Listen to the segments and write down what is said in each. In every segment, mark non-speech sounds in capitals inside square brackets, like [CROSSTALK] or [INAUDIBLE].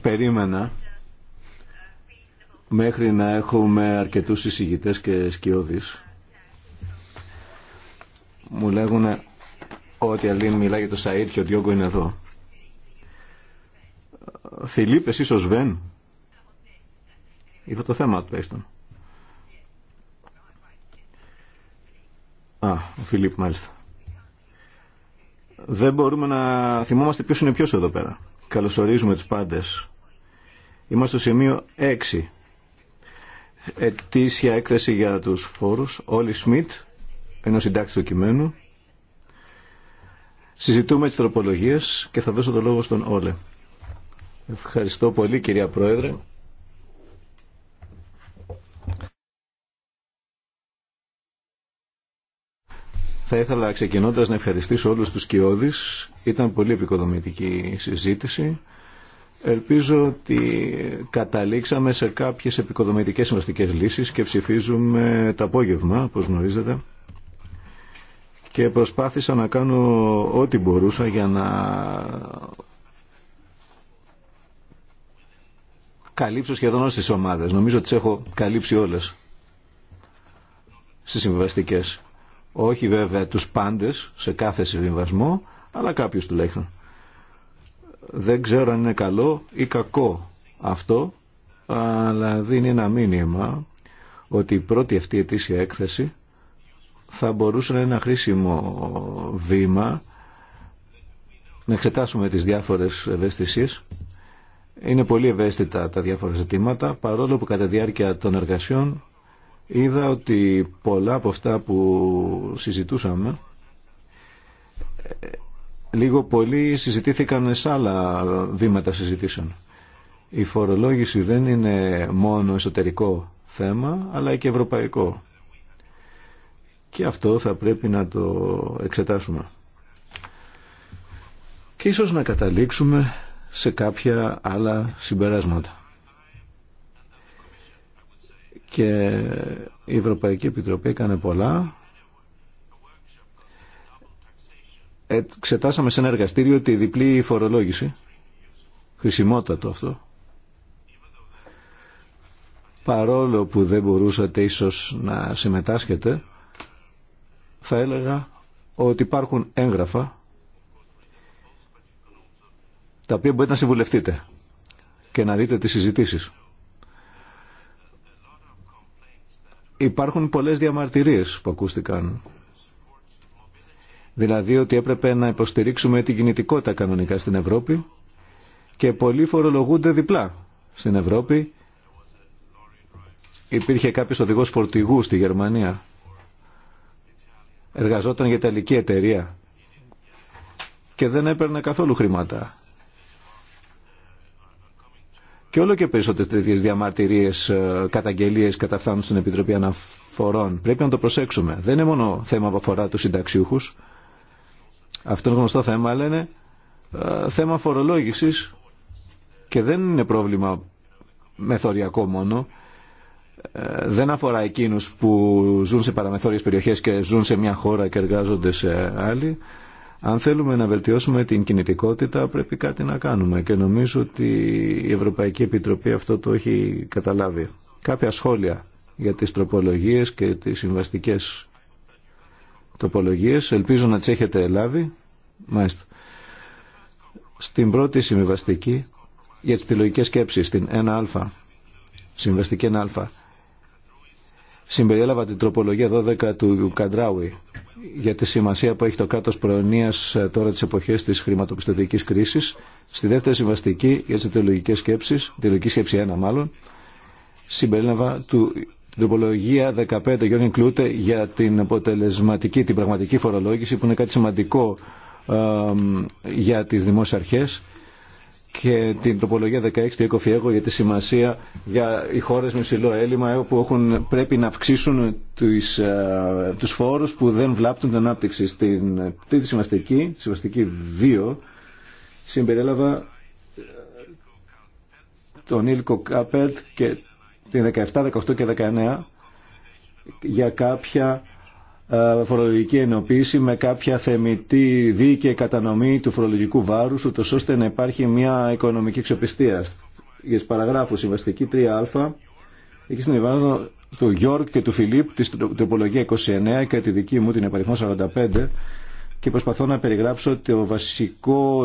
Περίμενα μέχρι να έχουμε αρκετούς εισηγητές και σκιώδεις. Μου λέγουν ότι η μιλάει για το Σαΐρ και ο Διόγκο είναι εδώ. Φιλίπ, εσύ ο Σβέν. Είχα το θέμα του έστω. Α, ο Φιλίπ μάλιστα δεν μπορούμε να θυμόμαστε ποιος είναι ποιος εδώ πέρα. Καλωσορίζουμε τους πάντες. Είμαστε στο σημείο 6. Ετήσια έκθεση για τους φόρους. Όλοι Σμιτ, ενό συντάκτη του κειμένου. Συζητούμε τις τροπολογίες και θα δώσω το λόγο στον Όλε. Ευχαριστώ πολύ κυρία Πρόεδρε. Θα ήθελα ξεκινώντα να ευχαριστήσω όλους τους κοιόδης. Ήταν πολύ επικοδομητική συζήτηση. Ελπίζω ότι καταλήξαμε σε κάποιες επικοδομητικέ συμβαστικές λύσεις και ψηφίζουμε το απόγευμα, όπως γνωρίζετε. Και προσπάθησα να κάνω ό,τι μπορούσα για να καλύψω σχεδόν όλες τις ομάδες. Νομίζω ότι τις έχω καλύψει όλες στις συμβαστικέ όχι βέβαια τους πάντες σε κάθε συμβιβασμό, αλλά κάποιους τουλάχιστον. Δεν ξέρω αν είναι καλό ή κακό αυτό, αλλά δίνει ένα μήνυμα ότι η πρώτη αυτή ετήσια έκθεση θα μπορούσε να είναι ένα χρήσιμο βήμα να εξετάσουμε τις διάφορες ευαισθησίες. Είναι πολύ ευαίσθητα τα διάφορα ζητήματα, παρόλο που κατά διάρκεια των εργασιών είδα ότι πολλά από αυτά που συζητούσαμε ε, λίγο πολύ συζητήθηκαν σε άλλα βήματα συζητήσεων. Η φορολόγηση δεν είναι μόνο εσωτερικό θέμα, αλλά και ευρωπαϊκό. Και αυτό θα πρέπει να το εξετάσουμε. Και ίσως να καταλήξουμε σε κάποια άλλα συμπεράσματα και η Ευρωπαϊκή Επιτροπή έκανε πολλά. Εξετάσαμε σε ένα εργαστήριο τη διπλή φορολόγηση. Χρησιμότατο αυτό. Παρόλο που δεν μπορούσατε ίσως να συμμετάσχετε, θα έλεγα ότι υπάρχουν έγγραφα τα οποία μπορείτε να συμβουλευτείτε και να δείτε τις συζητήσεις. Υπάρχουν πολλές διαμαρτυρίες που ακούστηκαν. Δηλαδή ότι έπρεπε να υποστηρίξουμε την κινητικότητα κανονικά στην Ευρώπη και πολλοί φορολογούνται διπλά στην Ευρώπη. Υπήρχε κάποιος οδηγός φορτηγού στη Γερμανία. Εργαζόταν για τελική εταιρεία και δεν έπαιρνε καθόλου χρήματα. Και όλο και περισσότερε τέτοιε διαμαρτυρίες, ε, καταγγελίες καταφθάνουν στην Επιτροπή Αναφορών. Πρέπει να το προσέξουμε. Δεν είναι μόνο θέμα που αφορά του συνταξιούχους. Αυτό είναι γνωστό θέμα, αλλά είναι ε, θέμα φορολόγησης και δεν είναι πρόβλημα μεθοριακό μόνο. Ε, δεν αφορά εκείνους που ζουν σε παραμεθόριες περιοχές και ζουν σε μια χώρα και εργάζονται σε άλλη. Αν θέλουμε να βελτιώσουμε την κινητικότητα πρέπει κάτι να κάνουμε και νομίζω ότι η Ευρωπαϊκή Επιτροπή αυτό το έχει καταλάβει. Κάποια σχόλια για τις τροπολογίες και τις συμβαστικές τροπολογίες. Ελπίζω να τις έχετε λάβει. Μάλιστα. Στην πρώτη συμβαστική για τις τηλογικές σκέψεις, την 1α, συμβαστική 1α, Συμπεριέλαβα την τροπολογία 12 του Καντράουι για τη σημασία που έχει το κράτο προνοία ε, τώρα τι εποχέ τη χρηματοπιστωτική κρίση. Στη δεύτερη συμβαστική για τι αιτιολογικέ σκέψει, αιτιολογική σκέψη 1 μάλλον, συμπεριέλαβα του, την τροπολογία 15 Γιώργη Κλούτε για την αποτελεσματική, την πραγματική φορολόγηση που είναι κάτι σημαντικό ε, για τις δημόσιες αρχές και την τοπολογία 16 του ΕΚΟΦΙΕΓΟ για τη σημασία για οι χώρες με ψηλό έλλειμμα ε, που έχουν, πρέπει να αυξήσουν τους, α, ε, τους φόρους που δεν βλάπτουν την ανάπτυξη. Στην τρίτη τη σημαστική 2, συμπεριέλαβα ε, τον Ήλκο κάπετ και την 17, 18 και 19 για κάποια ε, φορολογική ενοποίηση με κάποια θεμητή δίκαιη κατανομή του φορολογικού βάρους ούτως ώστε να υπάρχει μια οικονομική εξοπιστία. Για τις παραγράφους συμβαστική 3α εκεί συνεργάζω του Γιώργ και του Φιλίπ της τροπολογία 29 και τη δική μου την επαριθμό 45 και προσπαθώ να περιγράψω το βασικό,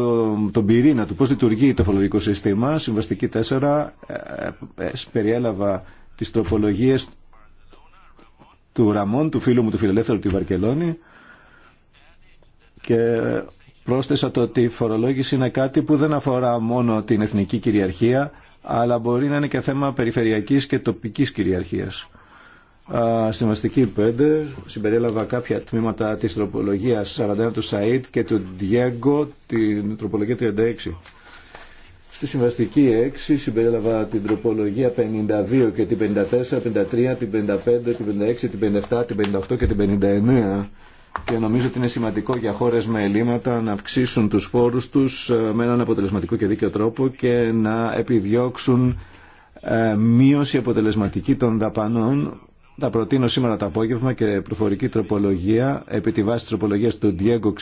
τον πυρήνα του πώς λειτουργεί το φορολογικό σύστημα. Συμβαστική 4 ε, ε, περιέλαβα τις τροπολογίες του Ραμών, του φίλου μου του φιλελεύθερου τη Βαρκελόνη και πρόσθεσα το ότι η φορολόγηση είναι κάτι που δεν αφορά μόνο την εθνική κυριαρχία αλλά μπορεί να είναι και θέμα περιφερειακής και τοπικής κυριαρχίας. Συμβαστική 5 συμπεριέλαβα κάποια τμήματα της τροπολογίας 41 του Σαΐτ και του Διέγκο την τροπολογία 36. Στη συμβαστική 6 συμπέλαβα την τροπολογία 52 και την 54, 53, την 55, την 56, την 57, την 58 και την 59 και νομίζω ότι είναι σημαντικό για χώρες με ελλείμματα να αυξήσουν τους φόρους τους ε, με έναν αποτελεσματικό και δίκαιο τρόπο και να επιδιώξουν ε, μείωση αποτελεσματική των δαπανών. Θα προτείνω σήμερα το απόγευμα και προφορική τροπολογία επί τη βάση της τροπολογίας του Diego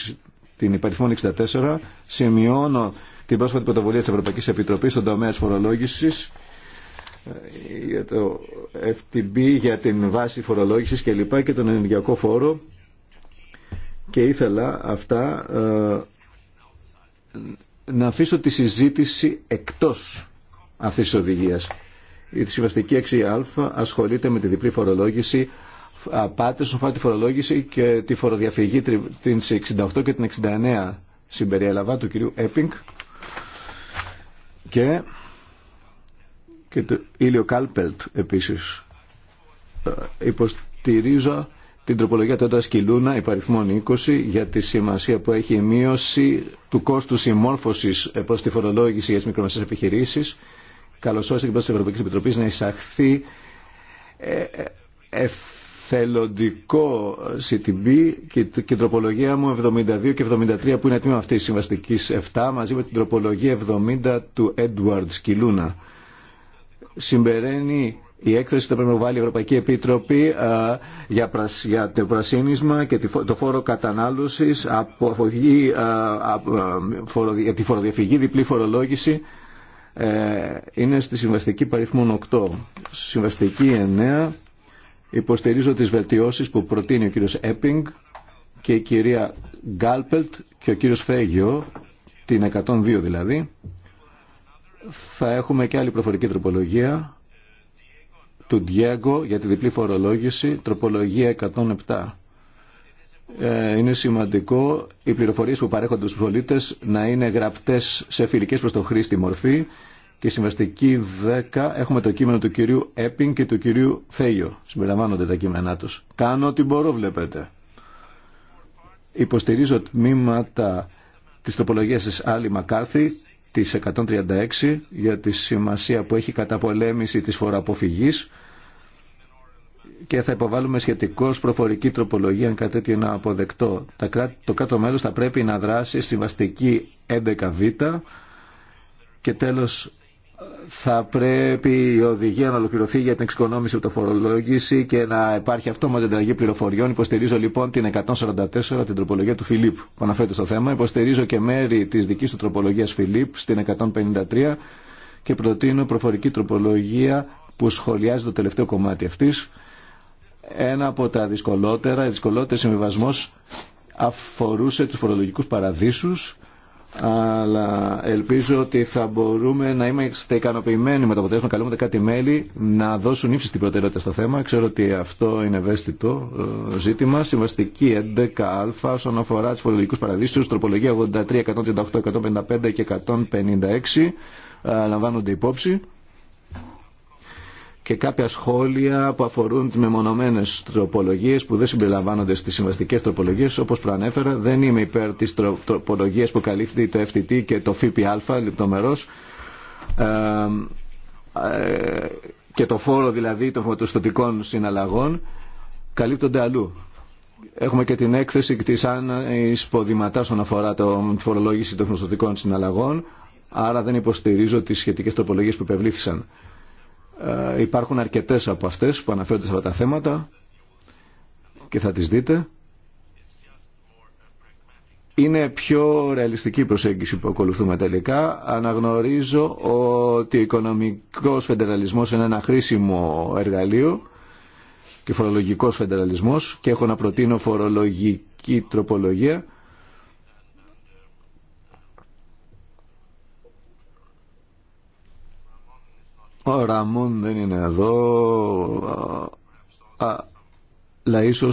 την υπαριθμόν 64. Σημειώνω την πρόσφατη πρωτοβουλία της Ευρωπαϊκής Επιτροπής στον τομέα της φορολόγησης ε, για το FTB, για την βάση φορολόγησης και λοιπά και τον ενεργειακό φόρο και ήθελα αυτά ε, να αφήσω τη συζήτηση εκτός αυτής της οδηγίας. Η συμβαστική 6α ασχολείται με τη διπλή φορολόγηση, απάτε φορολόγηση και τη φοροδιαφυγή την 68 και την 69 συμπεριέλαβα του κυρίου Έπινγκ και, και το Ήλιο Κάλπελτ επίσης ε, υποστηρίζω την τροπολογία του έντρα Κιλούνα υπαριθμών 20 για τη σημασία που έχει η μείωση του κόστου συμμόρφωσης ε, προς τη φορολόγηση για τις μικρομεσαίες επιχειρήσεις καλωσόρισε και προς της Ευρωπαϊκής Επιτροπής να εισαχθεί ε, ε θελοντικό CTB και την τροπολογία μου 72 και 73 που είναι τμήμα αυτής της συμβαστικής 7 μαζί με την τροπολογία 70 του Edward Σκυλούνα. Συμπεραίνει η έκθεση που πρέπει να βάλει η Ευρωπαϊκή Επίτροπη για, πρασ, για το πρασίνισμα και το φόρο κατανάλωσης, από α, α, φορο, για τη φοροδιαφυγή, διπλή φορολόγηση ε, είναι στη συμβαστική παριθμών 8. Συμβαστική 9 Υποστηρίζω τις βελτιώσεις που προτείνει ο κύριος Έπινγκ και η κυρία Γκάλπελτ και ο κύριος Φέγιο, την 102 δηλαδή. Θα έχουμε και άλλη προφορική τροπολογία του Ντιέγκο για τη διπλή φορολόγηση, τροπολογία 107. Ε, είναι σημαντικό οι πληροφορίες που παρέχονται στους πολίτες να είναι γραπτές σε φιλικές προς το χρήστη μορφή και συμβαστική 10 έχουμε το κείμενο του κυρίου Έπιν και του κυρίου Φέγιο. Συμπεριλαμβάνονται τα κείμενά τους. Κάνω ό,τι μπορώ, βλέπετε. Υποστηρίζω τμήματα της τροπολογίας της Άλλη Μακάρθη, της 136, για τη σημασία που έχει κατά πολέμηση της φοροαποφυγής και θα υποβάλουμε σχετικώ προφορική τροπολογία αν κάτι τέτοιο είναι αποδεκτό. Το κάτω μέλο θα πρέπει να δράσει στη 11 11β και τέλος θα πρέπει η οδηγία να ολοκληρωθεί για την εξοικονόμηση από το φορολόγηση και να υπάρχει αυτόματη ανταλλαγή πληροφοριών. Υποστηρίζω λοιπόν την 144, την τροπολογία του Φιλίπ που αναφέρεται στο θέμα. Υποστηρίζω και μέρη τη δική του τροπολογία Φιλίπ στην 153 και προτείνω προφορική τροπολογία που σχολιάζει το τελευταίο κομμάτι αυτή. Ένα από τα δυσκολότερα, οι συμβιβασμό αφορούσε του φορολογικού παραδείσου αλλά ελπίζω ότι θα μπορούμε να είμαστε ικανοποιημένοι με το αποτέλεσμα. Καλούμε τα κάτι μέλη να δώσουν ύψη στην προτεραιότητα στο θέμα. Ξέρω ότι αυτό είναι ευαίσθητο ε, ζήτημα. Συμβαστική 11α όσον αφορά του φορολογικού παραδείσου, τροπολογία 83, 138, 155 και 156 ε, λαμβάνονται υπόψη και κάποια σχόλια που αφορούν τι μεμονωμένε τροπολογίε που δεν συμπεριλαμβάνονται στι συμβαστικέ τροπολογίε. Όπω προανέφερα, δεν είμαι υπέρ τη τροπολογία που καλύφθηκε το FTT και το ΦΠΑ λεπτομερώ. Ε, ε, και το φόρο δηλαδή των χρηματοστοτικών συναλλαγών καλύπτονται αλλού. Έχουμε και την έκθεση τη Άννα Ισποδηματά όσον αφορά το, τη φορολόγηση των χρηματοστοτικών συναλλαγών. Άρα δεν υποστηρίζω τι σχετικέ τροπολογίε που υπευλήθησαν. Ε, υπάρχουν αρκετές από αυτές που αναφέρονται σε αυτά τα θέματα και θα τις δείτε. Είναι πιο ρεαλιστική η προσέγγιση που ακολουθούμε τελικά. Αναγνωρίζω ότι ο οικονομικός φεντεραλισμός είναι ένα χρήσιμο εργαλείο και φορολογικός φεντεραλισμός και έχω να προτείνω φορολογική τροπολογία Ο Ραμόν δεν είναι εδώ. Αλλά ίσω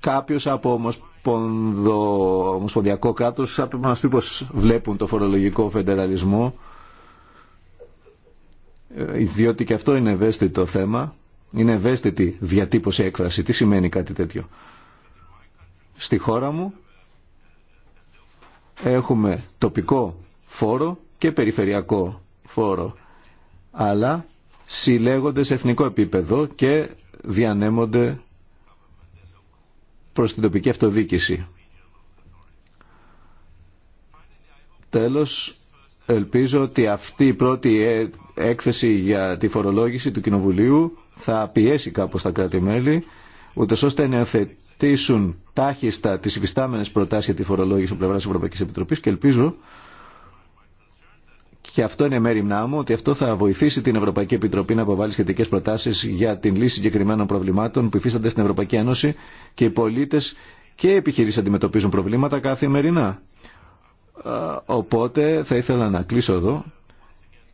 κάποιος από ομοσπονδο, ομοσπονδιακό κράτο θα πρέπει να μα πει πως βλέπουν το φορολογικό φεντεραλισμό ε, διότι και αυτό είναι ευαίσθητο θέμα είναι ευαίσθητη διατύπωση έκφραση τι σημαίνει κάτι τέτοιο στη χώρα μου έχουμε τοπικό φόρο και περιφερειακό φόρο, αλλά συλλέγονται σε εθνικό επίπεδο και διανέμονται προς την τοπική αυτοδίκηση. Τέλος, ελπίζω ότι αυτή η πρώτη ε, έκθεση για τη φορολόγηση του Κοινοβουλίου θα πιέσει κάπως τα κράτη-μέλη, ούτε ώστε να υιοθετήσουν τάχιστα τις υφιστάμενες προτάσεις για τη φορολόγηση από πλευρά της Ευρωπαϊκής Επιτροπής και ελπίζω και αυτό είναι μέρημνά μου ότι αυτό θα βοηθήσει την Ευρωπαϊκή Επιτροπή να αποβάλει σχετικέ προτάσει για την λύση συγκεκριμένων προβλημάτων που υφίστανται στην Ευρωπαϊκή Ένωση και οι πολίτε και οι επιχειρήσει αντιμετωπίζουν προβλήματα καθημερινά. Οπότε θα ήθελα να κλείσω εδώ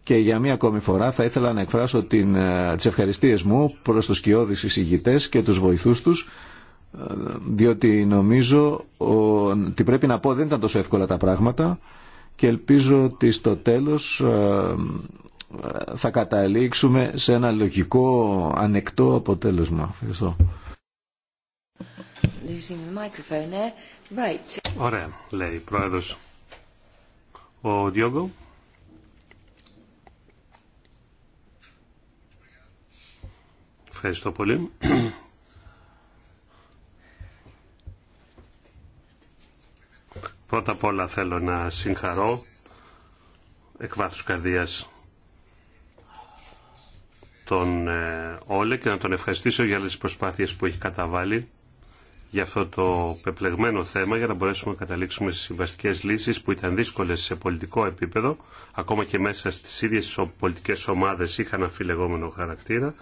και για μία ακόμη φορά θα ήθελα να εκφράσω την, ε, τις μου προς τους κοιόδης εισηγητές και τους βοηθούς τους ε, διότι νομίζω ότι πρέπει να πω δεν ήταν τόσο εύκολα τα πράγματα και ελπίζω ότι στο τέλος ε, θα καταλήξουμε σε ένα λογικό ανεκτό αποτέλεσμα. Ευχαριστώ. Ωραία, λέει η πρόεδρος. Ο Διόγκο. Ευχαριστώ πολύ. Πρώτα απ' όλα θέλω να συγχαρώ εκ βάθους καρδίας τον ε, Όλε και να τον ευχαριστήσω για όλες τις προσπάθειες που έχει καταβάλει για αυτό το πεπλεγμένο θέμα για να μπορέσουμε να καταλήξουμε στις συμβαστικές λύσεις που ήταν δύσκολες σε πολιτικό επίπεδο ακόμα και μέσα στις ίδιες πολιτικές ομάδες είχαν αφιλεγόμενο χαρακτήρα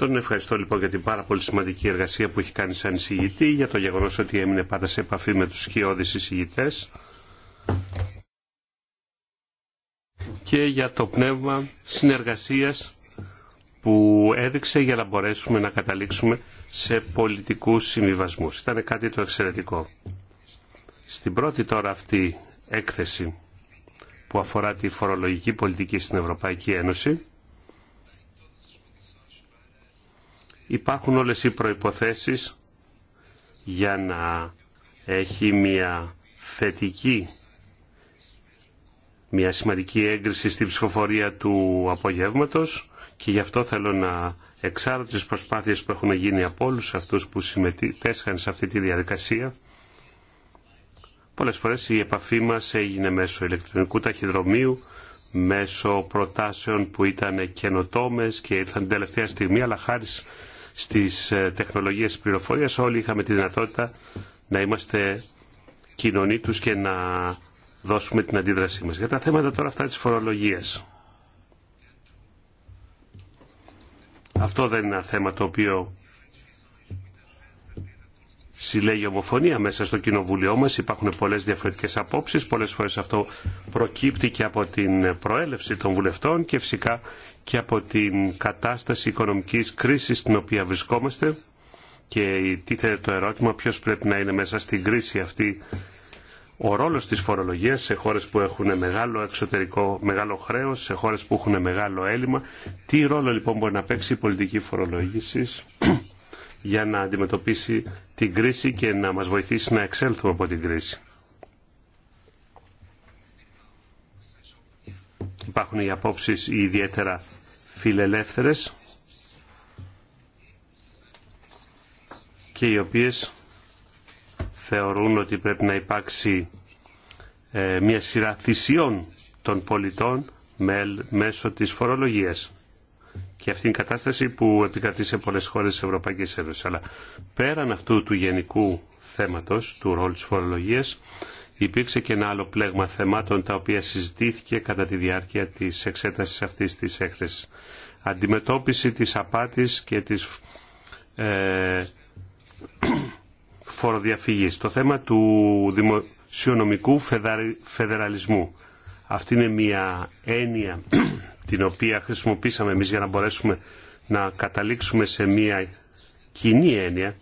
τον ευχαριστώ λοιπόν για την πάρα πολύ σημαντική εργασία που έχει κάνει σαν εισηγητή, για το γεγονό ότι έμεινε πάντα σε επαφή με τους σκιώδεις εισηγητές και για το πνεύμα συνεργασίας που έδειξε για να μπορέσουμε να καταλήξουμε σε πολιτικούς συμβιβασμούς. Ήταν κάτι το εξαιρετικό. Στην πρώτη τώρα αυτή έκθεση που αφορά τη φορολογική πολιτική στην Ευρωπαϊκή Ένωση, υπάρχουν όλες οι προϋποθέσεις για να έχει μια θετική, μια σημαντική έγκριση στην ψηφοφορία του απογεύματος και γι' αυτό θέλω να εξάρω τις προσπάθειες που έχουν γίνει από όλους αυτούς που συμμετέσχαν σε αυτή τη διαδικασία. Πολλές φορές η επαφή μας έγινε μέσω ηλεκτρονικού ταχυδρομείου, μέσω προτάσεων που ήταν καινοτόμε και ήρθαν τελευταία στιγμή, αλλά χάρη στις ε, τεχνολογίες της πληροφορίας όλοι είχαμε τη δυνατότητα να είμαστε κοινωνοί του και να δώσουμε την αντίδρασή μας. Για τα θέματα τώρα αυτά της φορολογίας. Αυτό δεν είναι ένα θέμα το οποίο συλλέγει ομοφωνία μέσα στο κοινοβούλιο μας. Υπάρχουν πολλές διαφορετικές απόψεις. Πολλές φορές αυτό προκύπτει και από την προέλευση των βουλευτών και φυσικά και από την κατάσταση οικονομικής κρίσης στην οποία βρισκόμαστε και τίθεται το ερώτημα ποιος πρέπει να είναι μέσα στην κρίση αυτή ο ρόλος της φορολογίας σε χώρες που έχουν μεγάλο εξωτερικό, μεγάλο χρέος, σε χώρες που έχουν μεγάλο έλλειμμα. Τι ρόλο λοιπόν μπορεί να παίξει η πολιτική φορολόγηση [CLEARS THROAT] για να αντιμετωπίσει την κρίση και να μας βοηθήσει να εξέλθουμε από την κρίση. Υπάρχουν οι απόψεις ιδιαίτερα φιλελεύθερες και οι οποίες θεωρούν ότι πρέπει να υπάρξει ε, μια σειρά θυσιών των πολιτών μέσω της φορολογίας. Και αυτή είναι η κατάσταση που επικρατεί σε πολλές χώρες της Ευρωπαϊκής Ένωσης. Αλλά πέραν αυτού του γενικού θέματος, του ρόλου της φορολογίας, Υπήρξε και ένα άλλο πλέγμα θεμάτων τα οποία συζητήθηκε κατά τη διάρκεια της εξέτασης αυτής της έκθεσης. Αντιμετώπιση της απάτης και της ε, φοροδιαφυγής. Το θέμα του δημοσιονομικού φεδεραλισμού. Αυτή είναι μια έννοια την οποία χρησιμοποίησαμε εμείς για να μπορέσουμε να καταλήξουμε σε μια κοινή έννοια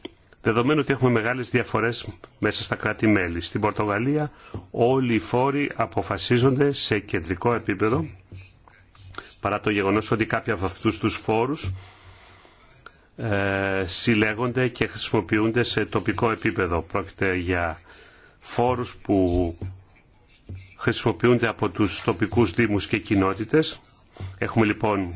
Δεδομένου ότι έχουμε μεγάλες διαφορές μέσα στα κράτη-μέλη. Στην Πορτογαλία όλοι οι φόροι αποφασίζονται σε κεντρικό επίπεδο, παρά το γεγονός ότι κάποιοι από αυτούς τους φόρους ε, συλλέγονται και χρησιμοποιούνται σε τοπικό επίπεδο. Πρόκειται για φόρους που χρησιμοποιούνται από τους τοπικούς δήμους και κοινότητες. Έχουμε λοιπόν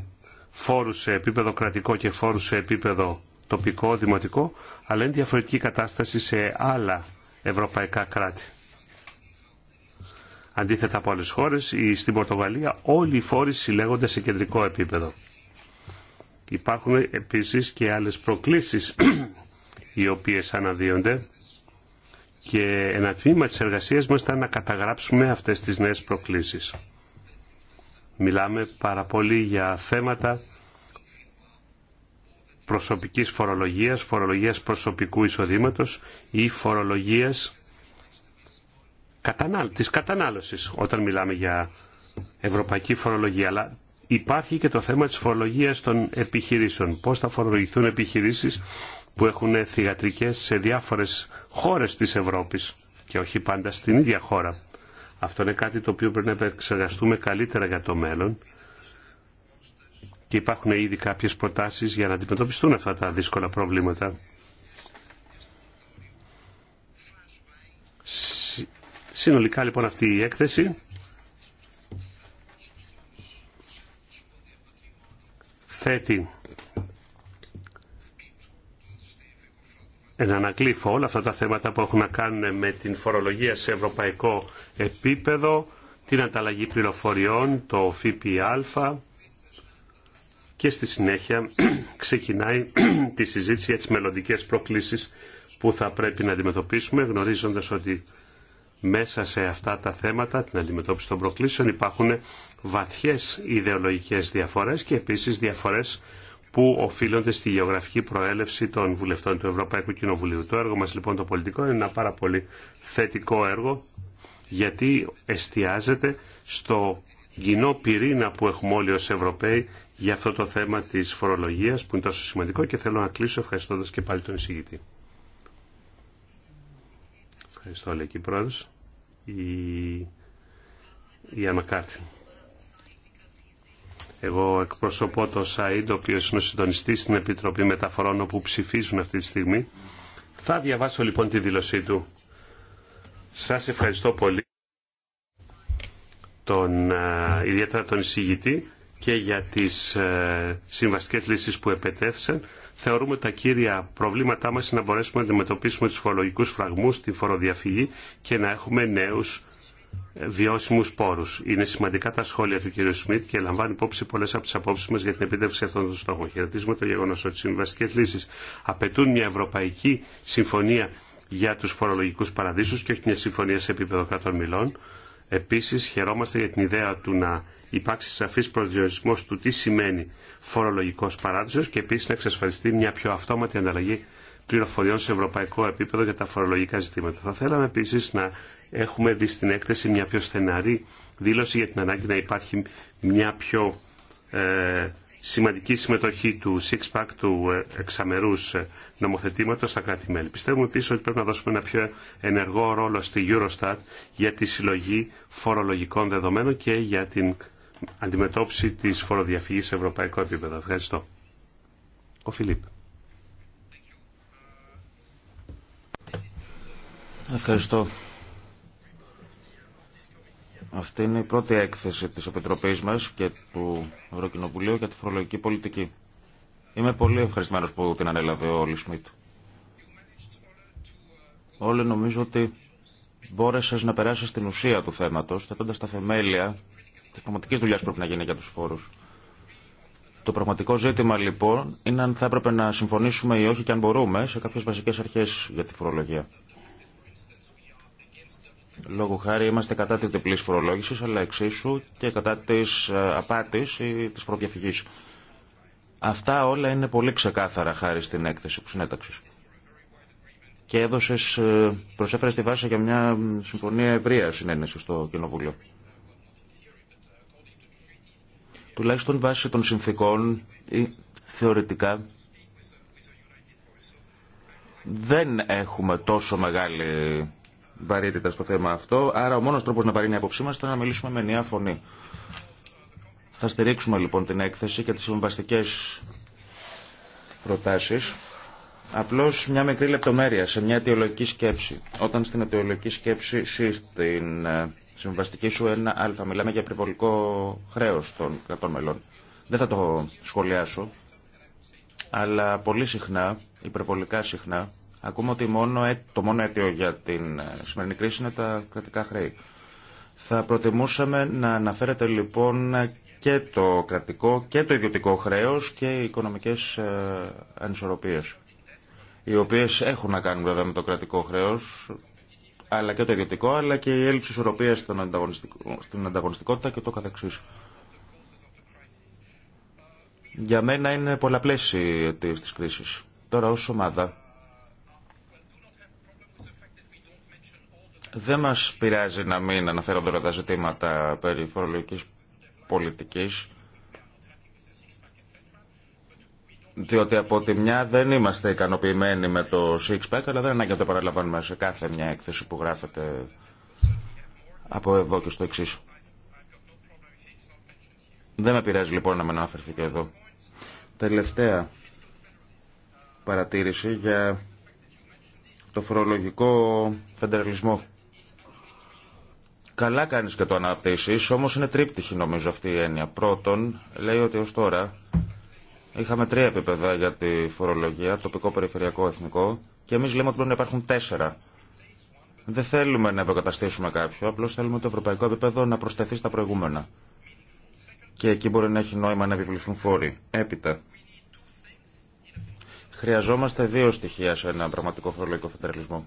φόρους σε επίπεδο κρατικό και φόρους σε επίπεδο τοπικό, δημοτικό, αλλά είναι διαφορετική κατάσταση σε άλλα ευρωπαϊκά κράτη. Αντίθετα από άλλες χώρες, στην Πορτογαλία όλοι οι φόροι συλλέγονται σε κεντρικό επίπεδο. Υπάρχουν επίσης και άλλες προκλήσεις [CLEARS THROAT] οι οποίες αναδύονται και ένα τμήμα της εργασίας μας ήταν να καταγράψουμε αυτές τις νέες προκλήσεις. Μιλάμε πάρα πολύ για θέματα προσωπικής φορολογίας, φορολογίας προσωπικού εισοδήματος ή φορολογίας κατανάλ, της κατανάλωσης όταν μιλάμε για ευρωπαϊκή φορολογία. Αλλά υπάρχει και το θέμα της φορολογίας των επιχειρήσεων. Πώς θα φορολογηθούν επιχειρήσεις που έχουν θηγατρικές σε διάφορες χώρες της Ευρώπης και όχι πάντα στην ίδια χώρα. Αυτό είναι κάτι το οποίο πρέπει να επεξεργαστούμε καλύτερα για το μέλλον και υπάρχουν ήδη κάποιες προτάσεις για να αντιμετωπιστούν αυτά τα δύσκολα προβλήματα. Συνολικά λοιπόν αυτή η έκθεση θέτει ανακλήφω όλα αυτά τα θέματα που έχουν να κάνουν με την φορολογία σε ευρωπαϊκό επίπεδο, την ανταλλαγή πληροφοριών, το ΦΠΑ, και στη συνέχεια [CLEARS THROAT] ξεκινάει [CLEARS THROAT] τη συζήτηση για τις μελλοντικέ προκλήσεις που θα πρέπει να αντιμετωπίσουμε γνωρίζοντας ότι μέσα σε αυτά τα θέματα, την αντιμετώπιση των προκλήσεων, υπάρχουν βαθιές ιδεολογικές διαφορές και επίσης διαφορές που οφείλονται στη γεωγραφική προέλευση των βουλευτών του Ευρωπαϊκού Κοινοβουλίου. Το έργο μας λοιπόν το πολιτικό είναι ένα πάρα πολύ θετικό έργο γιατί εστιάζεται στο κοινό πυρήνα που έχουμε όλοι ως Ευρωπαίοι για αυτό το θέμα της φορολογίας που είναι τόσο σημαντικό και θέλω να κλείσω ευχαριστώντας και πάλι τον εισηγητή. Ευχαριστώ, λέει και η πρόεδρος. Η, η Ανακάρτη. Εγώ εκπροσωπώ το ΣΑΙΝΤ, ο οποίος είναι ο συντονιστής στην Επιτροπή Μεταφορών, όπου ψηφίζουν αυτή τη στιγμή. Θα διαβάσω λοιπόν τη δήλωσή του. Σας ευχαριστώ πολύ, τον, ε, ιδιαίτερα τον εισηγητή, και για τις ε, συμβαστικές λύσεις που επετέθησαν. Θεωρούμε τα κύρια προβλήματά μας να μπορέσουμε να αντιμετωπίσουμε τους φορολογικούς φραγμούς, τη φοροδιαφυγή και να έχουμε νέους ε, βιώσιμους πόρους. Είναι σημαντικά τα σχόλια του κ. Σμιτ και λαμβάνει υπόψη πολλές από τις απόψεις μας για την επίτευξη αυτών των στόχων. Χαιρετίζουμε το γεγονός ότι οι συμβαστικές λύσεις απαιτούν μια ευρωπαϊκή συμφωνία για τους φορολογικούς παραδείσους και όχι μια συμφωνία σε επίπεδο κρατών μιλών. Επίσης χαιρόμαστε για την ιδέα του να υπάρξει σαφή προσδιορισμό του τι σημαίνει φορολογικός παράδεισος και επίσης να εξασφαλιστεί μια πιο αυτόματη ανταλλαγή πληροφοριών σε ευρωπαϊκό επίπεδο για τα φορολογικά ζητήματα. Θα θέλαμε επίσης να έχουμε δει στην έκθεση μια πιο στεναρή δήλωση για την ανάγκη να υπάρχει μια πιο ε, σημαντική συμμετοχή του six του ε, εξαμερούς ε, νομοθετήματο στα κράτη-μέλη. Πιστεύουμε επίσης ότι πρέπει να δώσουμε ένα πιο ενεργό ρόλο στη Eurostat για τη συλλογή φορολογικών δεδομένων και για την αντιμετώπιση της φοροδιαφυγής σε ευρωπαϊκό επίπεδο. Ευχαριστώ. Ο Φιλίπ. Ευχαριστώ. Αυτή είναι η πρώτη έκθεση της Επιτροπής μας και του Ευρωκοινοβουλίου για τη φορολογική πολιτική. Είμαι πολύ ευχαριστημένος που την ανέλαβε ο Όλη Σμιτ. Όλοι νομίζω ότι μπόρεσες να περάσεις στην ουσία του θέματος, θέτοντας τα θεμέλια της πραγματικής δουλειάς που πρέπει να γίνει για τους φόρους. Το πραγματικό ζήτημα λοιπόν είναι αν θα έπρεπε να συμφωνήσουμε ή όχι και αν μπορούμε σε κάποιες βασικές αρχές για τη φορολογία. Λόγω χάρη είμαστε κατά τη διπλή φορολόγηση, αλλά εξίσου και κατά τη ε, απάτης ή της προδιαφυγή. Αυτά όλα είναι πολύ ξεκάθαρα χάρη στην έκθεση που συνέταξε. Και έδωσες, ε, προσέφερες τη βάση για μια συμφωνία ευρεία συνένεση στο Κοινοβούλιο. Τουλάχιστον βάσει των συνθήκων ή θεωρητικά δεν έχουμε τόσο μεγάλη βαρύτητα στο θέμα αυτό. Άρα ο μόνος τρόπος να βαρύνει η απόψή μας ήταν να μιλήσουμε με νέα φωνή. Θα στηρίξουμε λοιπόν την έκθεση και τις συμβαστικές προτάσεις. Απλώς μια μικρή λεπτομέρεια σε μια αιτιολογική σκέψη. Όταν στην αιτιολογική σκέψη ή στην ε, συμβαστική σου ένα α μιλάμε για περιβολικό χρέο των κρατών μελών. Δεν θα το σχολιάσω, αλλά πολύ συχνά, υπερβολικά συχνά, Ακούμε ότι μόνο, το μόνο αίτιο για την ε, σημερινή κρίση είναι τα κρατικά χρέη. Θα προτιμούσαμε να αναφέρετε λοιπόν και το κρατικό και το ιδιωτικό χρέος και οι οικονομικές ε, ανισορροπίες οι οποίες έχουν να κάνουν βέβαια με το κρατικό χρέος αλλά και το ιδιωτικό αλλά και η έλλειψη ισορροπίας στην ανταγωνιστικότητα και το καθεξής. Για μένα είναι πολλαπλές οι αιτίες της κρίσης. Τώρα ως ομάδα Δεν μα πειράζει να μην αναφέρονται όλα τα ζητήματα περί φορολογικής πολιτικής, διότι από τη μια δεν είμαστε ικανοποιημένοι με το six-pack, αλλά δεν ανάγκη να το παραλαμβάνουμε σε κάθε μια έκθεση που γράφεται από εδώ και στο εξή. Δεν με πειράζει λοιπόν να με αναφερθεί και εδώ. Τελευταία παρατήρηση για το φορολογικό φεντεραλισμό. Καλά κάνεις και το αναπτύσσεις, όμως είναι τρίπτυχη νομίζω αυτή η έννοια. Πρώτον, λέει ότι ως τώρα είχαμε τρία επίπεδα για τη φορολογία, τοπικό, περιφερειακό, εθνικό και εμείς λέμε ότι πρέπει να υπάρχουν τέσσερα. Δεν θέλουμε να υποκαταστήσουμε κάποιο, απλώς θέλουμε το ευρωπαϊκό επίπεδο να προσθεθεί στα προηγούμενα. Και εκεί μπορεί να έχει νόημα να επιβληθούν φόροι. Έπειτα, χρειαζόμαστε δύο στοιχεία σε ένα πραγματικό φορολογικό φεντεραλισμό.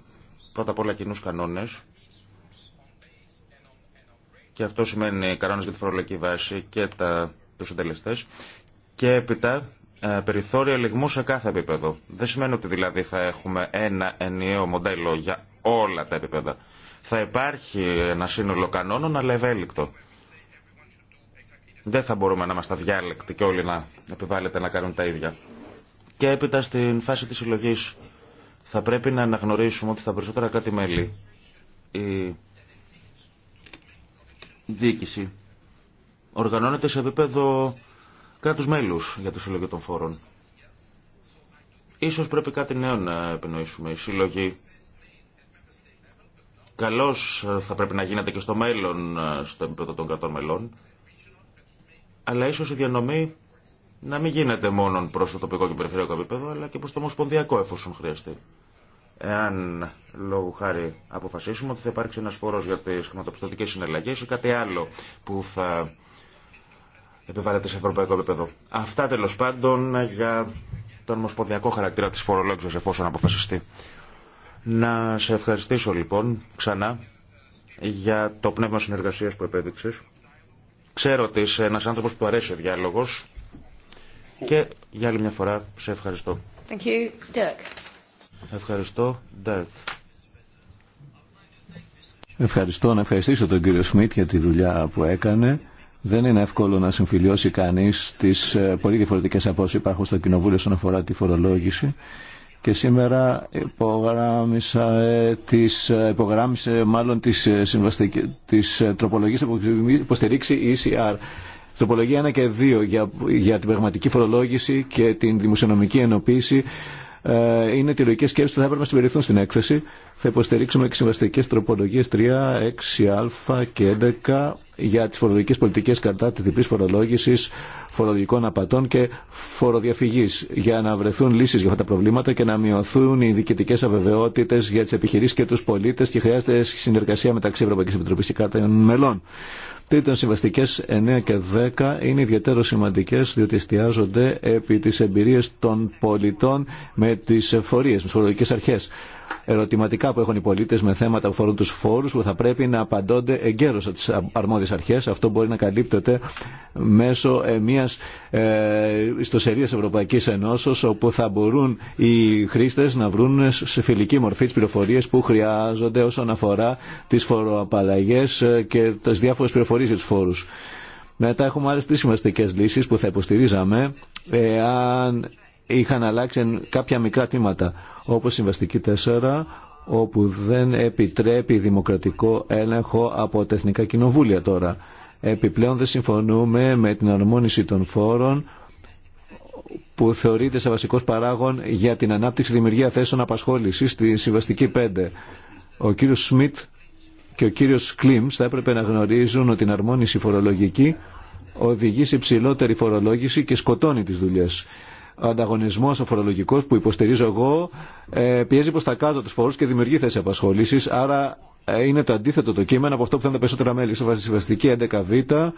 Πρώτα απ' όλα κοινού κανόνες και αυτό σημαίνει κανόνε για τη φορολογική βάση και τα, τους και έπειτα ε, περιθώρια λιγμού σε κάθε επίπεδο. Δεν σημαίνει ότι δηλαδή θα έχουμε ένα ενιαίο μοντέλο για όλα τα επίπεδα. Θα υπάρχει ένα σύνολο κανόνων, αλλά ευέλικτο. Δεν θα μπορούμε να είμαστε αδιάλεκτοι και όλοι να επιβάλλεται να κάνουν τα ίδια. Και έπειτα στην φάση της συλλογή θα πρέπει να αναγνωρίσουμε ότι στα περισσότερα κράτη-μέλη η διοίκηση οργανώνεται σε επίπεδο κράτους μέλους για τη συλλογή των φόρων. Ίσως πρέπει κάτι νέο να επινοήσουμε. Η συλλογή καλώς θα πρέπει να γίνεται και στο μέλλον στο επίπεδο των κρατών μελών, αλλά ίσως η διανομή να μην γίνεται μόνο προς το τοπικό και περιφερειακό επίπεδο, αλλά και προς το ομοσπονδιακό εφόσον χρειαστεί. Εάν λόγου χάρη αποφασίσουμε ότι θα υπάρξει ένας φόρος για τις χρηματοπιστωτικές συναλλαγές ή κάτι άλλο που θα επιβάλλεται σε ευρωπαϊκό επίπεδο. Αυτά τέλο πάντων για τον ομοσπονδιακό χαρακτήρα της φορολόγησης εφόσον αποφασιστεί. Να σε ευχαριστήσω λοιπόν ξανά για το πνεύμα συνεργασίας που επέδειξες. Ξέρω ότι είσαι ένας άνθρωπος που αρέσει ο διάλογος και για άλλη μια φορά σε ευχαριστώ. Thank you, Ευχαριστώ. Ευχαριστώ να ευχαριστήσω τον κύριο Σμιτ για τη δουλειά που έκανε. Δεν είναι εύκολο να συμφιλιώσει κανεί τι ε, πολύ διαφορετικέ απόψει που υπάρχουν στο Κοινοβούλιο όσον αφορά τη φορολόγηση. Και σήμερα υπογράμμισα, ε, τις, ε, υπογράμμισε μάλλον τις, ε, τις τροπολογίες που υποστηρίξει η ECR. Τροπολογία 1 και 2 για, για την πραγματική φορολόγηση και την δημοσιονομική ενοποίηση ε, είναι τη λογική σκέψη που θα έπρεπε να συμπεριληφθούν στην έκθεση. Θα υποστηρίξουμε και συμβαστικέ τροπολογίε 3, 6α και 11 για τι φορολογικέ πολιτικέ κατά τη διπλή φορολόγηση, φορολογικών απατών και φοροδιαφυγή για να βρεθούν λύσει για αυτά τα προβλήματα και να μειωθούν οι διοικητικέ αβεβαιότητε για τι επιχειρήσει και του πολίτε και χρειάζεται συνεργασία μεταξύ Ευρωπαϊκή Επιτροπή και κάτω μελών. Τρίτον, συμβαστικέ 9 και 10 είναι ιδιαίτερο σημαντικέ διότι εστιάζονται επί τι εμπειρίε των πολιτών με τι εφορίε, με τι φορολογικέ αρχέ ερωτηματικά που έχουν οι πολίτε με θέματα που αφορούν τους φόρους που θα πρέπει να απαντώνται εγκαίρω από τι αρμόδιες αρχές. Αυτό μπορεί να καλύπτεται μέσω ε, μιας ε, ιστοσελίδα Ευρωπαϊκής Ενώσεω όπου θα μπορούν οι χρήστε να βρουν σε φιλική μορφή τι πληροφορίε που χρειάζονται όσον αφορά τις φοροαπαλλαγές ε, και τι διάφορε πληροφορίε για του φόρους. Μετά έχουμε άλλε τρει σημαντικέ λύσει που θα υποστηρίζαμε εάν είχαν αλλάξει κάποια μικρά τμήματα, όπως συμβαστική 4, όπου δεν επιτρέπει δημοκρατικό έλεγχο από τα εθνικά κοινοβούλια τώρα. Επιπλέον δεν συμφωνούμε με την αρμόνιση των φόρων που θεωρείται σε βασικός παράγον για την ανάπτυξη δημιουργία θέσεων απασχόλησης στη Συμβαστική 5. Ο κύριος Σμιτ και ο κύριος Κλίμς θα έπρεπε να γνωρίζουν ότι η αρμόνιση φορολογική οδηγεί σε υψηλότερη φορολόγηση και σκοτώνει τις δουλειές. Ο ανταγωνισμό ο φορολογικό που υποστηρίζω εγώ ε, πιέζει προ τα κάτω του φόρου και δημιουργεί θέσει απασχόληση. Άρα ε, είναι το αντίθετο το κείμενο από αυτό που θα είναι τα περισσότερα μέλη. Στο βασιστική 11β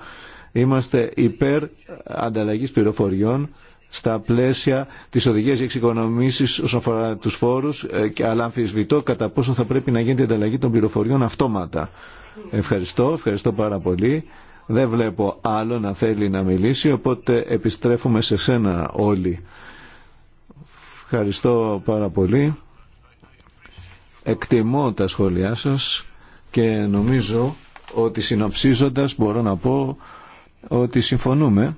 είμαστε υπέρ ανταλλαγή πληροφοριών στα πλαίσια τη οδηγίας για εξοικονομήσει όσον αφορά τους φόρους ε, αλλά αμφισβητώ κατά πόσο θα πρέπει να γίνεται η ανταλλαγή των πληροφοριών αυτόματα. Ευχαριστώ, ευχαριστώ πάρα πολύ. Δεν βλέπω άλλο να θέλει να μιλήσει, οπότε επιστρέφουμε σε σένα όλοι. Ευχαριστώ πάρα πολύ. Εκτιμώ τα σχόλιά σας και νομίζω ότι συνοψίζοντας μπορώ να πω ότι συμφωνούμε.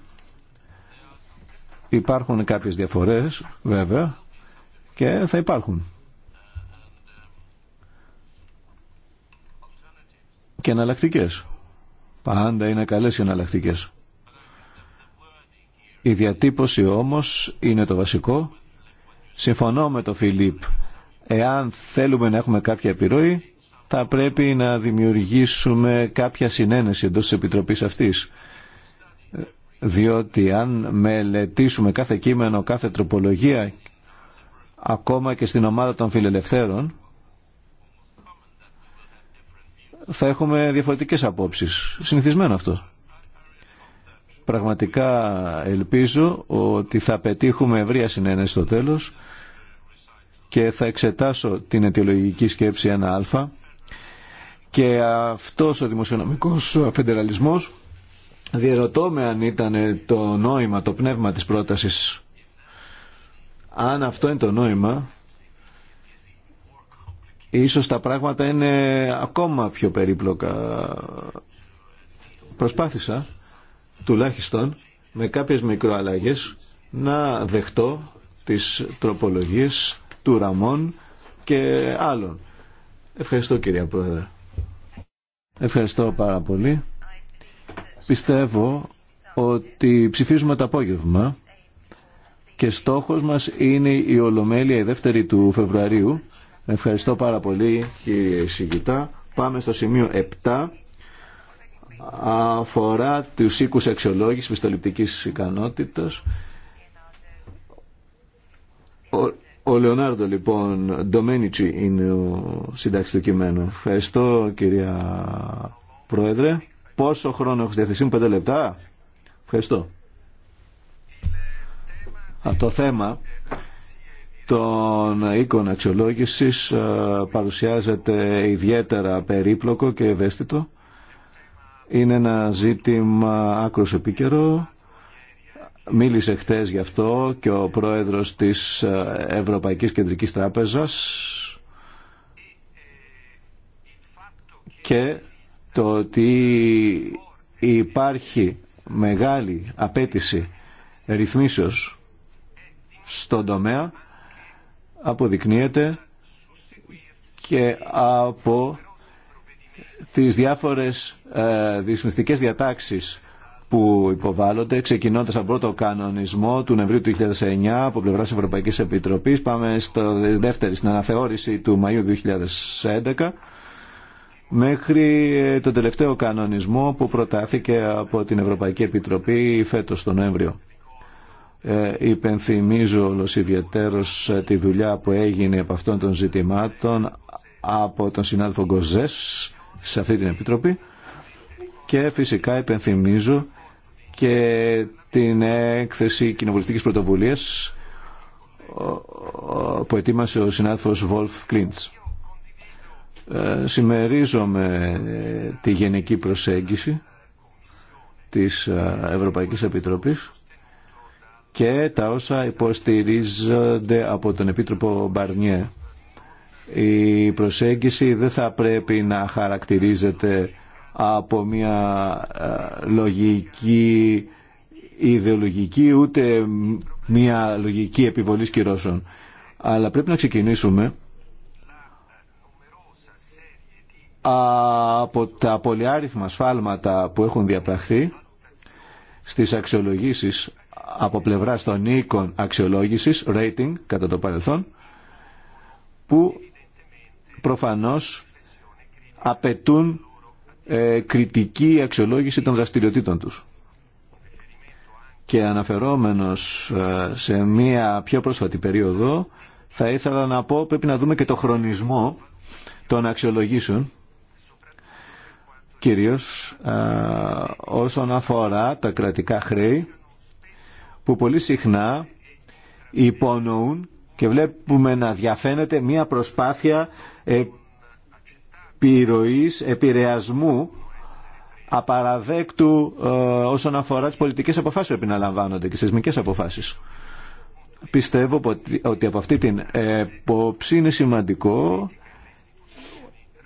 Υπάρχουν κάποιες διαφορές βέβαια και θα υπάρχουν. Και εναλλακτικές. Πάντα είναι καλές οι εναλλακτικέ. Η διατύπωση όμως είναι το βασικό. Συμφωνώ με τον Φιλίπ. Εάν θέλουμε να έχουμε κάποια επιρροή, θα πρέπει να δημιουργήσουμε κάποια συνένεση εντός της Επιτροπής αυτής. Διότι αν μελετήσουμε κάθε κείμενο, κάθε τροπολογία, ακόμα και στην ομάδα των φιλελευθέρων, θα έχουμε διαφορετικές απόψεις. Συνηθισμένο αυτό. Πραγματικά ελπίζω ότι θα πετύχουμε ευρεία συνένεση στο τέλος και θα εξετάσω την αιτιολογική σκέψη 1α και αυτός ο δημοσιονομικός φεντεραλισμός διερωτώ με αν ήταν το νόημα, το πνεύμα της πρότασης αν αυτό είναι το νόημα Ίσως τα πράγματα είναι ακόμα πιο περίπλοκα. Προσπάθησα, τουλάχιστον, με κάποιες μικροαλλαγές να δεχτώ τις τροπολογίες του Ραμών και άλλων. Ευχαριστώ κυρία Πρόεδρε. Ευχαριστώ πάρα πολύ. Πιστεύω ότι ψηφίζουμε το απόγευμα και στόχος μας είναι η Ολομέλεια η δεύτερη του Φεβρουαρίου Ευχαριστώ πάρα πολύ κύριε Σιγητά. Πάμε στο σημείο 7 αφορά τους οίκους αξιολόγηση πιστοληπτικής ικανότητας. Ο, ο Λεωνάρδο λοιπόν, Ντομένιτσι είναι ο συντάξη του κειμένου. Ευχαριστώ κυρία Πρόεδρε. Πόσο χρόνο έχω στη διαθεσή μου, πέντε λεπτά. Ευχαριστώ. Α, το θέμα τον οίκων αξιολόγησης ε, παρουσιάζεται ιδιαίτερα περίπλοκο και ευαίσθητο. Είναι ένα ζήτημα άκρος επίκαιρο. Μίλησε χτες γι' αυτό και ο πρόεδρος της ε, Ευρωπαϊκής Κεντρικής Τράπεζας και το ότι υπάρχει μεγάλη απέτηση ρυθμίσεως στον τομέα αποδεικνύεται και από τις διάφορες ε, διατάξεις που υποβάλλονται, ξεκινώντας από πρώτο κανονισμό του Νευρίου του 2009 από πλευρά της Ευρωπαϊκής Επιτροπής. Πάμε στο δεύτερη, στην αναθεώρηση του Μαΐου 2011 μέχρι ε, τον τελευταίο κανονισμό που προτάθηκε από την Ευρωπαϊκή Επιτροπή φέτος τον Νοέμβριο. Ε, υπενθυμίζω όλος ιδιαίτερος ε, τη δουλειά που έγινε από αυτών των ζητημάτων από τον συνάδελφο Γκοζές σε αυτή την Επιτροπή και φυσικά υπενθυμίζω και την έκθεση κοινοβουλευτικής πρωτοβουλίας που ετοίμασε ο συνάδελφος Βολφ Κλίντς. Σημερίζομαι συμμερίζομαι ε, τη γενική προσέγγιση της ε, Ευρωπαϊκής Επιτροπής και τα όσα υποστηρίζονται από τον Επίτροπο Μπαρνιέ. Η προσέγγιση δεν θα πρέπει να χαρακτηρίζεται από μια ε, λογική ιδεολογική ούτε μια λογική επιβολής κυρώσεων. Αλλά πρέπει να ξεκινήσουμε από τα πολυάριθμα σφάλματα που έχουν διαπραχθεί στις αξιολογήσεις από πλευρά των οίκων αξιολόγησης, rating κατά το παρελθόν, που προφανώς απαιτούν ε, κριτική αξιολόγηση των δραστηριοτήτων τους. Και αναφερόμενος ε, σε μία πιο πρόσφατη περίοδο, θα ήθελα να πω πρέπει να δούμε και το χρονισμό των αξιολογήσεων, κυρίως ε, όσον αφορά τα κρατικά χρέη, που πολύ συχνά υπονοούν και βλέπουμε να διαφαίνεται μία προσπάθεια επιρροής, επηρεασμού απαραδέκτου ε, όσον αφορά τις πολιτικές αποφάσεις πρέπει να λαμβάνονται και σεισμικές αποφάσεις. Πιστεύω ότι από αυτή την επόψη είναι σημαντικό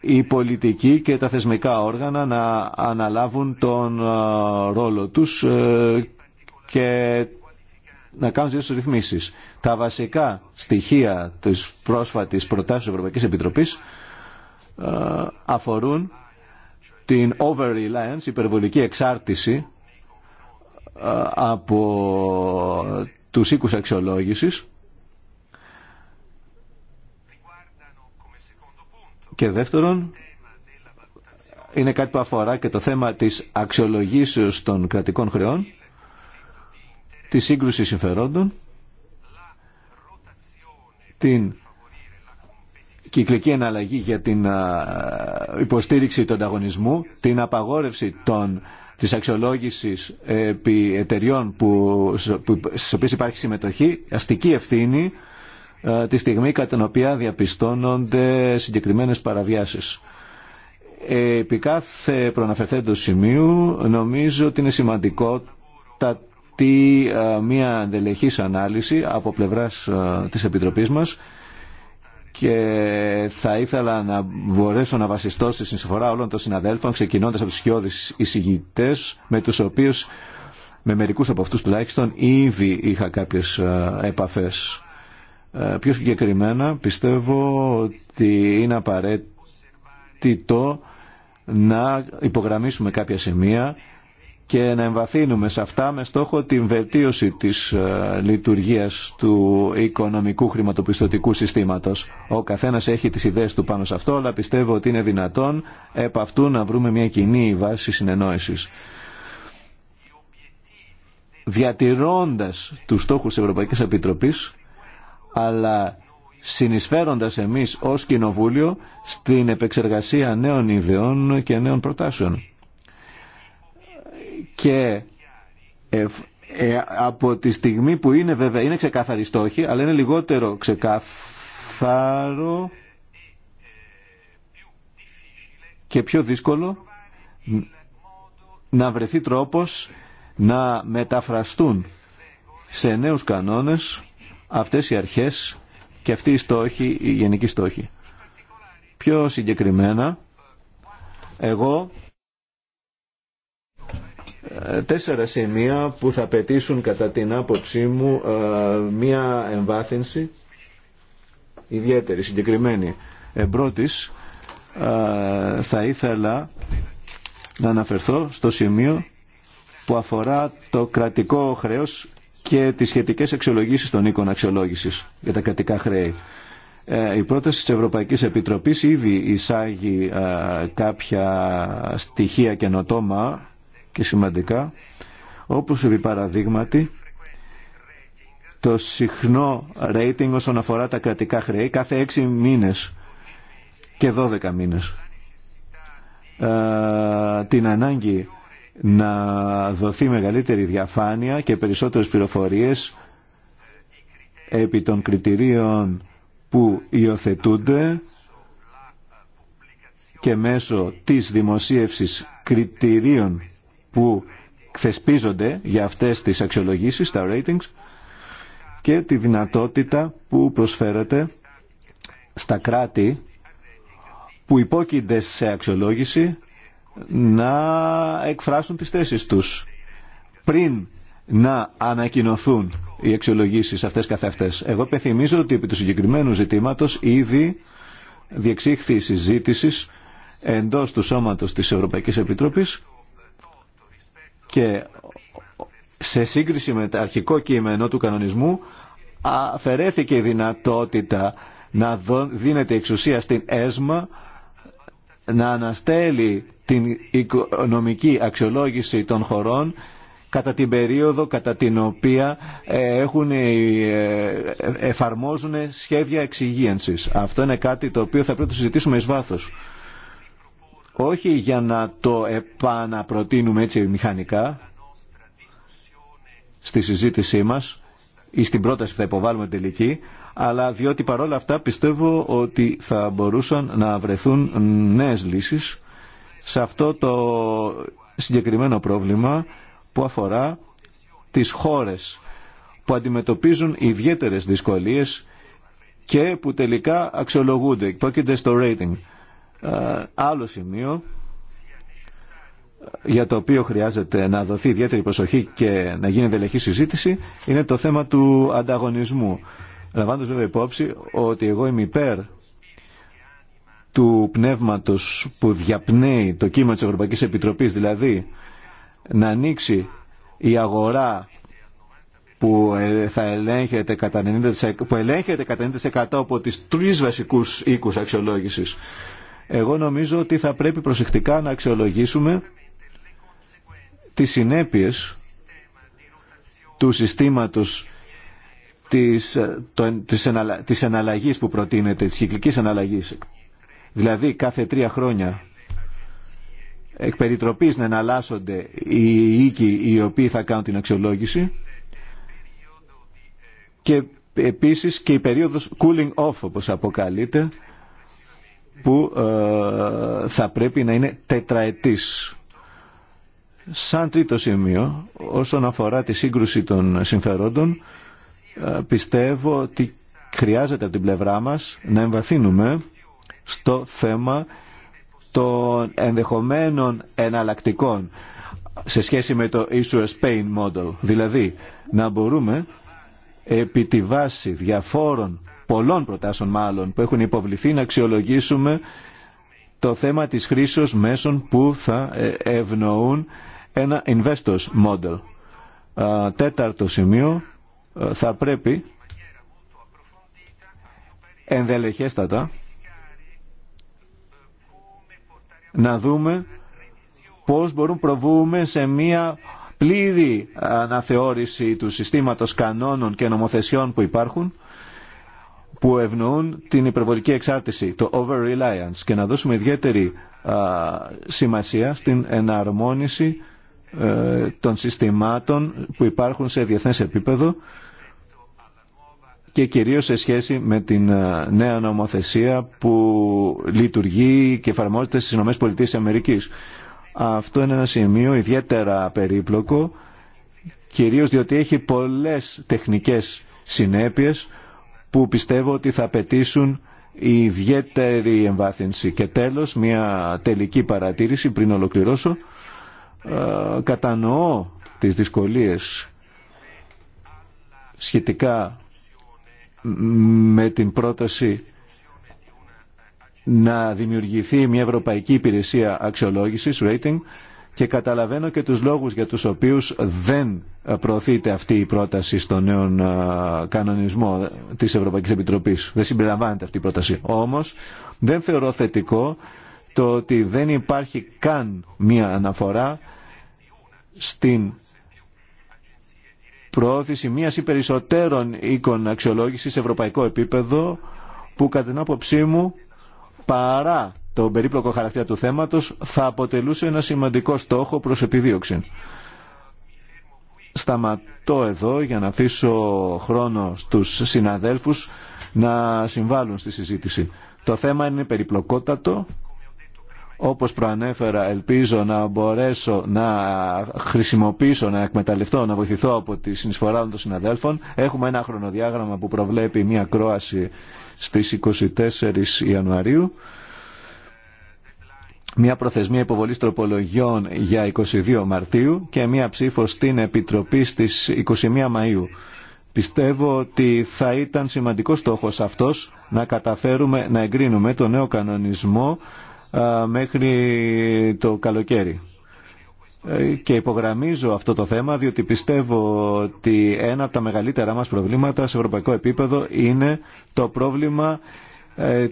η πολιτική και τα θεσμικά όργανα να αναλάβουν τον ε, ρόλο τους ε, και να κάνουν δύο ρυθμίσει. Τα βασικά στοιχεία της πρόσφατης προτάσεω της Ευρωπαϊκής Επιτροπής ε, αφορούν την over-reliance, υπερβολική εξάρτηση ε, από τους οίκους αξιολόγησης και δεύτερον είναι κάτι που αφορά και το θέμα της αξιολογήσεως των κρατικών χρεών τη σύγκρουση συμφερόντων, την κυκλική εναλλαγή για την υποστήριξη του ανταγωνισμού, την απαγόρευση των, της αξιολόγησης επί εταιριών που, που, στις οποίες υπάρχει συμμετοχή, αστική ευθύνη, τη στιγμή κατά την οποία διαπιστώνονται συγκεκριμένες παραβιάσεις. Επί κάθε προναφερθέντος σημείου νομίζω ότι είναι τα τη ε, μια αντελεχής ανάλυση από πλευράς ε, της Επιτροπής μας και θα ήθελα να μπορέσω να βασιστώ στη συνεισφορά όλων των συναδέλφων ξεκινώντας από τους εισηγητές με τους οποίους με μερικούς από αυτούς τουλάχιστον ήδη είχα κάποιες ε, επαφές. Πιο συγκεκριμένα πιστεύω ότι είναι απαραίτητο να υπογραμμίσουμε κάποια σημεία και να εμβαθύνουμε σε αυτά με στόχο την βελτίωση της ε, λειτουργίας του οικονομικού χρηματοπιστωτικού συστήματος. Ο καθένας έχει τις ιδέες του πάνω σε αυτό, αλλά πιστεύω ότι είναι δυνατόν επ' αυτού να βρούμε μια κοινή βάση συνεννόησης. Διατηρώντας τους στόχους της Ευρωπαϊκής Επιτροπής, αλλά συνεισφέροντας εμείς ως Κοινοβούλιο στην επεξεργασία νέων ιδεών και νέων προτάσεων και ε, ε, από τη στιγμή που είναι βέβαια είναι ξεκάθαρη στόχη, αλλά είναι λιγότερο ξεκάθαρο και πιο δύσκολο να βρεθεί τρόπος να μεταφραστούν σε νέους κανόνες αυτές οι αρχές και αυτή η στόχη, η γενική στόχη. Πιο συγκεκριμένα, εγώ τέσσερα σημεία που θα πετήσουν κατά την άποψή μου ε, μία εμβάθυνση ιδιαίτερη, συγκεκριμένη. Εμπρότης ε, θα ήθελα να αναφερθώ στο σημείο που αφορά το κρατικό χρέος και τις σχετικές αξιολογήσεις των οίκων αξιολόγησης για τα κρατικά χρέη. Ε, η πρόταση της Ευρωπαϊκής Επιτροπής ήδη εισάγει κάποια στοιχεία καινοτόμα και σημαντικά όπως επί παραδείγματι το συχνό rating όσον αφορά τα κρατικά χρέη κάθε έξι μήνες και δώδεκα μήνες. Ε, την ανάγκη να δοθεί μεγαλύτερη διαφάνεια και περισσότερες πληροφορίες επί των κριτηρίων που υιοθετούνται και μέσω της δημοσίευσης κριτηρίων που θεσπίζονται για αυτές τις αξιολογήσεις, τα ratings και τη δυνατότητα που προσφέρεται στα κράτη που υπόκεινται σε αξιολόγηση να εκφράσουν τις θέσεις τους πριν να ανακοινωθούν οι αξιολογήσεις αυτές καθ' Εγώ πεθυμίζω ότι επί του συγκεκριμένου ζητήματος ήδη διεξήχθη η συζήτηση εντός του σώματος της Ευρωπαϊκής Επιτροπής και σε σύγκριση με το αρχικό κείμενο του κανονισμού αφαιρέθηκε η δυνατότητα να δίνεται εξουσία στην ΕΣΜΑ να αναστέλει την οικονομική αξιολόγηση των χωρών κατά την περίοδο κατά την οποία ε, έχουν, ε, εφαρμόζουν σχέδια εξυγίανσης. Αυτό είναι κάτι το οποίο θα πρέπει να το συζητήσουμε εις βάθος όχι για να το επαναπροτείνουμε έτσι μηχανικά στη συζήτησή μας ή στην πρόταση που θα υποβάλουμε τελική, αλλά διότι παρόλα αυτά πιστεύω ότι θα μπορούσαν να βρεθούν νέες λύσεις σε αυτό το συγκεκριμένο πρόβλημα που αφορά τις χώρες που αντιμετωπίζουν ιδιαίτερες δυσκολίες και που τελικά αξιολογούνται, υπόκειται στο rating. Ε, άλλο σημείο ε, για το οποίο χρειάζεται να δοθεί ιδιαίτερη προσοχή και να γίνει δελεχή συζήτηση είναι το θέμα του ανταγωνισμού. Λαμβάνοντας βέβαια υπόψη ότι εγώ είμαι υπέρ του πνεύματος που διαπνέει το κύμα της Ευρωπαϊκής Επιτροπής, δηλαδή να ανοίξει η αγορά που ε, θα ελέγχεται κατά 90%, που ελέγχεται κατά 90 από τις τρεις βασικούς οίκους αξιολόγησης εγώ νομίζω ότι θα πρέπει προσεκτικά να αξιολογήσουμε τις συνέπειες του συστήματος της, το, της, της εναλλαγής που προτείνεται, της κυκλικής εναλλαγής. Δηλαδή κάθε τρία χρόνια εκ περιτροπής να εναλλάσσονται οι οίκοι οι οποίοι θα κάνουν την αξιολόγηση και επίσης και η περίοδος cooling off όπως αποκαλείται που ε, θα πρέπει να είναι τετραετής. Σαν τρίτο σημείο, όσον αφορά τη σύγκρουση των συμφερόντων, ε, πιστεύω ότι χρειάζεται από την πλευρά μας να εμβαθύνουμε στο θέμα των ενδεχομένων εναλλακτικών σε σχέση με το Issue Spain Model. Δηλαδή, να μπορούμε επί τη βάση διαφόρων πολλών προτάσεων μάλλον που έχουν υποβληθεί να αξιολογήσουμε το θέμα της χρήσεως μέσων που θα ε, ευνοούν ένα investors model. Τέταρτο σημείο ε, θα πρέπει ενδελεχέστατα να δούμε πώς μπορούμε προβούμε σε μία πλήρη αναθεώρηση του συστήματος κανόνων και νομοθεσιών που υπάρχουν που ευνοούν την υπερβολική εξάρτηση, το over-reliance και να δώσουμε ιδιαίτερη σημασία στην εναρμόνιση ε, των συστημάτων που υπάρχουν σε διεθνές επίπεδο και κυρίως σε σχέση με την νέα νομοθεσία που λειτουργεί και εφαρμόζεται στις ΗΠΑ. Αυτό είναι ένα σημείο ιδιαίτερα περίπλοκο, κυρίως διότι έχει πολλές τεχνικές συνέπειες που πιστεύω ότι θα απαιτήσουν ιδιαίτερη εμβάθυνση. Και τέλος, μια τελική παρατήρηση πριν ολοκληρώσω. Ε, κατανοώ τις δυσκολίες σχετικά με την πρόταση να δημιουργηθεί μια ευρωπαϊκή υπηρεσία αξιολόγησης, rating, και καταλαβαίνω και τους λόγους για τους οποίους δεν προωθείται αυτή η πρόταση στο νέο ε, κανονισμό της Ευρωπαϊκής Επιτροπής. Δεν συμπεριλαμβάνεται αυτή η πρόταση. Όμως δεν θεωρώ θετικό το ότι δεν υπάρχει καν μία αναφορά στην προώθηση μίας ή περισσότερων οίκων αξιολόγησης σε ευρωπαϊκό επίπεδο που κατά την άποψή μου παρά το περίπλοκο χαρακτήρα του θέματος θα αποτελούσε ένα σημαντικό στόχο προς επιδίωξη. Σταματώ εδώ για να αφήσω χρόνο στους συναδέλφους να συμβάλλουν στη συζήτηση. Το θέμα είναι περιπλοκότατο. Όπως προανέφερα, ελπίζω να μπορέσω να χρησιμοποιήσω, να εκμεταλλευτώ, να βοηθηθώ από τη συνεισφορά των συναδέλφων. Έχουμε ένα χρονοδιάγραμμα που προβλέπει μια κρόαση στις 24 Ιανουαρίου μια προθεσμία υποβολής τροπολογιών για 22 Μαρτίου και μια ψήφος στην Επιτροπή στις 21 Μαΐου. Πιστεύω ότι θα ήταν σημαντικός στόχος αυτός να καταφέρουμε να εγκρίνουμε το νέο κανονισμό μέχρι το καλοκαίρι. Ε, και υπογραμμίζω αυτό το θέμα διότι πιστεύω ότι ένα από τα μεγαλύτερά μας προβλήματα σε ευρωπαϊκό επίπεδο είναι το πρόβλημα ε,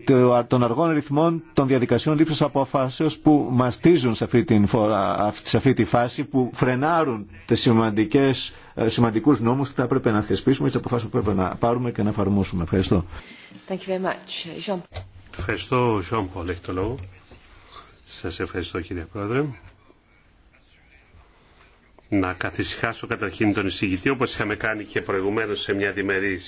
των αργών ρυθμών των διαδικασιών λήψης αποφάσεω που μαστίζουν σε αυτή, σε αυτή τη φάση που φρενάρουν τις σημαντικές, ε, σημαντικούς νόμους που θα έπρεπε να θεσπίσουμε τις αποφάσεις που πρέπει να πάρουμε και να εφαρμόσουμε. Ευχαριστώ. Thank you very much. Jean ευχαριστώ, Jean Πολ, έχει το λόγο. Σας ευχαριστώ, κύριε Πρόεδρε. Να καθησυχάσω καταρχήν τον εισηγητή, όπως είχαμε κάνει και προηγουμένως σε μια διμερή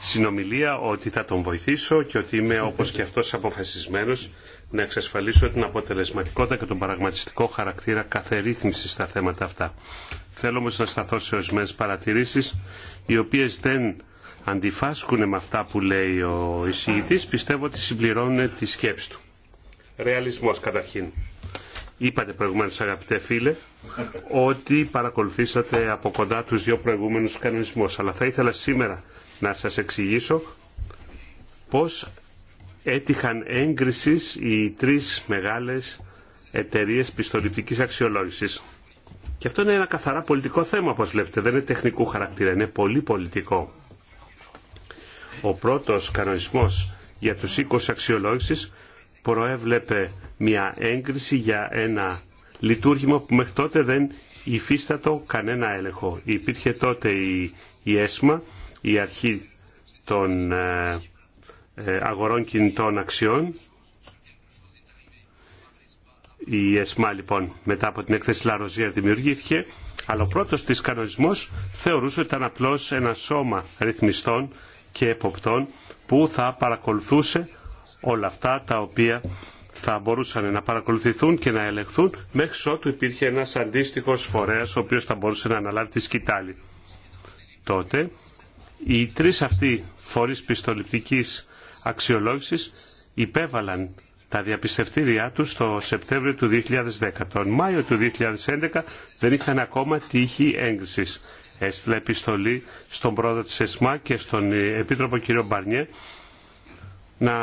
συνομιλία ότι θα τον βοηθήσω και ότι είμαι όπως και αυτός αποφασισμένος να εξασφαλίσω την αποτελεσματικότητα και τον παραγματιστικό χαρακτήρα κάθε στα θέματα αυτά. Θέλω όμως να σταθώ σε ορισμένε παρατηρήσεις οι οποίες δεν αντιφάσκουν με αυτά που λέει ο εισηγητής, πιστεύω ότι συμπληρώνουν τη σκέψη του. Ρεαλισμός καταρχήν. Είπατε προηγουμένως αγαπητέ φίλε ότι παρακολουθήσατε από κοντά τους δύο προηγούμενους κανονισμούς, αλλά θα ήθελα σήμερα να σας εξηγήσω πώς έτυχαν έγκρισης οι τρεις μεγάλες εταιρείες πιστοληπτικής αξιολόγησης. Και αυτό είναι ένα καθαρά πολιτικό θέμα, όπως βλέπετε. Δεν είναι τεχνικού χαρακτήρα, είναι πολύ πολιτικό. Ο πρώτος κανονισμός για τους 20 αξιολόγησης προέβλεπε μια έγκριση για ένα λειτουργήμα που μέχρι τότε δεν υφίστατο κανένα έλεγχο. Υπήρχε τότε η, η ΕΣΜΑ η αρχή των ε, ε, αγορών κινητών αξιών. Η ΕΣΜΑ λοιπόν μετά από την έκθεση Λαροζία δημιουργήθηκε, αλλά ο πρώτος της κανονισμός θεωρούσε ότι ήταν απλώς ένα σώμα ρυθμιστών και εποπτών που θα παρακολουθούσε όλα αυτά τα οποία θα μπορούσαν να παρακολουθηθούν και να ελεγχθούν μέχρι ότου υπήρχε ένας αντίστοιχος φορέας ο οποίος θα μπορούσε να αναλάβει τη σκητάλη. Τότε οι τρεις αυτοί φορείς πιστοληπτικής αξιολόγησης υπέβαλαν τα διαπιστευτήριά τους το Σεπτέμβριο του 2010. Τον Μάιο του 2011 δεν είχαν ακόμα τύχη έγκρισης. Έστειλα επιστολή στον πρόεδρο της ΕΣΜΑ και στον επίτροπο κ. Μπαρνιέ να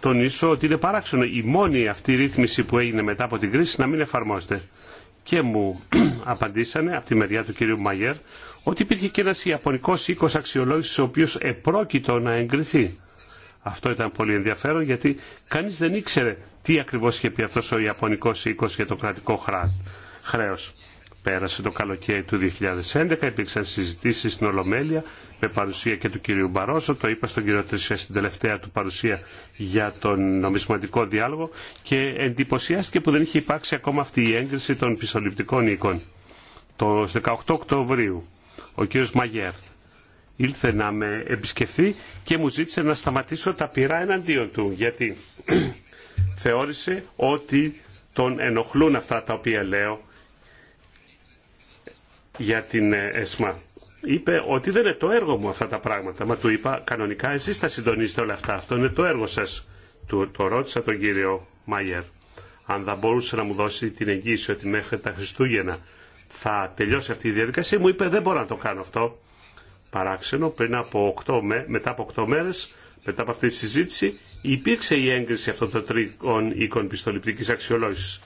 τονίσω ότι είναι παράξενο η μόνη αυτή ρύθμιση που έγινε μετά από την κρίση να μην εφαρμόζεται. Και μου [CLEARS THROAT] απαντήσανε από τη μεριά του κ. Μαγιέρ ότι υπήρχε και ένας ιαπωνικός οίκος αξιολόγησης ο οποίος επρόκειτο να εγκριθεί. Αυτό ήταν πολύ ενδιαφέρον γιατί κανείς δεν ήξερε τι ακριβώς είχε πει αυτός ο ιαπωνικός οίκος για το κρατικό χρέος. Πέρασε το καλοκαίρι του 2011, υπήρξαν συζητήσεις στην Ολομέλεια με παρουσία και του κυρίου Μπαρόσο, το είπα στον κύριο Τρισσέ στην τελευταία του παρουσία για τον νομισματικό διάλογο και εντυπωσιάστηκε που δεν είχε υπάρξει ακόμα αυτή η έγκριση των πιστοληπτικών οίκων. Το 18 Οκτωβρίου ο κύριος Μαγιέρ ήλθε να με επισκεφθεί και μου ζήτησε να σταματήσω τα πειρά εναντίον του γιατί [CLEARS THROAT] θεώρησε ότι τον ενοχλούν αυτά τα οποία λέω για την ε, ΕΣΜΑ. Είπε ότι δεν είναι το έργο μου αυτά τα πράγματα. Μα του είπα κανονικά εσείς θα συντονίσετε όλα αυτά. Αυτό είναι το έργο σας. Του, το ρώτησα τον κύριο Μάγερ αν θα μπορούσε να μου δώσει την εγγύηση ότι μέχρι τα Χριστούγεννα θα τελειώσει αυτή η διαδικασία. Μου είπε δεν μπορώ να το κάνω αυτό. Παράξενο, πριν από 8, μετά από 8 μέρες, μετά από αυτή τη συζήτηση, υπήρξε η έγκριση αυτών των τρίκων οίκων πιστοληπτικής αξιολόγησης.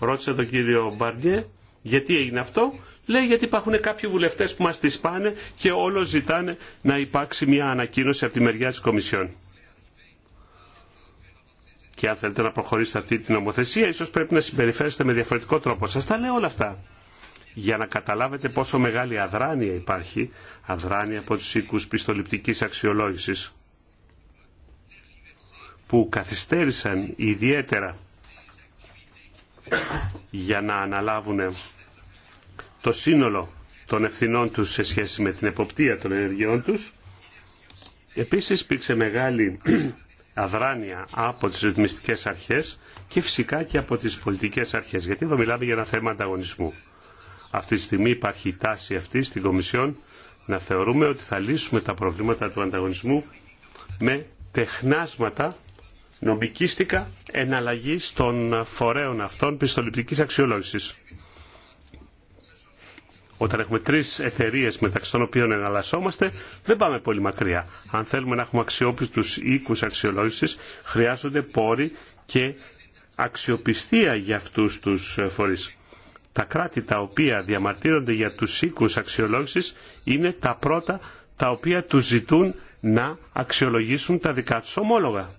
Ρώτησε τον κύριο Μπαρνιέ γιατί έγινε αυτό. Λέει γιατί υπάρχουν κάποιοι βουλευτέ που μα τι πάνε και όλο ζητάνε να υπάρξει μια ανακοίνωση από τη μεριά τη Κομισιόν. Και αν θέλετε να προχωρήσετε αυτή την νομοθεσία, ίσω πρέπει να συμπεριφέρεστε με διαφορετικό τρόπο. Σα τα λέω όλα αυτά για να καταλάβετε πόσο μεγάλη αδράνεια υπάρχει, αδράνεια από τους οίκους πιστοληπτικής αξιολόγησης, που καθυστέρησαν ιδιαίτερα για να αναλάβουν το σύνολο των ευθυνών τους σε σχέση με την εποπτεία των ενεργειών τους. Επίσης υπήρξε μεγάλη αδράνεια από τις ρυθμιστικές αρχές και φυσικά και από τις πολιτικές αρχές, γιατί εδώ μιλάμε για ένα θέμα ανταγωνισμού. Αυτή τη στιγμή υπάρχει η τάση αυτή στην Κομισιόν να θεωρούμε ότι θα λύσουμε τα προβλήματα του ανταγωνισμού με τεχνάσματα νομικίστικα εναλλαγή των φορέων αυτών πιστοληπτικής αξιολόγησης. Όταν έχουμε τρει εταιρείε μεταξύ των οποίων εναλλασσόμαστε, δεν πάμε πολύ μακριά. Αν θέλουμε να έχουμε αξιόπιστου οίκου αξιολόγηση, χρειάζονται πόροι και αξιοπιστία για αυτού του φορεί τα κράτη τα οποία διαμαρτύρονται για τους οίκους αξιολόγησης είναι τα πρώτα τα οποία τους ζητούν να αξιολογήσουν τα δικά τους ομόλογα.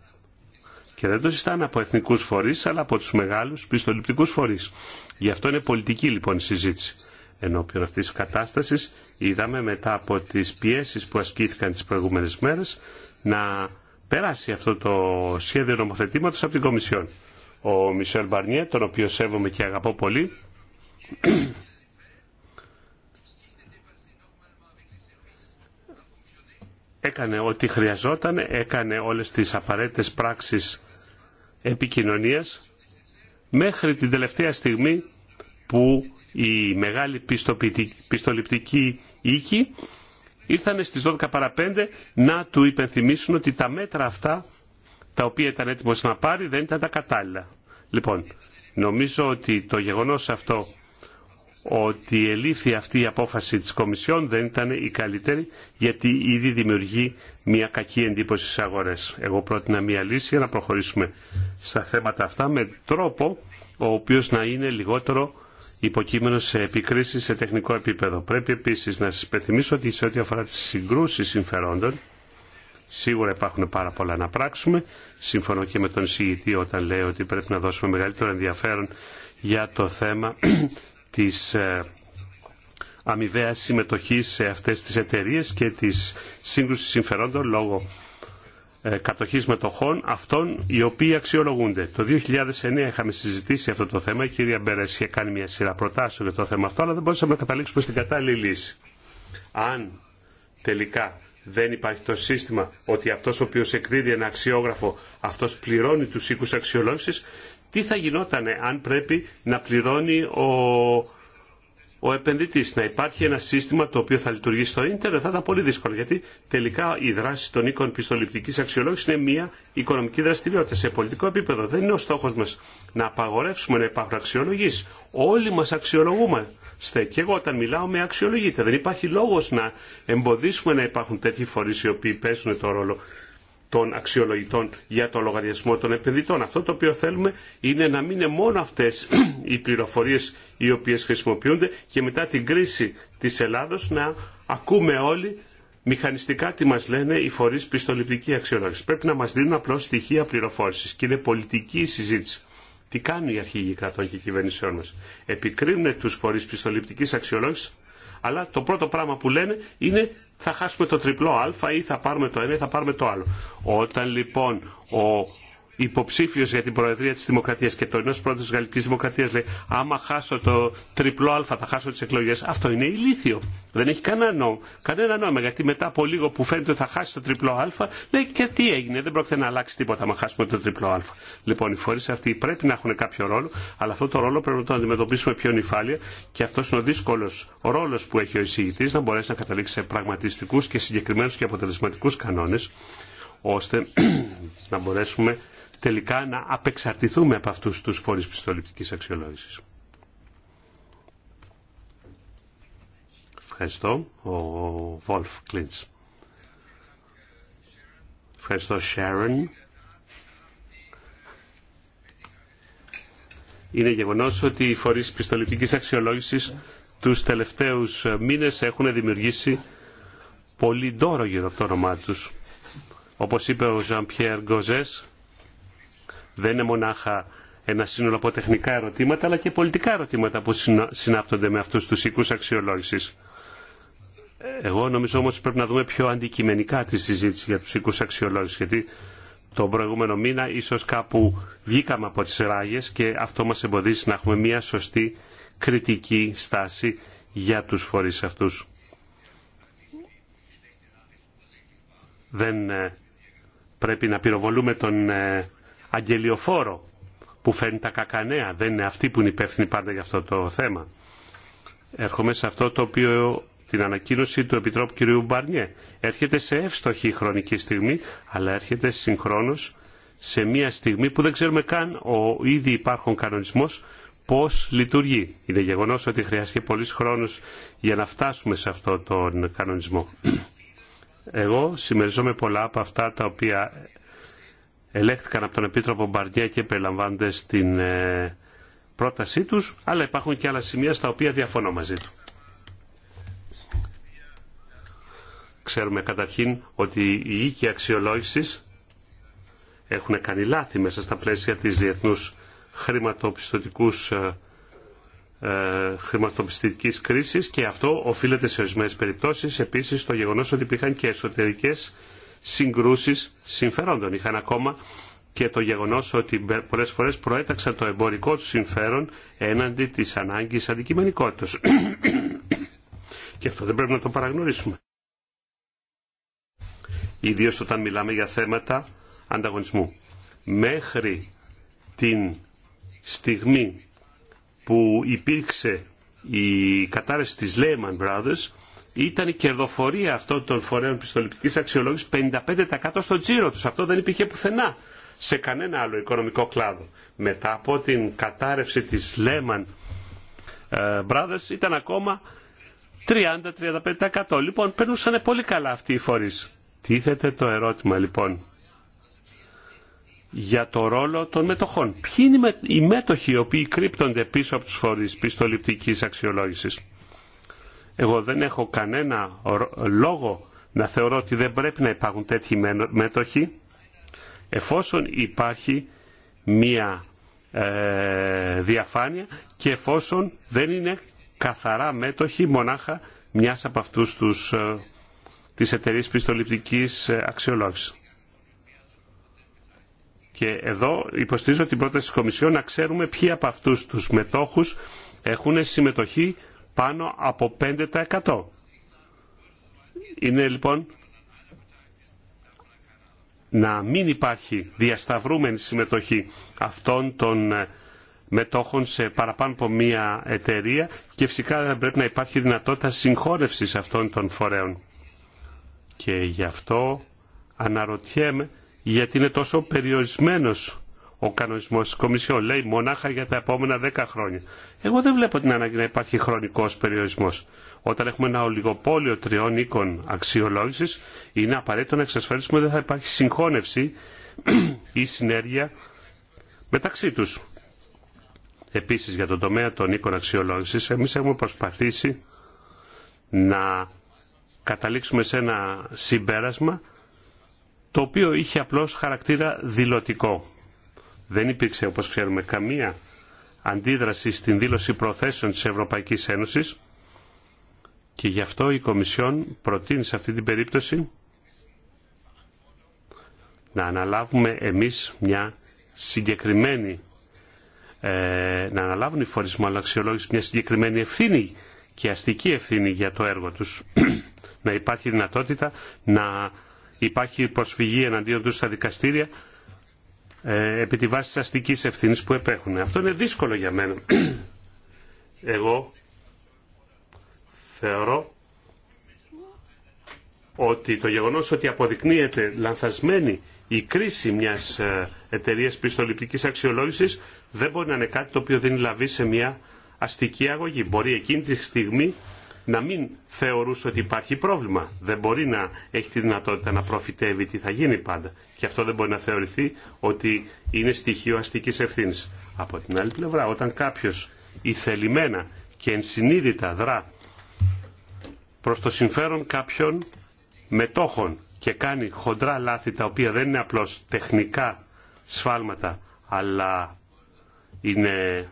Και δεν το συστάνε από εθνικούς φορείς, αλλά από τους μεγάλους πιστοληπτικούς φορείς. Γι' αυτό είναι πολιτική λοιπόν η συζήτηση. Ενώπιον αυτής της κατάστασης είδαμε μετά από τις πιέσεις που ασκήθηκαν τις προηγούμενες μέρες να περάσει αυτό το σχέδιο νομοθετήματος από την Κομισιόν. Ο Μισελ Μπαρνιέ, τον οποίο σέβομαι και αγαπώ πολύ, έκανε ό,τι χρειαζόταν, έκανε όλες τις απαραίτητες πράξεις επικοινωνίας μέχρι την τελευταία στιγμή που η μεγάλη πιστοληπτική οίκη ήρθαν στις 12 παρα 5 να του υπενθυμίσουν ότι τα μέτρα αυτά τα οποία ήταν έτοιμος να πάρει δεν ήταν τα κατάλληλα. Λοιπόν, νομίζω ότι το γεγονός αυτό ότι ελήφθη αυτή η απόφαση της Κομισιόν δεν ήταν η καλύτερη γιατί ήδη δημιουργεί μια κακή εντύπωση στις αγορές. Εγώ πρότεινα μια λύση για να προχωρήσουμε στα θέματα αυτά με τρόπο ο οποίος να είναι λιγότερο υποκείμενο σε επικρίσει σε τεχνικό επίπεδο. Πρέπει επίσης να σας υπενθυμίσω ότι σε ό,τι αφορά τις συγκρούσεις συμφερόντων Σίγουρα υπάρχουν πάρα πολλά να πράξουμε. Συμφωνώ και με τον συγητή όταν λέει ότι πρέπει να δώσουμε μεγαλύτερο ενδιαφέρον για το θέμα της ε, αμοιβαία συμμετοχής σε αυτές τις εταιρείες και της σύγκρουσης συμφερόντων λόγω ε, κατοχής μετοχών αυτών οι οποίοι αξιολογούνται. Το 2009 είχαμε συζητήσει αυτό το θέμα, η κυρία Μπέρες είχε κάνει μια σειρά προτάσεων για το θέμα αυτό, αλλά δεν μπορούσαμε να καταλήξουμε στην κατάλληλη λύση. Αν τελικά δεν υπάρχει το σύστημα ότι αυτός ο οποίος εκδίδει ένα αξιόγραφο, αυτός πληρώνει τους οίκους αξιολόγησης, τι θα γινόταν αν πρέπει να πληρώνει ο, ο επενδυτής, να υπάρχει ένα σύστημα το οποίο θα λειτουργεί στο ίντερνετ, θα ήταν πολύ δύσκολο, γιατί τελικά η δράση των οίκων πιστοληπτικής αξιολόγησης είναι μια οικονομική δραστηριότητα σε πολιτικό επίπεδο. Δεν είναι ο στόχος μας να απαγορεύσουμε να υπάρχουν αξιολογήσεις. Όλοι μας αξιολογούμε. Και εγώ όταν μιλάω με αξιολογείται. Δεν υπάρχει λόγος να εμποδίσουμε να υπάρχουν τέτοιοι φορείς οι οποίοι παίζουν το ρόλο των αξιολογητών για το λογαριασμό των επενδυτών. Αυτό το οποίο θέλουμε είναι να μην είναι μόνο αυτές οι πληροφορίες οι οποίες χρησιμοποιούνται και μετά την κρίση της Ελλάδος να ακούμε όλοι μηχανιστικά τι μας λένε οι φορείς πιστοληπτική αξιολόγηση. Πρέπει να μας δίνουν απλώς στοιχεία πληροφόρησης και είναι πολιτική συζήτηση. Τι κάνουν οι αρχηγοί κρατών και κυβερνησίων μας. Επικρίνουν τους φορείς πιστοληπτικής αξιολόγησης αλλά το πρώτο πράγμα που λένε είναι θα χάσουμε το τριπλό α ή θα πάρουμε το ένα ή θα πάρουμε το άλλο. Όταν λοιπόν ο υποψήφιο για την Προεδρία τη Δημοκρατία και το ενό πρόεδρο Γαλλική Δημοκρατία λέει: Άμα χάσω το τριπλό Α, θα χάσω τι εκλογέ. Αυτό είναι ηλίθιο. Δεν έχει κανένα νόημα. Κανένα νόημα γιατί μετά από λίγο που φαίνεται ότι θα χάσει το τριπλό Α, λέει και τι έγινε. Δεν πρόκειται να αλλάξει τίποτα άμα χάσουμε το τριπλό Α. Λοιπόν, οι φορεί αυτοί πρέπει να έχουν κάποιο ρόλο, αλλά αυτό το ρόλο πρέπει να το αντιμετωπίσουμε πιο νυφάλια και αυτό είναι ο δύσκολο ρόλο που έχει ο εισηγητή να μπορέσει να καταλήξει σε πραγματιστικού και συγκεκριμένου και αποτελεσματικού κανόνε ώστε [CLEARS THROAT] να μπορέσουμε τελικά να απεξαρτηθούμε από αυτούς τους φορείς πιστοληπτικής αξιολόγησης. Ευχαριστώ, ο Βολφ Κλίντς. Ευχαριστώ, Sharon. Είναι γεγονός ότι οι φορείς πιστοληπτικής αξιολόγησης τους τελευταίους μήνες έχουν δημιουργήσει πολύ ντόρο γύρω από το όνομά τους. Όπως είπε ο Jean-Pierre δεν είναι μονάχα ένα σύνολο από τεχνικά ερωτήματα αλλά και πολιτικά ερωτήματα που συνάπτονται με αυτούς τους οίκους αξιολόγησης. Εγώ νομίζω όμως πρέπει να δούμε πιο αντικειμενικά τη συζήτηση για τους οίκους αξιολόγησης γιατί τον προηγούμενο μήνα ίσως κάπου βγήκαμε από τις ράγες και αυτό μας εμποδίζει να έχουμε μια σωστή κριτική στάση για τους φορείς αυτούς. Δεν ε, πρέπει να πυροβολούμε τον ε, αγγελιοφόρο που φέρνει τα κακανέα. Δεν είναι αυτή που είναι υπεύθυνη πάντα για αυτό το θέμα. Έρχομαι σε αυτό το οποίο την ανακοίνωση του Επιτρόπου κ. Μπαρνιέ. Έρχεται σε εύστοχη χρονική στιγμή, αλλά έρχεται συγχρόνως σε μια στιγμή που δεν ξέρουμε καν ο ήδη υπάρχον κανονισμός πώς λειτουργεί. Είναι γεγονός ότι χρειάστηκε πολλή χρόνος για να φτάσουμε σε αυτό τον κανονισμό. Εγώ συμμεριζόμαι πολλά από αυτά τα οποία ελέγχθηκαν από τον Επίτροπο Μπαρντιά και περιλαμβάνονται στην ε, πρότασή τους, αλλά υπάρχουν και άλλα σημεία στα οποία διαφωνώ μαζί του. Ξέρουμε καταρχήν ότι οι οίκοι αξιολόγησης έχουν κάνει λάθη μέσα στα πλαίσια της διεθνούς χρηματοπιστωτικούς ε, ε, χρηματοπιστωτικής κρίσης και αυτό οφείλεται σε ορισμένε περιπτώσεις επίσης στο γεγονός ότι υπήρχαν και εσωτερικές συγκρούσεις συμφερόντων. Είχαν ακόμα και το γεγονός ότι πολλές φορές προέταξαν το εμπορικό του συμφέρον έναντι της ανάγκης αντικειμενικότητας. [COUGHS] και αυτό δεν πρέπει να το παραγνωρίσουμε. Ιδίως όταν μιλάμε για θέματα ανταγωνισμού. Μέχρι την στιγμή που υπήρξε η κατάρρευση της Lehman Brothers, ήταν η κερδοφορία αυτών των φορέων πιστοληπτική αξιολόγηση 55% στο τζίρο τους. Αυτό δεν υπήρχε πουθενά σε κανένα άλλο οικονομικό κλάδο. Μετά από την κατάρρευση της Lehman ε, Brothers ήταν ακόμα 30-35%. Λοιπόν, περνούσαν πολύ καλά αυτοί οι φορείς. Τίθεται το ερώτημα λοιπόν για το ρόλο των μετοχών. Ποιοι είναι οι μέτοχοι οι οποίοι κρύπτονται πίσω από τους φορείς πιστοληπτικής αξιολόγησης. Εγώ δεν έχω κανένα λόγο να θεωρώ ότι δεν πρέπει να υπάρχουν τέτοιοι μέτοχοι εφόσον υπάρχει μία ε, διαφάνεια και εφόσον δεν είναι καθαρά μέτοχοι μονάχα μιας από αυτούς τους, ε, της εταιρείας πιστοληπτικής ε, αξιολόγησης. Και εδώ υποστηρίζω την πρόταση της Κομισιόν να ξέρουμε ποιοι από αυτούς τους μετόχους έχουν συμμετοχή πάνω από 5%. Είναι λοιπόν να μην υπάρχει διασταυρούμενη συμμετοχή αυτών των ε, μετόχων σε παραπάνω από μία εταιρεία και φυσικά δεν πρέπει να υπάρχει δυνατότητα συγχώρευσης αυτών των φορέων. Και γι' αυτό αναρωτιέμαι γιατί είναι τόσο περιορισμένος ο κανονισμό τη Κομισιόν. Λέει μονάχα για τα επόμενα 10 χρόνια. Εγώ δεν βλέπω την ανάγκη να υπάρχει χρονικό περιορισμό. Όταν έχουμε ένα ολιγοπόλιο τριών οίκων αξιολόγηση, είναι απαραίτητο να εξασφαλίσουμε ότι δεν θα υπάρχει συγχώνευση ή συνέργεια μεταξύ του. Επίση, για τον τομέα των οίκων αξιολόγηση, εμεί έχουμε προσπαθήσει να καταλήξουμε σε ένα συμπέρασμα το οποίο είχε απλώς χαρακτήρα δηλωτικό. Δεν υπήρξε, όπως ξέρουμε, καμία αντίδραση στην δήλωση προθέσεων της Ευρωπαϊκής Ένωσης και γι' αυτό η Κομισιόν προτείνει σε αυτή την περίπτωση να αναλάβουμε εμείς μια συγκεκριμένη ε, να αναλάβουν οι φορείς αναξιολόγηση, μια συγκεκριμένη ευθύνη και αστική ευθύνη για το έργο τους. [CLEARS THROAT] να υπάρχει δυνατότητα να υπάρχει προσφυγή εναντίον τους στα δικαστήρια ε, επί τη βάση της αστικής ευθύνης που επέχουν. Αυτό είναι δύσκολο για μένα. [CLEARS THROAT] Εγώ θεωρώ ότι το γεγονός ότι αποδεικνύεται λανθασμένη η κρίση μιας ε, εταιρείας πιστοληπτικής αξιολόγησης δεν μπορεί να είναι κάτι το οποίο δίνει λαβή σε μια αστική αγωγή. Μπορεί εκείνη τη στιγμή να μην θεωρούσε ότι υπάρχει πρόβλημα. Δεν μπορεί να έχει τη δυνατότητα να προφητεύει τι θα γίνει πάντα. Και αυτό δεν μπορεί να θεωρηθεί ότι είναι στοιχείο αστικής ευθύνη. Από την άλλη πλευρά, όταν κάποιος ηθελημένα και ενσυνείδητα δρά προς το συμφέρον κάποιων μετόχων και κάνει χοντρά λάθη τα οποία δεν είναι απλώς τεχνικά σφάλματα αλλά είναι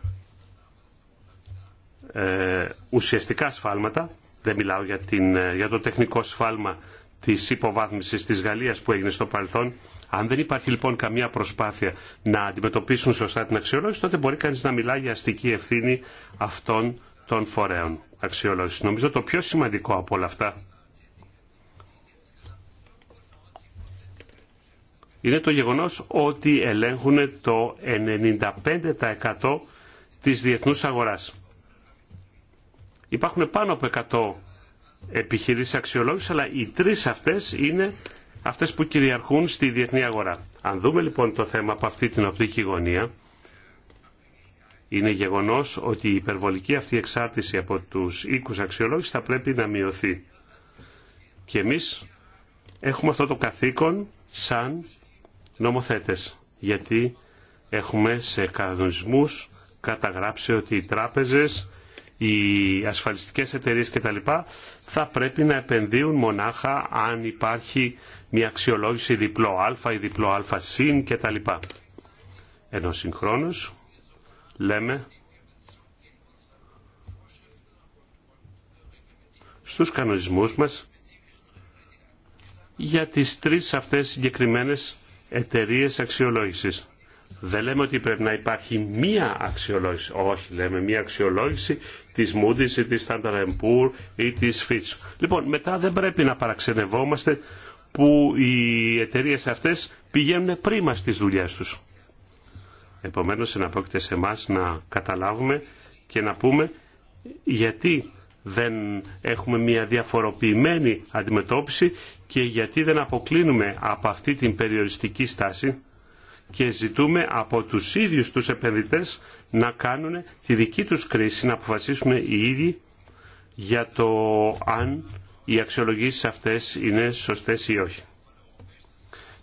ε, ουσιαστικά σφάλματα. Δεν μιλάω για, την, ε, για το τεχνικό σφάλμα της υποβάθμισης της Γαλλίας που έγινε στο παρελθόν. Αν δεν υπάρχει λοιπόν καμία προσπάθεια να αντιμετωπίσουν σωστά την αξιολόγηση, τότε μπορεί κανείς να μιλά για αστική ευθύνη αυτών των φορέων αξιολόγησης. Νομίζω το πιο σημαντικό από όλα αυτά είναι το γεγονός ότι ελέγχουν το 95% της διεθνούς αγοράς. Υπάρχουν πάνω από 100 επιχειρήσεις αξιολόγηση, αλλά οι τρεις αυτές είναι αυτές που κυριαρχούν στη διεθνή αγορά. Αν δούμε λοιπόν το θέμα από αυτή την οπτική γωνία, είναι γεγονός ότι η υπερβολική αυτή εξάρτηση από τους οίκους αξιολόγηση θα πρέπει να μειωθεί. Και εμείς έχουμε αυτό το καθήκον σαν νομοθέτες, γιατί έχουμε σε κανονισμούς καταγράψει ότι οι τράπεζες οι ασφαλιστικές εταιρείες κτλ. θα πρέπει να επενδύουν μονάχα αν υπάρχει μια αξιολόγηση διπλό α ή διπλό α συν κτλ. Ενώ συγχρόνως λέμε στους κανονισμούς μας για τις τρεις αυτές συγκεκριμένες εταιρείες αξιολόγησης. Δεν λέμε ότι πρέπει να υπάρχει μία αξιολόγηση. Όχι, λέμε μία αξιολόγηση τη Moody's ή τη Standard Poor's ή τη Fitch. Λοιπόν, μετά δεν πρέπει να παραξενευόμαστε που οι εταιρείε αυτέ πηγαίνουν πρίμα στι δουλειέ του. Επομένω, εναπόκειται σε εμά να καταλάβουμε και να πούμε γιατί δεν έχουμε μια διαφοροποιημένη αντιμετώπιση και γιατί δεν αποκλίνουμε από αυτή την περιοριστική στάση και ζητούμε από τους ίδιους τους επενδυτές να κάνουν τη δική τους κρίση, να αποφασίσουν οι ίδιοι για το αν οι αξιολογήσεις αυτές είναι σωστές ή όχι.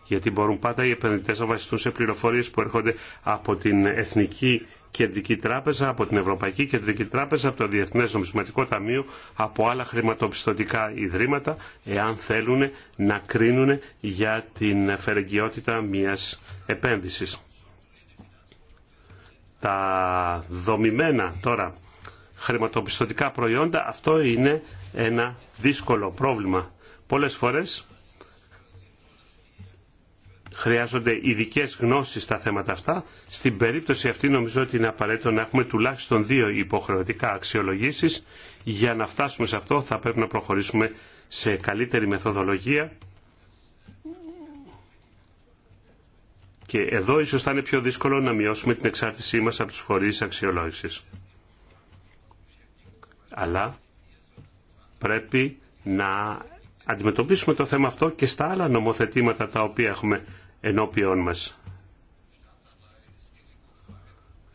Γιατί μπορούν πάντα οι επενδυτές να βασιστούν σε πληροφορίες που έρχονται από την Εθνική Κεντρική Τράπεζα, από την Ευρωπαϊκή Κεντρική Τράπεζα, από το Διεθνές Νομισματικό Ταμείο, από άλλα χρηματοπιστωτικά ιδρύματα, εάν θέλουν να κρίνουν για την φερεγγιότητα μιας επένδυσης. Τα δομημένα τώρα χρηματοπιστωτικά προϊόντα, αυτό είναι ένα δύσκολο πρόβλημα. Πολλές φορές χρειάζονται ειδικέ γνώσεις στα θέματα αυτά. Στην περίπτωση αυτή νομίζω ότι είναι απαραίτητο να έχουμε τουλάχιστον δύο υποχρεωτικά αξιολογήσει Για να φτάσουμε σε αυτό θα πρέπει να προχωρήσουμε σε καλύτερη μεθοδολογία. Και εδώ ίσως θα είναι πιο δύσκολο να μειώσουμε την εξάρτησή μας από τις φορείς αξιολόγησης. Αλλά πρέπει να αντιμετωπίσουμε το θέμα αυτό και στα άλλα νομοθετήματα τα οποία έχουμε ενώπιόν μας.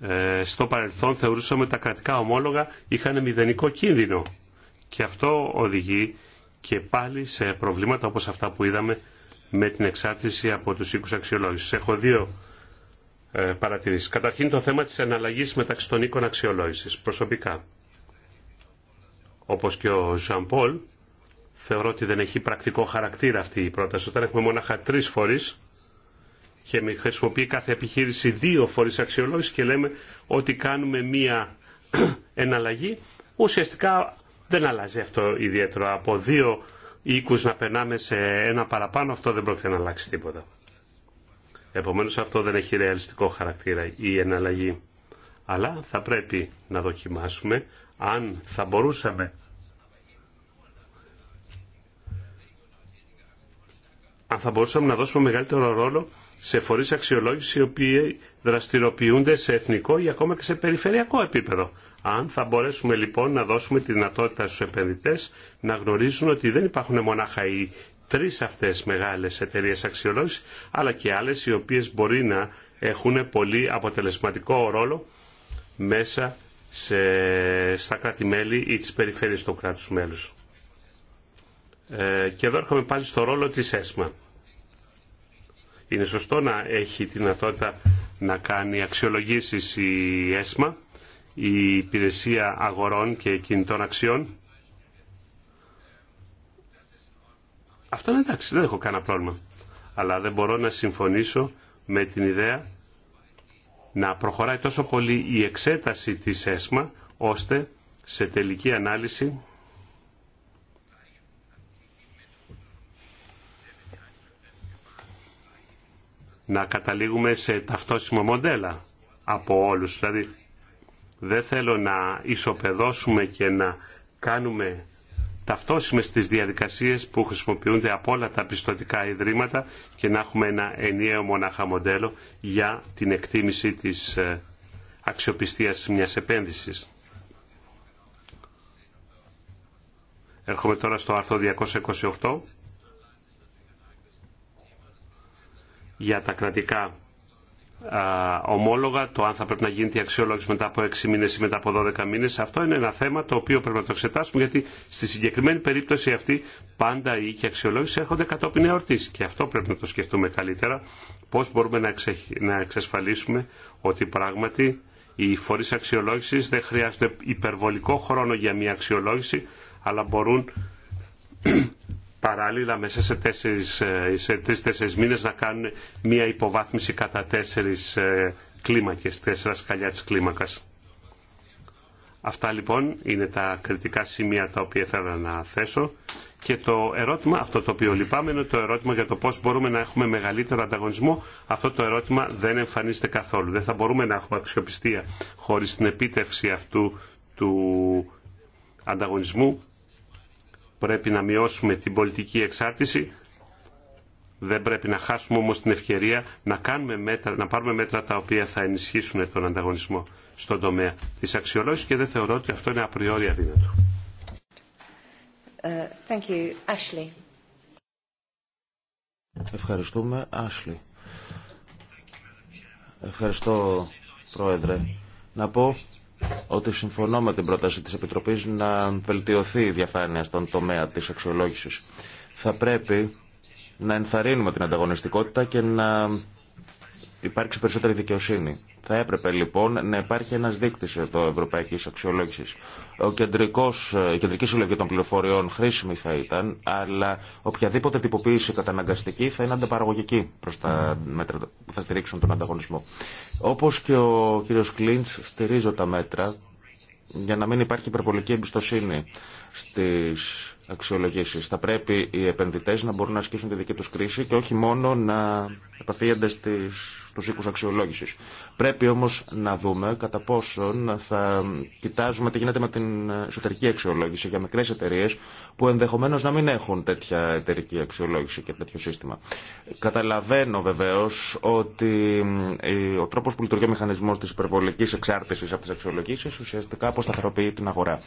Ε, στο παρελθόν θεωρούσαμε τα κρατικά ομόλογα είχαν μηδενικό κίνδυνο και αυτό οδηγεί και πάλι σε προβλήματα όπως αυτά που είδαμε με την εξάρτηση από τους οίκους αξιολόγησης. Έχω δύο ε, παρατηρήσεις. Καταρχήν το θέμα της εναλλαγής μεταξύ των οίκων αξιολόγησης προσωπικά. Όπως και ο Ζαν Πολ, θεωρώ ότι δεν έχει πρακτικό χαρακτήρα αυτή η πρόταση. Όταν έχουμε μόναχα τρεις φορείς, και χρησιμοποιεί κάθε επιχείρηση δύο φορείς αξιολόγηση και λέμε ότι κάνουμε μία [CLEARS THROAT] εναλλαγή, ουσιαστικά δεν αλλάζει αυτό ιδιαίτερο. Από δύο οίκου να περνάμε σε ένα παραπάνω, αυτό δεν πρόκειται να αλλάξει τίποτα. Επομένως αυτό δεν έχει ρεαλιστικό χαρακτήρα η εναλλαγή. Αλλά θα πρέπει να δοκιμάσουμε αν θα μπορούσαμε αν θα μπορούσαμε να δώσουμε μεγαλύτερο ρόλο σε φορείς αξιολόγηση οι οποίοι δραστηριοποιούνται σε εθνικό ή ακόμα και σε περιφερειακό επίπεδο. Αν θα μπορέσουμε λοιπόν να δώσουμε τη δυνατότητα στους επενδυτές να γνωρίζουν ότι δεν υπάρχουν μονάχα οι τρεις αυτές μεγάλες εταιρείες αξιολόγηση, αλλά και άλλες οι οποίες μπορεί να έχουν πολύ αποτελεσματικό ρόλο μέσα σε, στα κράτη-μέλη ή τις περιφέρειες των κράτους μέλους. Ε, και εδώ έρχομαι πάλι στο ρόλο της ΕΣΜΑ. Είναι σωστό να έχει τη δυνατότητα να κάνει αξιολογήσεις η ΕΣΜΑ, η Υπηρεσία Αγορών και Κινητών Αξιών. Αυτό είναι εντάξει, δεν έχω κανένα πρόβλημα. Αλλά δεν μπορώ να συμφωνήσω με την ιδέα να προχωράει τόσο πολύ η εξέταση της ΕΣΜΑ, ώστε σε τελική ανάλυση να καταλήγουμε σε ταυτόσιμο μοντέλα από όλους. Δηλαδή δεν θέλω να ισοπεδώσουμε και να κάνουμε ταυτόσιμες τις διαδικασίες που χρησιμοποιούνται από όλα τα πιστοτικά ιδρύματα και να έχουμε ένα ενιαίο μονάχα μοντέλο για την εκτίμηση της ε, αξιοπιστίας μιας επένδυσης. Έρχομαι τώρα στο άρθρο 228 για τα κρατικά ομόλογα, το αν θα πρέπει να γίνεται η αξιολόγηση μετά από 6 μήνε ή μετά από 12 μήνε. Αυτό είναι ένα θέμα το οποίο πρέπει να το εξετάσουμε γιατί στη συγκεκριμένη περίπτωση αυτή πάντα οι οίκοι αξιολόγηση έρχονται κατόπιν εορτή και αυτό πρέπει να το σκεφτούμε καλύτερα. Πώ μπορούμε να, να εξασφαλίσουμε ότι πράγματι οι φορεί αξιολόγηση δεν χρειάζονται υπερβολικό χρόνο για μια αξιολόγηση αλλά μπορούν παράλληλα μέσα σε τρει-τέσσερι τρεις-τέσσερις ε, μήνες να κάνουν μια υποβάθμιση κατά τέσσερις ε, κλίμακες, τέσσερα σκαλιά της κλίμακας. Αυτά λοιπόν είναι τα κριτικά σημεία τα οποία ήθελα να θέσω και το ερώτημα, αυτό το οποίο λυπάμαι είναι το ερώτημα για το πώς μπορούμε να έχουμε μεγαλύτερο ανταγωνισμό. Αυτό το ερώτημα δεν εμφανίζεται καθόλου. Δεν θα μπορούμε να έχουμε αξιοπιστία χωρίς την επίτευξη αυτού του ανταγωνισμού Πρέπει να μειώσουμε την πολιτική εξάρτηση. Δεν πρέπει να χάσουμε όμως την ευκαιρία να, κάνουμε μέτρα, να πάρουμε μέτρα τα οποία θα ενισχύσουν τον ανταγωνισμό στον τομέα της αξιολόγησης και δεν θεωρώ ότι αυτό είναι απριόρι αδύνατο. Ε, Ευχαριστούμε. Ashley. Ευχαριστώ, Πρόεδρε. Να πω ότι συμφωνώ με την πρόταση της Επιτροπής να βελτιωθεί η διαφάνεια στον τομέα της αξιολόγησης. Θα πρέπει να ενθαρρύνουμε την ανταγωνιστικότητα και να υπάρξει περισσότερη δικαιοσύνη. Θα έπρεπε λοιπόν να υπάρχει ένα δείκτη εδώ ευρωπαϊκή αξιολόγηση. η κεντρική συλλογή των πληροφοριών χρήσιμη θα ήταν, αλλά οποιαδήποτε τυποποίηση καταναγκαστική θα είναι ανταπαραγωγική προ τα μέτρα που θα στηρίξουν τον ανταγωνισμό. Όπω και ο κύριο Κλίντ, στηρίζω τα μέτρα για να μην υπάρχει υπερβολική εμπιστοσύνη στι αξιολογήσει. Θα πρέπει οι επενδυτέ να μπορούν να ασκήσουν τη δική του κρίση και όχι μόνο να επαφίονται στι τους οίκους αξιολόγησης. Πρέπει όμως να δούμε κατά πόσον θα κοιτάζουμε τι γίνεται με την εσωτερική αξιολόγηση για μικρές εταιρείε που ενδεχομένως να μην έχουν τέτοια εταιρική αξιολόγηση και τέτοιο σύστημα. Καταλαβαίνω βεβαίως ότι ο τρόπος που λειτουργεί ο μηχανισμός της υπερβολικής εξάρτησης από τις αξιολογήσεις ουσιαστικά αποσταθεροποιεί την αγορά.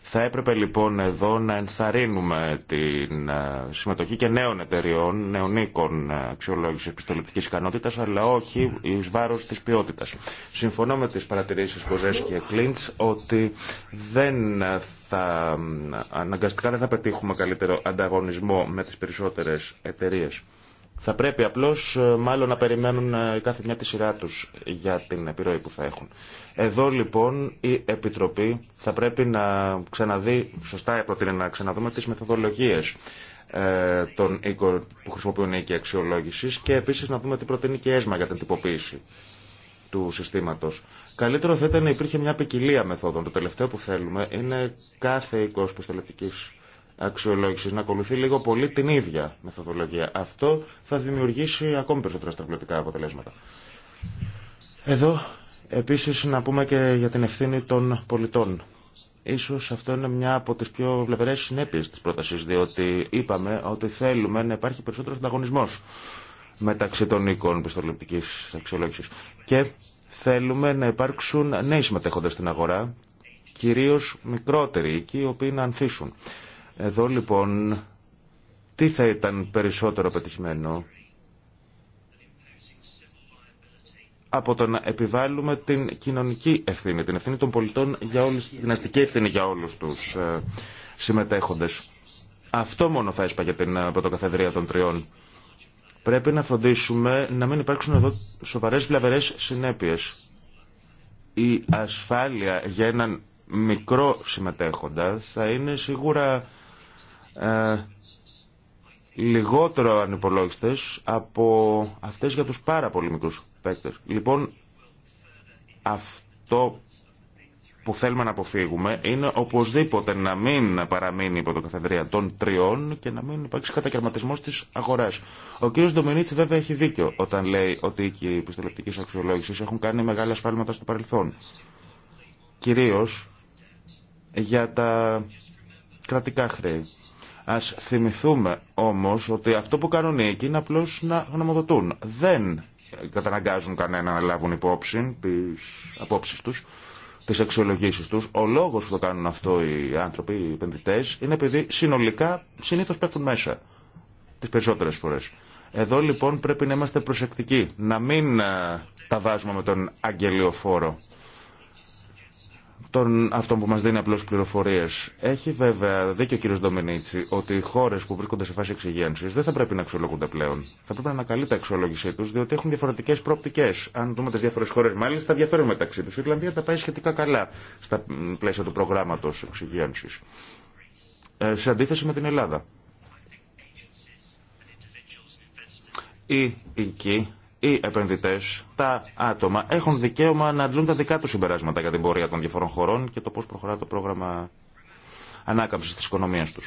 Θα έπρεπε λοιπόν εδώ να ενθαρρύνουμε την ε, συμμετοχή και νέων εταιριών, νεονίκων ε, αξιολόγηση επιστολητικής ικανότητας, αλλά όχι όχι ει βάρο τη ποιότητα. Συμφωνώ με τι παρατηρήσει Κοζέ και Κλίντ ότι δεν θα, αναγκαστικά δεν θα πετύχουμε καλύτερο ανταγωνισμό με τι περισσότερε εταιρείε. Θα πρέπει απλώ ε, μάλλον να περιμένουν ε, κάθε μια τη σειρά του για την επιρροή που θα έχουν. Εδώ λοιπόν η Επιτροπή θα πρέπει να ξαναδεί, σωστά έπρεπε να ξαναδούμε τι μεθοδολογίε ε, των οίκων που χρησιμοποιούν οίκοι αξιολόγηση και επίση να δούμε τι προτείνει και η ΕΣΜΑ για την τυποποίηση του συστήματο. Καλύτερο θα ήταν να υπήρχε μια ποικιλία μεθόδων. Το τελευταίο που θέλουμε είναι κάθε οίκο πιστολεπτική αξιολόγηση να ακολουθεί λίγο πολύ την ίδια μεθοδολογία. Αυτό θα δημιουργήσει ακόμη περισσότερα στρατιωτικά αποτελέσματα. Εδώ επίση να πούμε και για την ευθύνη των πολιτών Ίσως αυτό είναι μια από τις πιο βλεπερές συνέπειες της πρότασης, διότι είπαμε ότι θέλουμε να υπάρχει περισσότερος ανταγωνισμός μεταξύ των οίκων πιστοληπτικής αξιολόγησης. Και θέλουμε να υπάρξουν νέοι συμμετέχοντες στην αγορά, κυρίως μικρότεροι οίκοι, οι οποίοι να ανθίσουν. Εδώ λοιπόν, τι θα ήταν περισσότερο πετυχημένο, από το να επιβάλλουμε την κοινωνική ευθύνη, την ευθύνη των πολιτών για όλους, την αστική ευθύνη για όλους τους ε, συμμετέχοντες. Αυτό μόνο θα έσπαγε την ε, καθεδρία των τριών. Πρέπει να φροντίσουμε να μην υπάρξουν εδώ σοβαρές βλαβερές συνέπειες. Η ασφάλεια για έναν μικρό συμμετέχοντα θα είναι σίγουρα ε, λιγότερο ανυπολόγιστες από αυτές για τους πάρα πολύ μικρούς. Λοιπόν, αυτό που θέλουμε να αποφύγουμε είναι οπωσδήποτε να μην παραμείνει υπό το καθεδρία των τριών και να μην υπάρξει κατακαιρματισμός τη αγορά. Ο κ. Ντομινίτς βέβαια έχει δίκιο όταν λέει ότι οι οίκοι αξιολόγησεις έχουν κάνει μεγάλα ασφάλματα στο παρελθόν. Κυρίω για τα κρατικά χρέη. Ας θυμηθούμε όμως ότι αυτό που κάνουν οι εκεί είναι απλώ να γνωμοδοτούν. Δεν καταναγκάζουν κανένα να λάβουν υπόψη τις απόψεις τους, τις αξιολογήσεις τους. Ο λόγος που το κάνουν αυτό οι άνθρωποι, οι επενδυτέ, είναι επειδή συνολικά συνήθως πέφτουν μέσα τις περισσότερες φορές. Εδώ λοιπόν πρέπει να είμαστε προσεκτικοί, να μην ε, τα βάζουμε με τον αγγελιοφόρο των αυτών που μα δίνει απλώ πληροφορίε, Έχει βέβαια δίκιο ο κύριο Ντομινίτσι ότι οι χώρε που βρίσκονται σε φάση εξυγένσης δεν θα πρέπει να αξιολογούνται πλέον. Θα πρέπει να ανακαλείται η αξιολόγησή του, διότι έχουν διαφορετικέ προοπτικέ. Αν δούμε τι διάφορες χώρες μάλιστα διαφέρουν μεταξύ του. Η Ιρλανδία τα πάει σχετικά καλά στα πλαίσια του προγράμματο εξυγένσης. Ε, σε αντίθεση με την Ελλάδα. Ή εκεί οι επενδυτέ, τα άτομα, έχουν δικαίωμα να αντλούν τα δικά του συμπεράσματα για την πορεία των διαφορών χωρών και το πώ προχωρά το πρόγραμμα ανάκαμψη τη οικονομία του.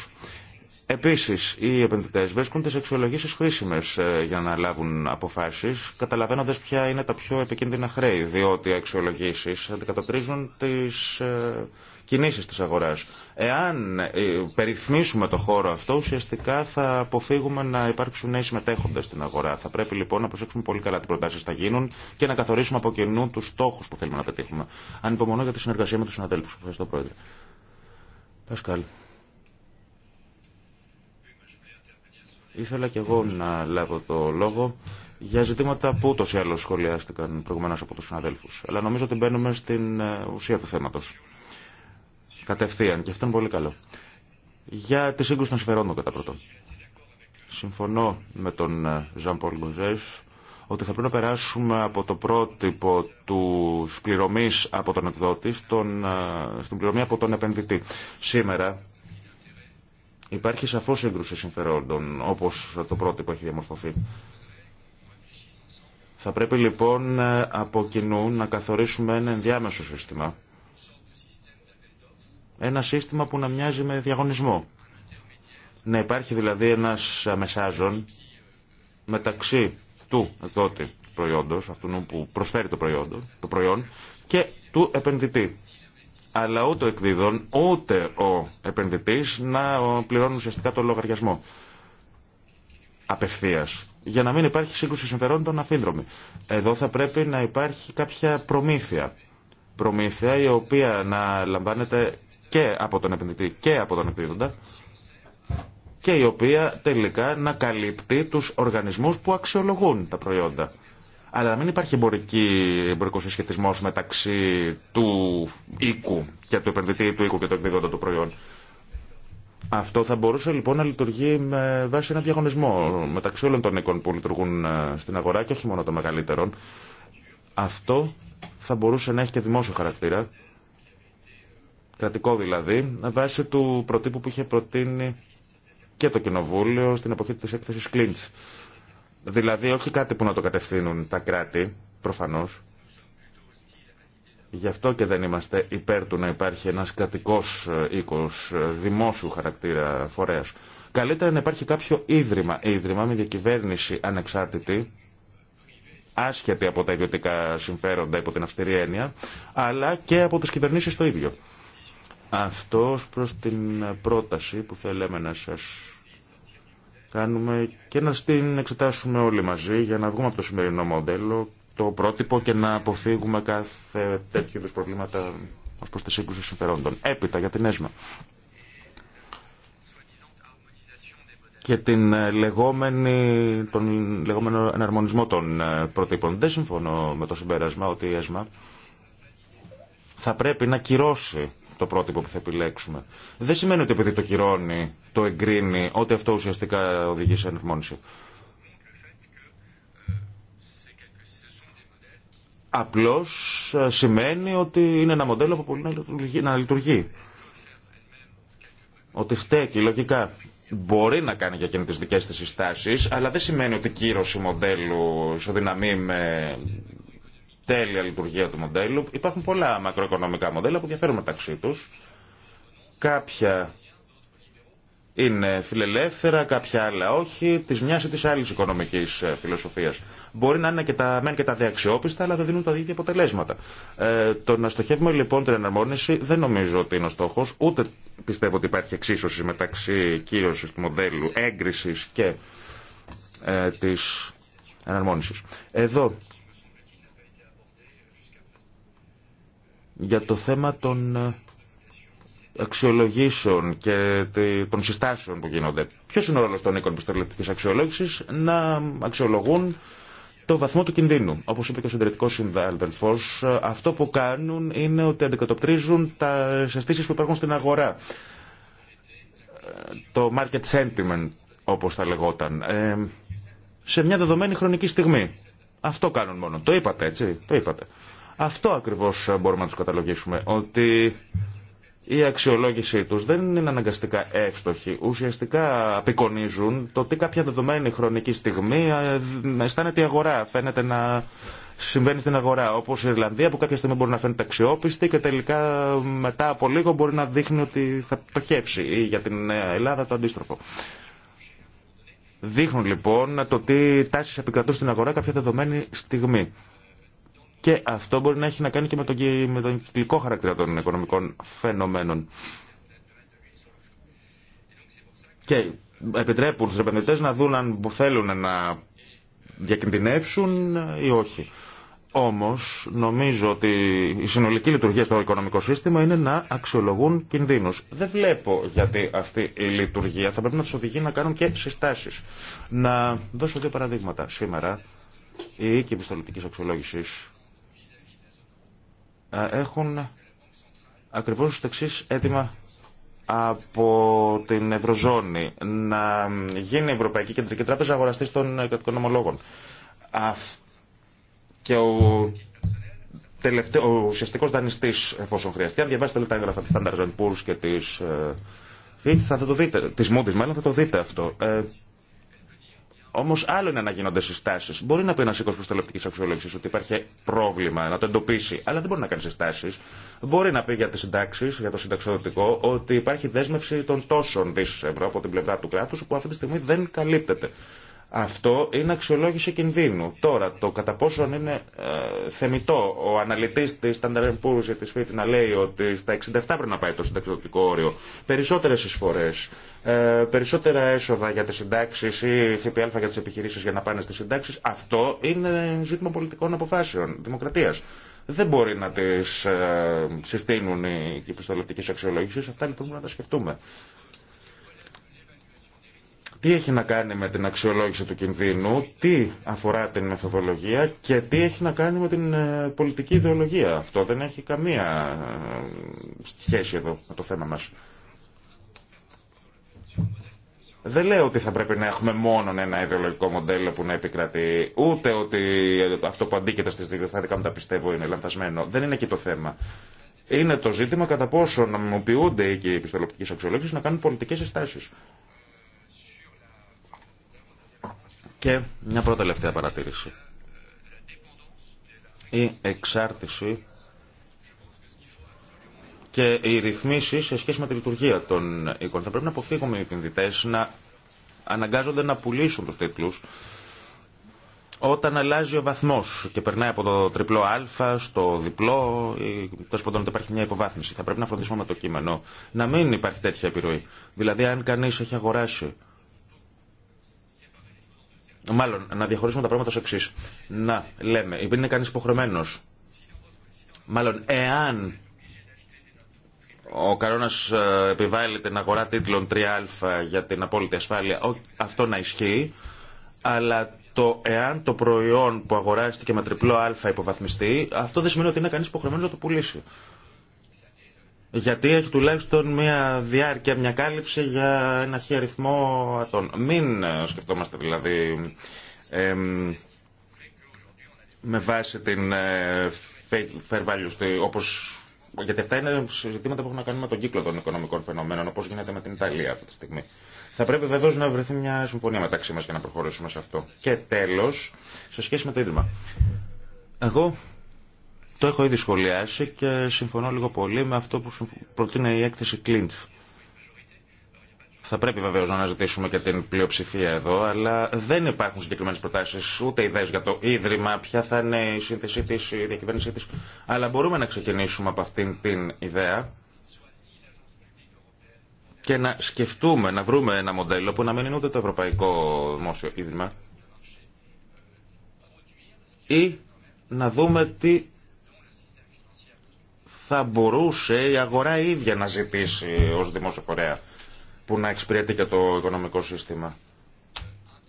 Επίση, οι επενδυτέ βρίσκουν τις αξιολογήσεις χρήσιμες ε, για να λάβουν αποφάσει, καταλαβαίνοντα ποια είναι τα πιο επικίνδυνα χρέη, διότι οι αξιολογήσεις αντικατοπτρίζουν τις ε, κινήσεις της αγοράς. Εάν ε, περιθμίσουμε το χώρο αυτό, ουσιαστικά θα αποφύγουμε να υπάρξουν νέοι συμμετέχοντε στην αγορά. Θα πρέπει λοιπόν να προσέξουμε πολύ καλά τι προτάσει θα γίνουν και να καθορίσουμε από κοινού του στόχου που θέλουμε να πετύχουμε. Ανυπομονώ για τη συνεργασία με του συναδέλφου. Ευχαριστώ, Πρόεδρε. Πασκάλ. Ήθελα και εγώ να λάβω το λόγο για ζητήματα που ούτως ή άλλως σχολιάστηκαν προηγουμένω από τους συναδέλφου. Αλλά νομίζω ότι μπαίνουμε στην ε, ουσία του θέματος. Κατευθείαν, και αυτό είναι πολύ καλό. Για τη σύγκρουση των συμφερόντων, κατά πρώτο. Συμφωνώ με τον Ζαν ε, Πολ ότι θα πρέπει να περάσουμε από το πρότυπο του πληρωμή από τον εκδότη ε, στην πληρωμή από τον επενδυτή. Σήμερα Υπάρχει σαφώ σύγκρουση συμφερόντων, όπω το πρώτο που έχει διαμορφωθεί. Θα πρέπει λοιπόν από κοινού να καθορίσουμε ένα ενδιάμεσο σύστημα. Ένα σύστημα που να μοιάζει με διαγωνισμό. Να υπάρχει δηλαδή ένας μεσάζων μεταξύ του εκδότη προϊόντος, αυτού που προσφέρει το προϊόν, το προϊόν και του επενδυτή αλλά ούτε ο εκδίδων, ούτε ο επενδυτή, να πληρώνουν ουσιαστικά τον λογαριασμό απευθεία, για να μην υπάρχει σύγκρουση συμφερόντων αφύνδρομη. Εδώ θα πρέπει να υπάρχει κάποια προμήθεια. Προμήθεια η οποία να λαμβάνεται και από τον επενδυτή και από τον εκδίδοντα και η οποία τελικά να καλύπτει τους οργανισμούς που αξιολογούν τα προϊόντα αλλά να μην υπάρχει εμπορικός συσχετισμό μεταξύ του οίκου και του επενδυτή του οίκου και του εκδίδοντα του προϊόν. Αυτό θα μπορούσε λοιπόν να λειτουργεί με βάση ένα διαγωνισμό μεταξύ όλων των οίκων που λειτουργούν ε, στην αγορά και όχι μόνο των μεγαλύτερων. Αυτό θα μπορούσε να έχει και δημόσιο χαρακτήρα, κρατικό δηλαδή, βάσει του προτύπου που είχε προτείνει και το Κοινοβούλιο στην εποχή της έκθεσης Κλίντς. Δηλαδή όχι κάτι που να το κατευθύνουν τα κράτη, προφανώς. Γι' αυτό και δεν είμαστε υπέρ του να υπάρχει ένας κρατικός ε, οίκος ε, δημόσιου χαρακτήρα φορέας. Καλύτερα να υπάρχει κάποιο ίδρυμα, ίδρυμα με διακυβέρνηση ανεξάρτητη, άσχετη από τα ιδιωτικά συμφέροντα υπό την αυστηρή έννοια, αλλά και από τις κυβερνήσεις το ίδιο. Αυτός προς την πρόταση που θέλαμε να σας κάνουμε και να την εξετάσουμε όλοι μαζί για να βγούμε από το σημερινό μοντέλο, το πρότυπο και να αποφύγουμε κάθε τέτοιου είδου προβλήματα ως προς τη σύγκρουση συμφερόντων. Έπειτα για την ΕΣΜΑ. και την ε, λεγόμενη, τον λεγόμενο εναρμονισμό των ε, προτύπων. Δεν συμφωνώ με το συμπέρασμα ότι η ΕΣΜΑ θα πρέπει να κυρώσει το πρότυπο που θα επιλέξουμε. Δεν σημαίνει ότι επειδή το κυρώνει το εγκρίνει, ότι αυτό ουσιαστικά οδηγεί σε ανερμόνιση. Απλώς ε, σημαίνει ότι είναι ένα μοντέλο που μπορεί να λειτουργεί. Ότι φταίει λογικά μπορεί να κάνει για εκείνη τι δικέ τη συστάσει, αλλά δεν σημαίνει ότι κύρωση μοντέλου ισοδυναμεί με τέλεια λειτουργία του μοντέλου. Υπάρχουν πολλά μακροοικονομικά μοντέλα που διαφέρουν μεταξύ του. Κάποια είναι φιλελεύθερα, κάποια άλλα όχι, τη μια ή τη άλλη οικονομική ε, φιλοσοφία. Μπορεί να είναι και τα μεν και τα δε αλλά δεν δίνουν τα ίδια αποτελέσματα. Ε, το να στοχεύουμε λοιπόν την εναρμόνιση δεν νομίζω ότι είναι ο στόχο, ούτε πιστεύω ότι υπάρχει εξίσωση μεταξύ κύρωση του μοντέλου, έγκριση και ε, τη εναρμόνιση. Εδώ. Για το θέμα των ε, αξιολογήσεων και των συστάσεων που γίνονται. Ποιο είναι ο ρόλο των οίκων πιστοληπτική αξιολόγηση να αξιολογούν το βαθμό του κινδύνου. Όπω είπε και ο συντηρητικό συνδέλφο, αυτό που κάνουν είναι ότι αντικατοπτρίζουν τα αισθήσει που υπάρχουν στην αγορά. Το market sentiment, όπω θα λεγόταν. Ε, σε μια δεδομένη χρονική στιγμή. Αυτό κάνουν μόνο. Το είπατε, έτσι. Το είπατε. Αυτό ακριβώ μπορούμε να του καταλογίσουμε. Ότι η αξιολόγησή τους δεν είναι αναγκαστικά εύστοχη. Ουσιαστικά απεικονίζουν το τι κάποια δεδομένη χρονική στιγμή ε, αισθάνεται η αγορά, φαίνεται να συμβαίνει στην αγορά. Όπως η Ιρλανδία που κάποια στιγμή μπορεί να φαίνεται αξιόπιστη και τελικά μετά από λίγο μπορεί να δείχνει ότι θα πτωχεύσει ή για την Ελλάδα το αντίστροφο. Δείχνουν λοιπόν το τι τάσεις επικρατούν στην αγορά κάποια δεδομένη στιγμή. Και αυτό μπορεί να έχει να κάνει και με τον, κυκλικό χαρακτήρα των οικονομικών φαινομένων. Και επιτρέπουν στους επενδυτές να δουν αν θέλουν να διακινδυνεύσουν ή όχι. Όμως νομίζω ότι η συνολική λειτουργία στο οικονομικό σύστημα είναι να αξιολογούν κινδύνους. Δεν βλέπω γιατί αυτή η λειτουργία θα πρέπει να τους οδηγεί να κάνουν και συστάσεις. Να δώσω δύο παραδείγματα. Σήμερα η οίκη επιστολητικής αξιολόγησης έχουν ακριβώς το εξή αίτημα από την Ευρωζώνη να γίνει η Ευρωπαϊκή Κεντρική Τράπεζα αγοραστή των κρατικών ομολόγων. Και ο, τελευταί, ο ουσιαστικός δανειστής, εφόσον χρειαστεί, αν διαβάσετε όλα τα έγγραφα της Standard Poor's και της ε, Fitch, θα το δείτε, της Moody's μάλλον, θα το δείτε αυτό. Ε, Όμω άλλο είναι να γίνονται συστάσει. Μπορεί να πει ένα οίκο προστολεπτική αξιολόγηση ότι υπάρχει πρόβλημα, να το εντοπίσει, αλλά δεν μπορεί να κάνει συστάσει. Μπορεί να πει για τι συντάξει, για το συνταξιοδοτικό, ότι υπάρχει δέσμευση των τόσων δι ευρώ από την πλευρά του κράτου που αυτή τη στιγμή δεν καλύπτεται. Αυτό είναι αξιολόγηση κινδύνου. Τώρα, το κατά πόσο είναι ε, θεμητό ο αναλυτή τη Standard Poor's ή τη να λέει ότι στα 67 πρέπει να πάει το συνταξιδοτικό όριο, περισσότερε εισφορέ, ε, περισσότερα έσοδα για τι συντάξει ή ΦΠΑ για τι επιχειρήσει για να πάνε στι συντάξει, αυτό είναι ζήτημα πολιτικών αποφάσεων, δημοκρατία. Δεν μπορεί να τι ε, συστήνουν οι πιστολεπτικέ αξιολογήσει. Αυτά λοιπόν να τα σκεφτούμε τι έχει να κάνει με την αξιολόγηση του κινδύνου, τι αφορά την μεθοδολογία και τι έχει να κάνει με την ε, πολιτική ιδεολογία. Αυτό δεν έχει καμία ε, σχέση εδώ με το θέμα μας. Δεν λέω ότι θα πρέπει να έχουμε μόνο ένα ιδεολογικό μοντέλο που να επικρατεί, ούτε ότι αυτό που αντίκειται στις δικαιοθάτικα μου τα πιστεύω είναι λανθασμένο. Δεν είναι εκεί το θέμα. Είναι το ζήτημα κατά πόσο νομιμοποιούνται οι επιστολοπτικές αξιολόγησεις να κάνουν πολιτικές συστάσεις. Και μια πρώτη τελευταία παρατήρηση. Η εξάρτηση και οι ρυθμίσει σε σχέση με τη λειτουργία των εικόνων. Θα πρέπει να αποφύγουμε οι επενδυτέ να αναγκάζονται να πουλήσουν του τίτλου όταν αλλάζει ο βαθμό και περνάει από το τριπλό Α στο διπλό, ή τέλο πάντων ότι υπάρχει μια υποβάθμιση. Θα πρέπει να φροντίσουμε με το κείμενο να μην υπάρχει τέτοια επιρροή. Δηλαδή, αν κανεί έχει αγοράσει Μάλλον, να διαχωρίσουμε τα πράγματα ω εξή. Να λέμε, είναι κανεί υποχρεωμένο. Μάλλον, εάν ο κανόνα ε, επιβάλλει την αγορά τίτλων 3α για την απόλυτη ασφάλεια, αυτό να ισχύει, αλλά το εάν το προϊόν που αγοράστηκε με τριπλό α υποβαθμιστεί, αυτό δεν σημαίνει ότι είναι κανεί υποχρεωμένο να το πουλήσει. Γιατί έχει τουλάχιστον μια διάρκεια, μια κάλυψη για ένα χι αριθμό ατών. Μην ε, σκεφτόμαστε δηλαδή με βάση την ε, fair value, όπως, γιατί αυτά είναι συζητήματα που έχουν να κάνουν με τον κύκλο των οικονομικών φαινομένων, όπως γίνεται με την Ιταλία αυτή τη στιγμή. Θα πρέπει βεβαίω να βρεθεί μια συμφωνία μεταξύ μας για να προχωρήσουμε σε αυτό. Και τέλος, σε σχέση με το Ίδρυμα. Το έχω ήδη σχολιάσει και συμφωνώ λίγο πολύ με αυτό που προτείνει η έκθεση Κλίντ. Θα πρέπει βεβαίω να αναζητήσουμε και την πλειοψηφία εδώ, αλλά δεν υπάρχουν συγκεκριμένε προτάσει ούτε ιδέε για το ίδρυμα, ποια θα είναι η σύνθεσή τη, η διακυβέρνησή τη. Αλλά μπορούμε να ξεκινήσουμε από αυτήν την ιδέα και να σκεφτούμε, να βρούμε ένα μοντέλο που να μην είναι ούτε το Ευρωπαϊκό Δημόσιο Ίδρυμα ή να δούμε τι θα μπορούσε η αγορά ίδια να ζητήσει ως δημόσιο φορέα που να εξυπηρετεί και το οικονομικό σύστημα.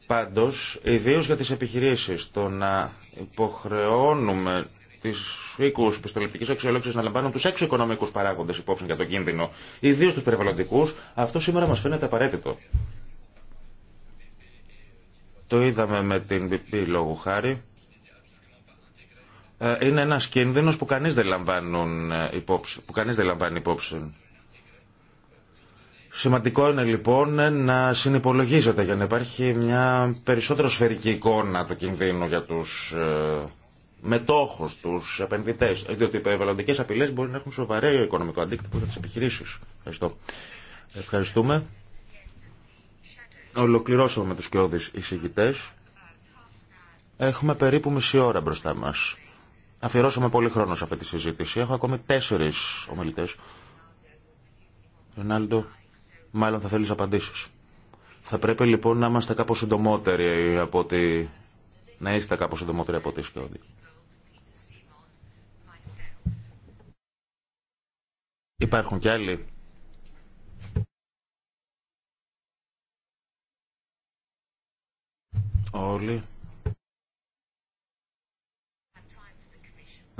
Πάντως, ιδίως για τις επιχειρήσεις, το να υποχρεώνουμε τι οίκου πιστοληπτική αξιολόγηση να λαμβάνουν του έξω οικονομικού παράγοντε υπόψη για τον κίνδυνο, ιδίω του περιβαλλοντικού, αυτό σήμερα μα φαίνεται απαραίτητο. Το είδαμε με την BP λόγου χάρη ε, είναι ένας κίνδυνος που κανείς δεν, λαμβάνουν ε, υπόψη, που κανείς δεν λαμβάνει υπόψη. Σημαντικό είναι λοιπόν να συνυπολογίζεται για να υπάρχει μια περισσότερο σφαιρική εικόνα του κινδύνου για τους ε, μετόχους, τους επενδυτές, διότι οι περιβαλλοντικές απειλές μπορεί να έχουν σοβαρέ οικονομικό αντίκτυπο για τις επιχειρήσεις. Ευχαριστώ. Ευχαριστούμε. Ολοκληρώσαμε με τους κοιόδης εισηγητές. Έχουμε περίπου μισή ώρα μπροστά μας. Αφιερώσαμε πολύ χρόνο σε αυτή τη συζήτηση. Έχω ακόμη τέσσερι ομιλητέ. Ρενάλντο, μάλλον θα θέλει απαντήσει. Θα πρέπει λοιπόν να είμαστε κάπω συντομότεροι από ότι. Να είστε κάπω συντομότεροι από ό,τι όλοι. Υπάρχουν κι άλλοι. Όλοι.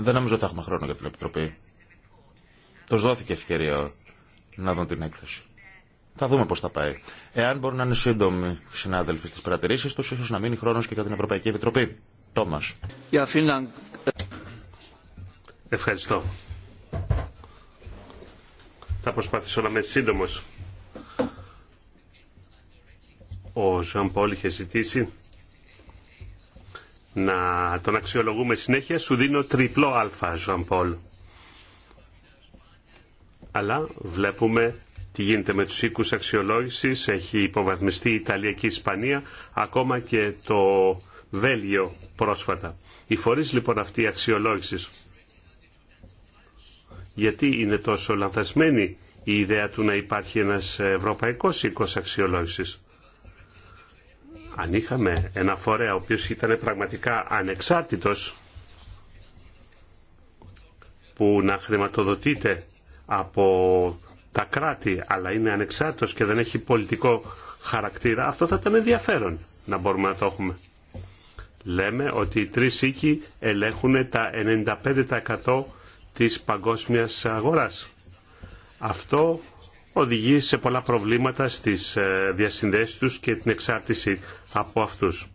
Δεν νομίζω ότι θα έχουμε χρόνο για την Επιτροπή. Τους δόθηκε ευκαιρία να δουν την έκθεση. Θα δούμε πώ θα πάει. Εάν μπορούν να είναι σύντομοι συνάδελφοι στι παρατηρήσει του, ίσω να μείνει χρόνο και για την Ευρωπαϊκή Επιτροπή. Τόμα. Ευχαριστώ. Θα προσπαθήσω να είμαι σύντομο. Ο Ζαν είχε ζητήσει να τον αξιολογούμε συνέχεια. Σου δίνω τριπλό αλφα, Ζωάν Πολ. Αλλά βλέπουμε τι γίνεται με τους οίκους αξιολόγησης. Έχει υποβαθμιστεί η Ιταλία και η Ισπανία, ακόμα και το Βέλγιο πρόσφατα. Οι φορείς λοιπόν αυτή η αξιολόγηση. Γιατί είναι τόσο λανθασμένη η ιδέα του να υπάρχει ένας ευρωπαϊκός οίκος αξιολόγησης αν είχαμε ένα φορέα ο οποίος ήταν πραγματικά ανεξάρτητος που να χρηματοδοτείται από τα κράτη αλλά είναι ανεξάρτητος και δεν έχει πολιτικό χαρακτήρα, αυτό θα ήταν ενδιαφέρον να μπορούμε να το έχουμε. Λέμε ότι οι τρεις οίκοι ελέγχουν τα 95% της παγκόσμιας αγοράς. Αυτό οδηγεί σε πολλά προβλήματα στις ε, διασυνδέσεις τους και την εξάρτηση από αυτούς.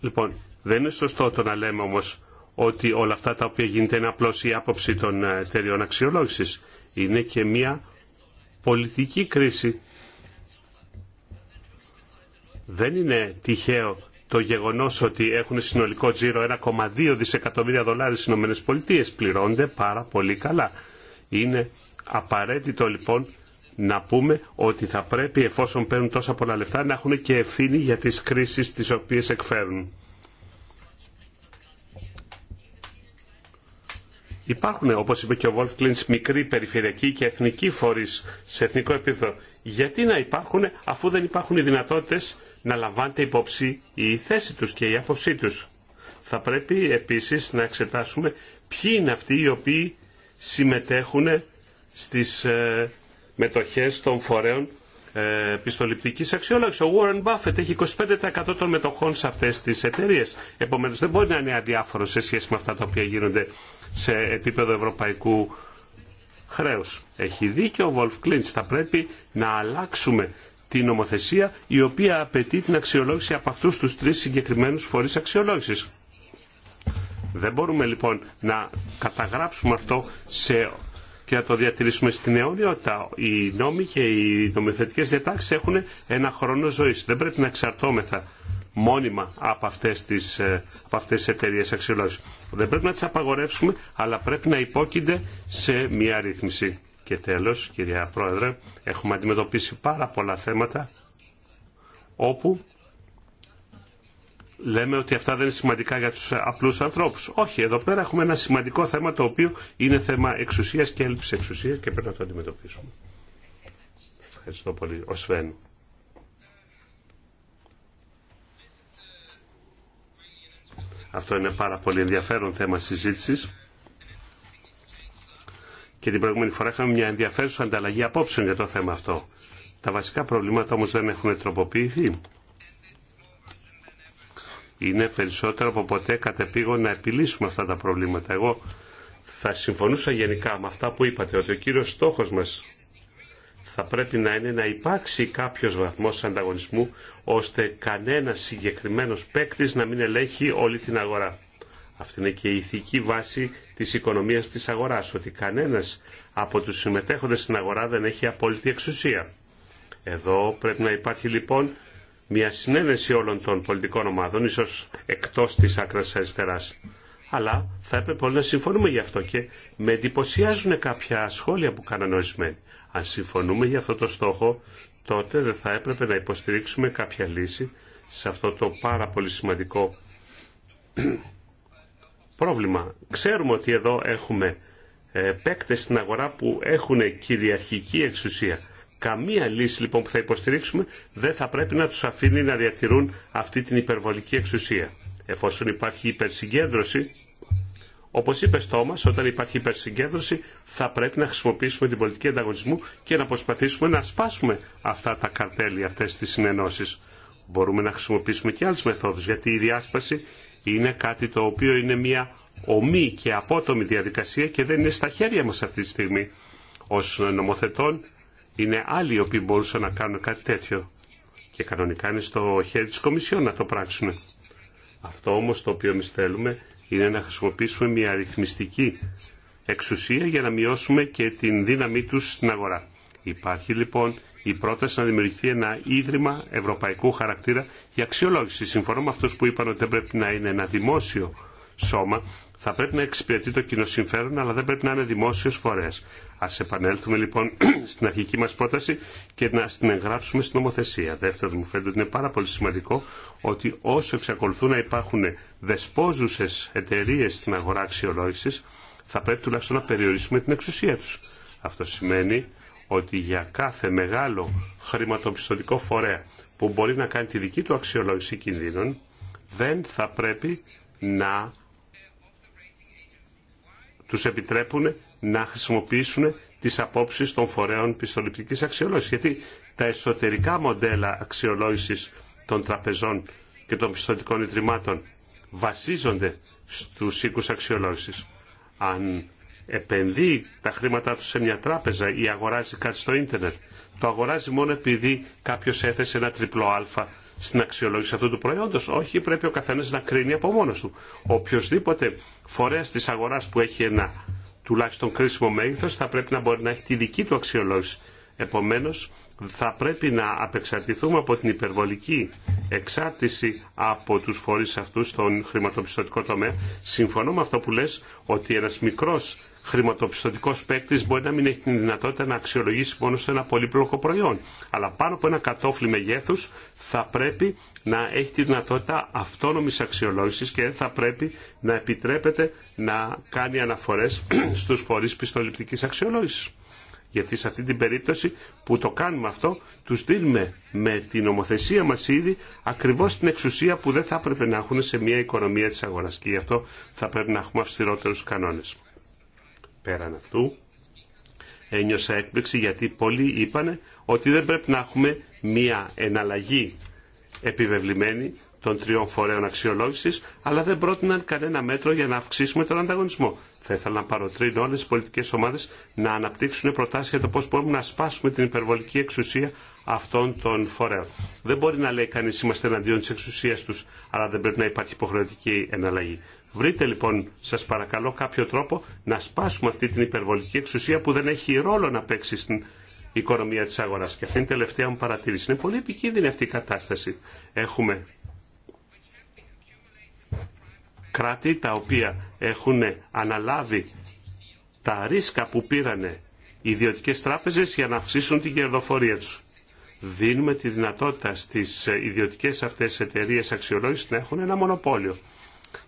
Λοιπόν, δεν είναι σωστό το να λέμε όμως ότι όλα αυτά τα οποία γίνεται είναι απλώς η άποψη των εταιριών αξιολόγησης. Είναι και μια πολιτική κρίση. Δεν είναι τυχαίο το γεγονό ότι έχουν συνολικό τζίρο 1,2 δισεκατομμύρια δολάρια στι ΗΠΑ Πολιτείες πληρώνονται πάρα πολύ καλά. Είναι απαραίτητο λοιπόν να πούμε ότι θα πρέπει εφόσον παίρνουν τόσα πολλά λεφτά να έχουν και ευθύνη για τις κρίσεις τις οποίες εκφέρουν. Υπάρχουν, όπως είπε και ο Βολφ Κλίντς, μικροί περιφερειακοί και εθνικοί φορείς σε εθνικό επίπεδο. Γιατί να υπάρχουν αφού δεν υπάρχουν οι δυνατότητες να λαμβάνεται υπόψη η θέση τους και η άποψή τους. Θα πρέπει επίσης να εξετάσουμε ποιοι είναι αυτοί οι οποίοι συμμετέχουν στις ε, μετοχές των φορέων ε, πιστοληπτικής αξιολόγησης. Ο Warren Buffett έχει 25% των μετοχών σε αυτές τις εταιρείες. Επομένως δεν μπορεί να είναι αδιάφορο σε σχέση με αυτά τα οποία γίνονται σε επίπεδο ευρωπαϊκού χρέους. Έχει δίκιο ο Wolf Θα πρέπει να αλλάξουμε την νομοθεσία η οποία απαιτεί την αξιολόγηση από αυτούς τους τρεις συγκεκριμένους φορείς αξιολόγησης. Δεν μπορούμε λοιπόν να καταγράψουμε αυτό σε και να το διατηρήσουμε στην αιώνιότητα. Οι νόμοι και οι νομοθετικέ διατάξει έχουν ένα χρόνο ζωή. Δεν πρέπει να εξαρτώμεθα μόνιμα από αυτέ τις, αυτές τις ε, εταιρείε αξιολόγηση. Δεν πρέπει να τι απαγορεύσουμε, αλλά πρέπει να υπόκεινται σε μια ρύθμιση. Και τέλος, κυρία Πρόεδρε, έχουμε αντιμετωπίσει πάρα πολλά θέματα όπου λέμε ότι αυτά δεν είναι σημαντικά για τους απλούς ανθρώπους. Όχι, εδώ πέρα έχουμε ένα σημαντικό θέμα το οποίο είναι θέμα εξουσίας και έλλειψης εξουσίας και πρέπει να το αντιμετωπίσουμε. Ευχαριστώ πολύ. Ο Σβέν. Αυτό είναι πάρα πολύ ενδιαφέρον θέμα συζήτησης και την προηγούμενη φορά είχαμε μια ενδιαφέρουσα ανταλλαγή απόψεων για το θέμα αυτό. Τα βασικά προβλήματα όμως δεν έχουν τροποποιηθεί. Είναι περισσότερο από ποτέ κατεπήγον να επιλύσουμε αυτά τα προβλήματα. Εγώ θα συμφωνούσα γενικά με αυτά που είπατε, ότι ο κύριος στόχος μας θα πρέπει να είναι να υπάρξει κάποιος βαθμός ανταγωνισμού, ώστε κανένας συγκεκριμένος παίκτη να μην ελέγχει όλη την αγορά. Αυτή είναι και η ηθική βάση της οικονομίας της αγοράς, ότι κανένας από τους συμμετέχοντες στην αγορά δεν έχει απόλυτη εξουσία. Εδώ πρέπει να υπάρχει λοιπόν μια συνένεση όλων των πολιτικών ομάδων, ίσως εκτός της άκρας αριστεράς. Αλλά θα έπρεπε όλοι να συμφωνούμε γι' αυτό και με εντυπωσιάζουν κάποια σχόλια που κάνανε ορισμένοι. Αν συμφωνούμε για αυτό το στόχο, τότε δεν θα έπρεπε να υποστηρίξουμε κάποια λύση σε αυτό το πάρα πολύ σημαντικό πρόβλημα. Ξέρουμε ότι εδώ έχουμε ε, παίκτες στην αγορά που έχουν κυριαρχική εξουσία. Καμία λύση λοιπόν που θα υποστηρίξουμε δεν θα πρέπει να τους αφήνει να διατηρούν αυτή την υπερβολική εξουσία. Εφόσον υπάρχει υπερσυγκέντρωση, όπως είπε Στόμας, όταν υπάρχει υπερσυγκέντρωση θα πρέπει να χρησιμοποιήσουμε την πολιτική ανταγωνισμού και να προσπαθήσουμε να σπάσουμε αυτά τα καρτέλια, αυτές τις συνενώσεις. Μπορούμε να χρησιμοποιήσουμε και άλλες μεθόδους, γιατί η διάσπαση είναι κάτι το οποίο είναι μια ομή και απότομη διαδικασία και δεν είναι στα χέρια μας αυτή τη στιγμή ως νομοθετών. Είναι άλλοι οι οποίοι μπορούσαν να κάνουν κάτι τέτοιο και κανονικά είναι στο χέρι της Κομισιόν να το πράξουμε. Αυτό όμως το οποίο εμεί θέλουμε είναι να χρησιμοποιήσουμε μια αριθμιστική εξουσία για να μειώσουμε και την δύναμή τους στην αγορά. Υπάρχει λοιπόν η πρόταση να δημιουργηθεί ένα ίδρυμα ευρωπαϊκού χαρακτήρα για αξιολόγηση. Συμφωνώ με αυτού που είπαν ότι δεν πρέπει να είναι ένα δημόσιο σώμα. Θα πρέπει να εξυπηρετεί το κοινό συμφέρον, αλλά δεν πρέπει να είναι δημόσιο φορέα. Α επανέλθουμε λοιπόν [CLEARS THROAT] στην αρχική μα πρόταση και να την εγγράψουμε στην νομοθεσία. Δεύτερον, μου φαίνεται ότι είναι πάρα πολύ σημαντικό ότι όσο εξακολουθούν να υπάρχουν δεσπόζουσε εταιρείε στην αγορά αξιολόγηση, θα πρέπει τουλάχιστον να περιορίσουμε την εξουσία του. Αυτό σημαίνει ότι για κάθε μεγάλο χρηματοπιστωτικό φορέα που μπορεί να κάνει τη δική του αξιολόγηση κινδύνων, δεν θα πρέπει να τους επιτρέπουν να χρησιμοποιήσουν τις απόψεις των φορέων πιστοληπτικής αξιολόγησης. Γιατί τα εσωτερικά μοντέλα αξιολόγησης των τραπεζών και των πιστοτικών ιδρυμάτων βασίζονται στους οίκους αξιολόγησης. Αν επενδύει τα χρήματά του σε μια τράπεζα ή αγοράζει κάτι στο ίντερνετ, το αγοράζει μόνο επειδή κάποιο έθεσε ένα τριπλό α στην αξιολόγηση αυτού του προϊόντος. Όχι, πρέπει ο καθένας να κρίνει από μόνος του. Οποιοδήποτε φορέας της αγοράς που έχει ένα τουλάχιστον κρίσιμο μέγεθος θα πρέπει να μπορεί να έχει τη δική του αξιολόγηση. Επομένως, θα πρέπει να απεξαρτηθούμε από την υπερβολική εξάρτηση από τους φορείς αυτούς στον χρηματοπιστωτικό τομέα. Συμφωνώ με αυτό που λες ότι ένας μικρός χρηματοπιστωτικό παίκτη μπορεί να μην έχει την δυνατότητα να αξιολογήσει μόνο σε ένα πολύπλοκο προϊόν. Αλλά πάνω από ένα κατόφλι μεγέθου θα πρέπει να έχει τη δυνατότητα αυτόνομη αξιολόγηση και θα πρέπει να επιτρέπεται να κάνει αναφορέ [CLEARS THROAT] στου φορεί πιστοληπτική αξιολόγηση. Γιατί σε αυτή την περίπτωση που το κάνουμε αυτό, τους δίνουμε με την ομοθεσία μας ήδη ακριβώς την εξουσία που δεν θα έπρεπε να έχουν σε μια οικονομία της αγοράς. Και γι' αυτό θα πρέπει να έχουμε αυστηρότερους κανόνες πέραν αυτού ένιωσα έκπληξη γιατί πολλοί είπαν ότι δεν πρέπει να έχουμε μία εναλλαγή επιβεβλημένη των τριών φορέων αξιολόγηση, αλλά δεν πρότειναν κανένα μέτρο για να αυξήσουμε τον ανταγωνισμό. Θα ήθελα να παροτρύνω όλε τι πολιτικέ ομάδε να αναπτύξουν προτάσει για το πώ μπορούμε να σπάσουμε την υπερβολική εξουσία αυτών των φορέων. Δεν μπορεί να λέει κανεί είμαστε εναντίον τη εξουσία του, αλλά δεν πρέπει να υπάρχει υποχρεωτική εναλλαγή. Βρείτε λοιπόν, σας παρακαλώ, κάποιο τρόπο να σπάσουμε αυτή την υπερβολική εξουσία που δεν έχει ρόλο να παίξει στην οικονομία της αγοράς. Και αυτή είναι η τελευταία μου παρατήρηση. Είναι πολύ επικίνδυνη αυτή η κατάσταση. Έχουμε κράτη τα οποία έχουν αναλάβει τα ρίσκα που πήρανε οι ιδιωτικές τράπεζες για να αυξήσουν την κερδοφορία τους. Δίνουμε τη δυνατότητα στις ιδιωτικές αυτές εταιρείες αξιολόγηση να έχουν ένα μονοπόλιο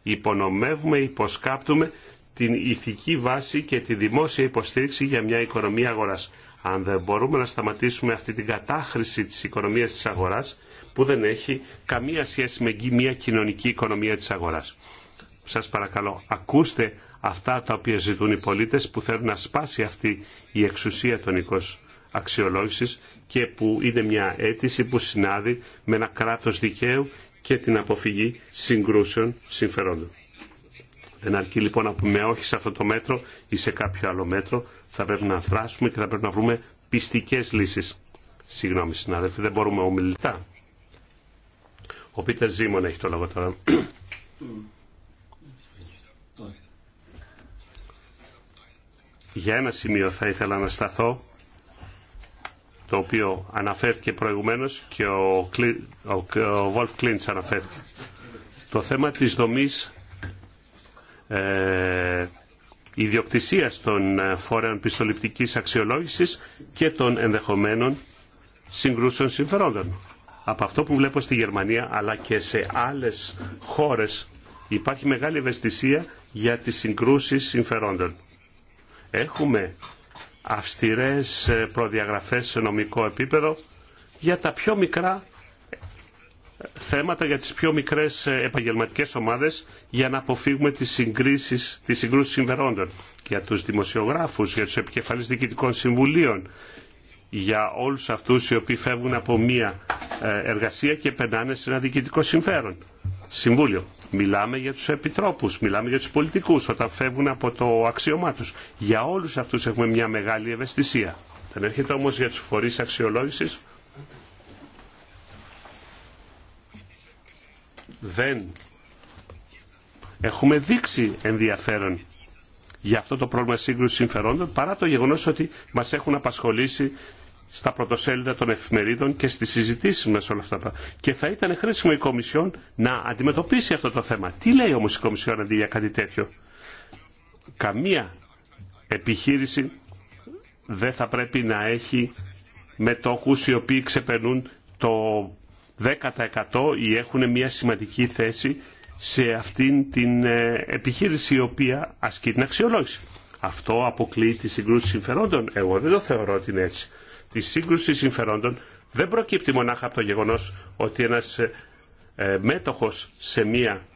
υπονομεύουμε, υποσκάπτουμε την ηθική βάση και τη δημόσια υποστήριξη για μια οικονομία αγοράς. Αν δεν μπορούμε να σταματήσουμε αυτή την κατάχρηση της οικονομίας της αγοράς που δεν έχει καμία σχέση με μια κοινωνική οικονομία της αγοράς. Σας παρακαλώ, ακούστε αυτά τα οποία ζητούν οι πολίτες που θέλουν να σπάσει αυτή η εξουσία των αξιολόγησης και που είναι μια αίτηση που συνάδει με ένα κράτος δικαίου και την αποφυγή συγκρούσεων συμφερόντων. Δεν αρκεί λοιπόν να πούμε όχι σε αυτό το μέτρο ή σε κάποιο άλλο μέτρο. Θα πρέπει να δράσουμε και θα πρέπει να βρούμε πιστικές λύσεις. Συγγνώμη συνάδελφοι, δεν μπορούμε ομιλητά. Ο Πίτερ Ζήμων έχει το λόγο τώρα. [COUGHS] Για ένα σημείο θα ήθελα να σταθώ το οποίο αναφέρθηκε προηγουμένως και ο, Βόλφ ο, αναφέρθηκε. Το θέμα της δομής ε, ιδιοκτησίας των ε, φορέων πιστοληπτικής αξιολόγησης και των ενδεχομένων συγκρούσεων συμφερόντων. Από αυτό που βλέπω στη Γερμανία αλλά και σε άλλες χώρες υπάρχει μεγάλη ευαισθησία για τις συγκρούσεις συμφερόντων. Έχουμε αυστηρές ε, προδιαγραφές σε νομικό επίπεδο για τα πιο μικρά ε, θέματα για τις πιο μικρές ε, επαγγελματικές ομάδες για να αποφύγουμε τις συγκρίσεις, τις συγκρούσεις συμφερόντων για τους δημοσιογράφους, για τους επικεφαλής διοικητικών συμβουλίων, για όλους αυτούς οι οποίοι φεύγουν από μία ε, εργασία και περνάνε σε ένα διοικητικό συμφέρον. Συμβούλιο. Μιλάμε για τους επιτρόπους, μιλάμε για τους πολιτικούς όταν φεύγουν από το αξίωμά τους. Για όλους αυτούς έχουμε μια μεγάλη ευαισθησία. Δεν έρχεται όμως για τους φορείς αξιολόγησης. Δεν έχουμε δείξει ενδιαφέρον για αυτό το πρόβλημα σύγκρουση συμφερόντων παρά το γεγονός ότι μας έχουν απασχολήσει στα πρωτοσέλιδα των εφημερίδων και στις συζητήσεις μας όλα αυτά. Και θα ήταν χρήσιμο η Κομισιόν να αντιμετωπίσει αυτό το θέμα. Τι λέει όμως η Κομισιόν αντί για κάτι τέτοιο. Καμία επιχείρηση δεν θα πρέπει να έχει μετόχους οι οποίοι ξεπερνούν το 10% ή έχουν μια σημαντική θέση σε αυτήν την ε, επιχείρηση η οποία ασκεί την αξιολόγηση. Αυτό αποκλείει τη συγκρούση συμφερόντων. Εγώ δεν το θεωρώ ότι είναι έτσι. Τη σύγκρουση συμφερόντων δεν προκύπτει μονάχα από το γεγονός ότι ένας ε, ε, μέτοχος σε μία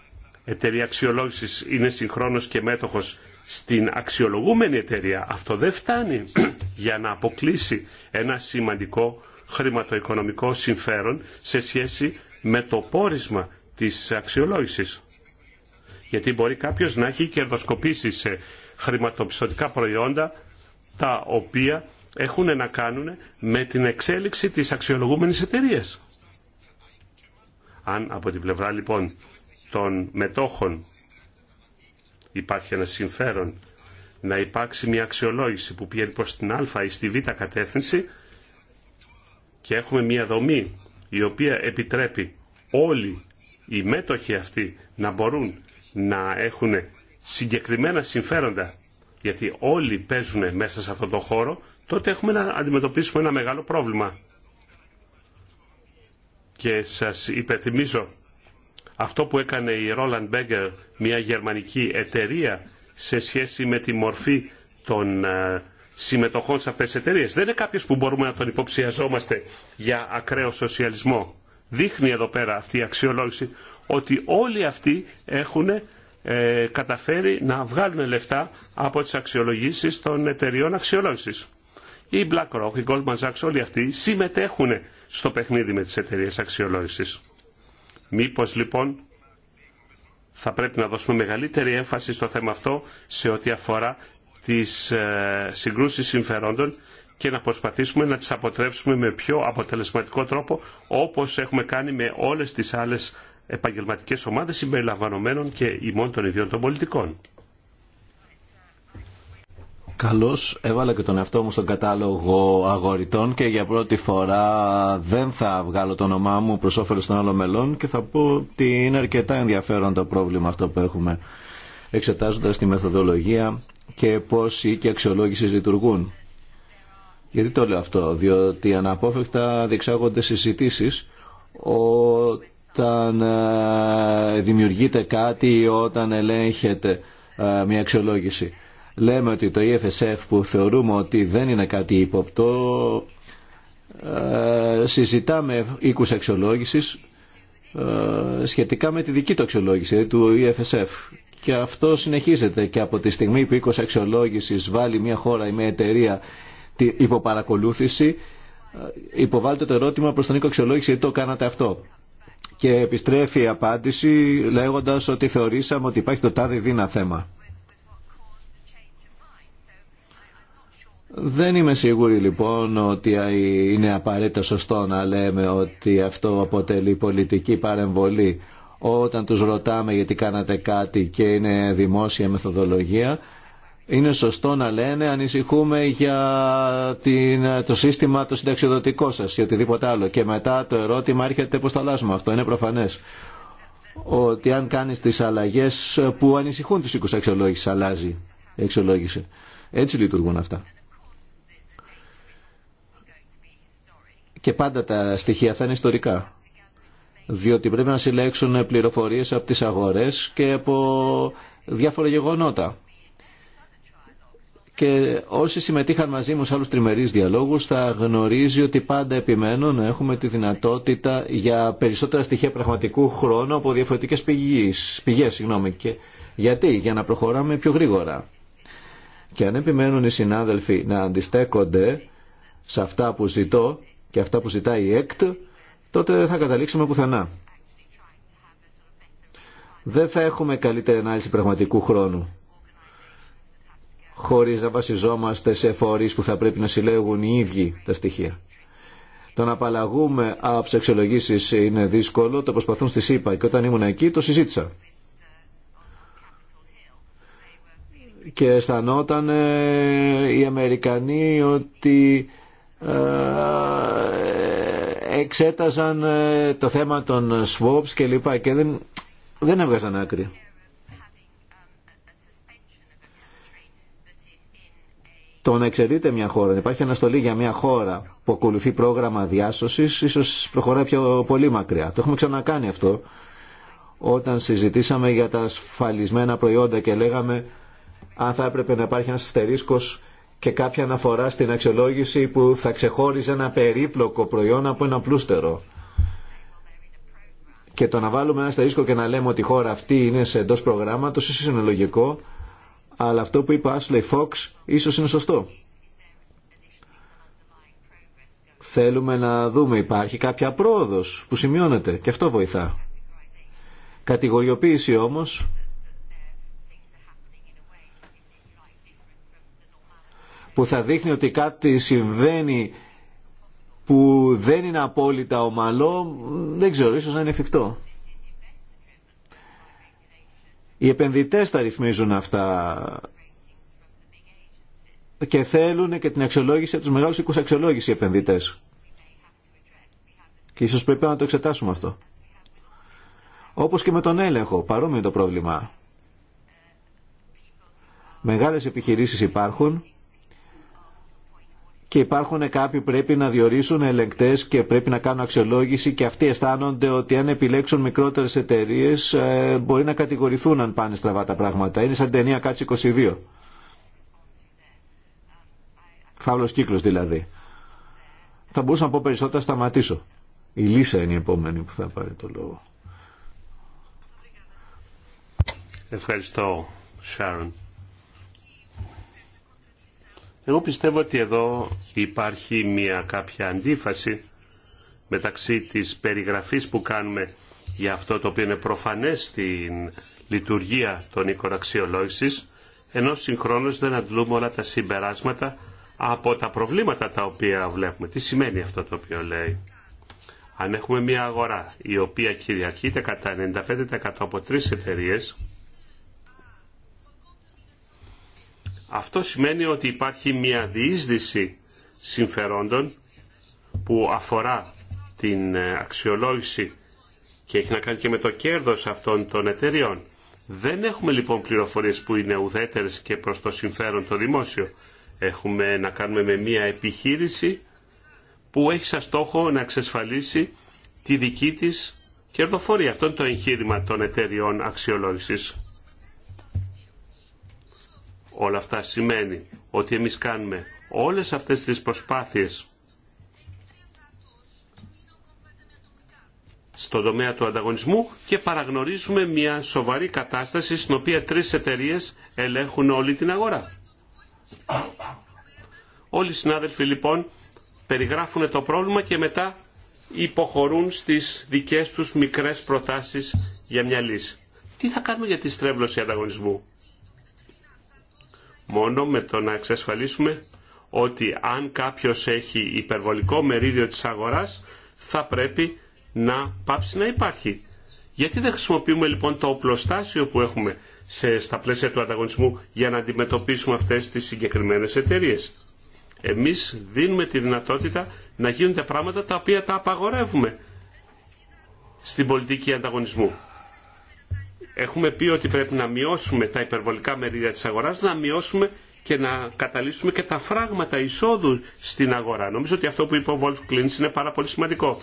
εταιρεία αξιολόγηση είναι συγχρόνω και μέτοχος στην αξιολογούμενη εταιρεία. Αυτό δεν φτάνει [CLEARS THROAT] για να αποκλείσει ένα σημαντικό χρηματοοικονομικό συμφέρον σε σχέση με το πόρισμα της αξιολόγησης. Γιατί μπορεί κάποιος να έχει κερδοσκοπήσει σε χρηματοπιστωτικά προϊόντα τα οποία έχουν να κάνουν με την εξέλιξη της αξιολογούμενης εταιρεία. Αν από την πλευρά λοιπόν των μετόχων υπάρχει ένα συμφέρον να υπάρξει μια αξιολόγηση που πηγαίνει προς την α ή στη β κατεύθυνση και έχουμε μια δομή η οποία επιτρέπει όλοι οι μέτοχοι αυτοί να μπορούν να έχουν συγκεκριμένα συμφέροντα γιατί όλοι παίζουν μέσα σε αυτό το χώρο τότε έχουμε να αντιμετωπίσουμε ένα μεγάλο πρόβλημα. Και σας υπενθυμίζω αυτό που έκανε η Roland Becker, μια γερμανική εταιρεία, σε σχέση με τη μορφή των ε, συμμετοχών σε αυτές τις εταιρείες. Δεν είναι κάποιος που μπορούμε να τον υποψιαζόμαστε για ακραίο σοσιαλισμό. Δείχνει εδώ πέρα αυτή η αξιολόγηση ότι όλοι αυτοί έχουν ε, καταφέρει να βγάλουν λεφτά από τις αξιολογήσεις των εταιριών αξιολόγησης η BlackRock, η Goldman Sachs, όλοι αυτοί συμμετέχουν στο παιχνίδι με τις εταιρείε αξιολόγησης. Μήπως λοιπόν θα πρέπει να δώσουμε μεγαλύτερη έμφαση στο θέμα αυτό σε ό,τι αφορά τις ε, συγκρούσεις συμφερόντων και να προσπαθήσουμε να τις αποτρέψουμε με πιο αποτελεσματικό τρόπο όπως έχουμε κάνει με όλες τις άλλες επαγγελματικές ομάδες συμπεριλαμβανομένων και ημών των ιδιών των πολιτικών. Καλώς έβαλα και τον εαυτό μου στον κατάλογο αγοριτών και για πρώτη φορά δεν θα βγάλω το όνομά μου προς όφελος των άλλων μελών και θα πω ότι είναι αρκετά ενδιαφέρον το πρόβλημα αυτό που έχουμε εξετάζοντας τη μεθοδολογία και πώς οι οίκοι αξιολόγηση λειτουργούν. Γιατί το λέω αυτό, διότι αναπόφευκτα διεξάγονται συζητήσει όταν ε, δημιουργείται κάτι ή όταν ελέγχεται ε, μια αξιολόγηση λέμε ότι το EFSF που θεωρούμε ότι δεν είναι κάτι υποπτό ε, συζητάμε οίκους αξιολόγησης ε, σχετικά με τη δική του αξιολόγηση του EFSF και αυτό συνεχίζεται και από τη στιγμή που οίκος αξιολόγησης βάλει μια χώρα ή μια εταιρεία υποπαρακολούθηση ε, υποβάλλεται το ερώτημα προς τον οίκο αξιολόγηση γιατί το κάνατε αυτό και επιστρέφει η απάντηση λέγοντας ότι θεωρήσαμε ότι υπάρχει το τάδι δίνα θέμα. Δεν είμαι σίγουρη λοιπόν ότι είναι απαραίτητο σωστό να λέμε ότι αυτό αποτελεί πολιτική παρεμβολή όταν τους ρωτάμε γιατί κάνατε κάτι και είναι δημόσια μεθοδολογία. Είναι σωστό να λένε ανησυχούμε για την, το σύστημα το συνταξιοδοτικό σας ή οτιδήποτε άλλο. Και μετά το ερώτημα έρχεται πώς θα αλλάζουμε αυτό. Είναι προφανές ότι αν κάνεις τις αλλαγές που ανησυχούν τους οίκους αξιολόγηση αλλάζει η αξιολόγηση. Έτσι λειτουργούν αξιολογηση αλλαζει ετσι λειτουργουν αυτα και πάντα τα στοιχεία θα είναι ιστορικά. Διότι πρέπει να συλλέξουν πληροφορίες από τις αγορές και από διάφορα γεγονότα. Και όσοι συμμετείχαν μαζί μου σε άλλους τριμερείς διαλόγους θα γνωρίζει ότι πάντα επιμένω να έχουμε τη δυνατότητα για περισσότερα στοιχεία πραγματικού χρόνου από διαφορετικές πηγές. πηγές συγγνώμη. γιατί, για να προχωράμε πιο γρήγορα. Και αν επιμένουν οι συνάδελφοι να αντιστέκονται σε αυτά που ζητώ, και αυτά που ζητάει η ΕΚΤ, τότε δεν θα καταλήξουμε πουθενά. Δεν θα έχουμε καλύτερη ανάλυση πραγματικού χρόνου χωρίς να βασιζόμαστε σε φορείς που θα πρέπει να συλλέγουν οι ίδιοι τα στοιχεία. Το να απαλλαγούμε από τι αξιολογήσεις είναι δύσκολο, το προσπαθούν στη ΣΥΠΑ και όταν ήμουν εκεί το συζήτησα. Και αισθανόταν οι Αμερικανοί ότι ε, εξέταζαν ε, το θέμα των swaps και λοιπά και δεν, δεν έβγαζαν άκρη. Το να εξαιρείται μια χώρα, υπάρχει αναστολή για μια χώρα που ακολουθεί πρόγραμμα διάσωσης, ίσως προχωράει πιο πολύ μακριά. Το έχουμε ξανακάνει αυτό όταν συζητήσαμε για τα ασφαλισμένα προϊόντα και λέγαμε αν θα έπρεπε να υπάρχει ένας στερίσκος και κάποια αναφορά στην αξιολόγηση που θα ξεχώριζε ένα περίπλοκο προϊόν από ένα πλούστερο. Και το να βάλουμε ένα σταρίσκο και να λέμε ότι η χώρα αυτή είναι σε εντό προγράμματο, ίσω είναι λογικό, αλλά αυτό που είπε ο Άσλεϊ Φόξ ίσω είναι σωστό. Θέλουμε να δούμε, υπάρχει κάποια πρόοδος που σημειώνεται και αυτό βοηθά. Κατηγοριοποίηση όμως που θα δείχνει ότι κάτι συμβαίνει που δεν είναι απόλυτα ομαλό, δεν ξέρω, ίσως να είναι εφικτό. Οι επενδυτές τα ρυθμίζουν αυτά και θέλουν και την αξιολόγηση από τους μεγάλους οίκους αξιολόγηση οι επενδυτές. Και ίσως πρέπει να το εξετάσουμε αυτό. Όπως και με τον έλεγχο, παρόμοιο το πρόβλημα. Μεγάλες επιχειρήσεις υπάρχουν και υπάρχουν κάποιοι που πρέπει να διορίσουν ελεγκτέ και πρέπει να κάνουν αξιολόγηση και αυτοί αισθάνονται ότι αν επιλέξουν μικρότερε εταιρείε ε, μπορεί να κατηγορηθούν αν πάνε στραβά τα πράγματα. Είναι σαν ταινία κάτσε 22. Φαύλος κύκλος δηλαδή. Θα μπορούσα να πω περισσότερα, σταματήσω. Η Λίσσα είναι η επόμενη που θα πάρει το λόγο. Ευχαριστώ, Sharon. Εγώ πιστεύω ότι εδώ υπάρχει μια κάποια αντίφαση μεταξύ της περιγραφής που κάνουμε για αυτό το οποίο είναι προφανές στην λειτουργία των οίκων ενώ συγχρόνως δεν αντλούμε όλα τα συμπεράσματα από τα προβλήματα τα οποία βλέπουμε. Τι σημαίνει αυτό το οποίο λέει. Αν έχουμε μια αγορά η οποία κυριαρχείται κατά 95% από τρεις εταιρείες, Αυτό σημαίνει ότι υπάρχει μια διείσδυση συμφερόντων που αφορά την ε, αξιολόγηση και έχει να κάνει και με το κέρδος αυτών των εταιριών. Δεν έχουμε λοιπόν πληροφορίες που είναι ουδέτερες και προς το συμφέρον το δημόσιο. Έχουμε να κάνουμε με μια επιχείρηση που έχει σαν στόχο να εξασφαλίσει τη δική της κερδοφορία. Αυτό είναι το εγχείρημα των εταιριών αξιολόγησης. Όλα αυτά σημαίνει ότι εμείς κάνουμε όλες αυτές τις προσπάθειες στον τομέα του ανταγωνισμού και παραγνωρίζουμε μια σοβαρή κατάσταση στην οποία τρεις εταιρείε ελέγχουν όλη την αγορά. Όλοι οι συνάδελφοι λοιπόν περιγράφουν το πρόβλημα και μετά υποχωρούν στις δικές τους μικρές προτάσεις για μια λύση. Τι θα κάνουμε για τη στρέβλωση ανταγωνισμού μόνο με το να εξασφαλίσουμε ότι αν κάποιος έχει υπερβολικό μερίδιο της αγοράς θα πρέπει να πάψει να υπάρχει. Γιατί δεν χρησιμοποιούμε λοιπόν το οπλοστάσιο που έχουμε σε, στα πλαίσια του ανταγωνισμού για να αντιμετωπίσουμε αυτές τις συγκεκριμένες εταιρείε. Εμείς δίνουμε τη δυνατότητα να γίνονται πράγματα τα οποία τα απαγορεύουμε στην πολιτική ανταγωνισμού έχουμε πει ότι πρέπει να μειώσουμε τα υπερβολικά μερίδια της αγοράς, να μειώσουμε και να καταλύσουμε και τα φράγματα εισόδου στην αγορά. Νομίζω ότι αυτό που είπε ο Βολφ Κλίνς είναι πάρα πολύ σημαντικό.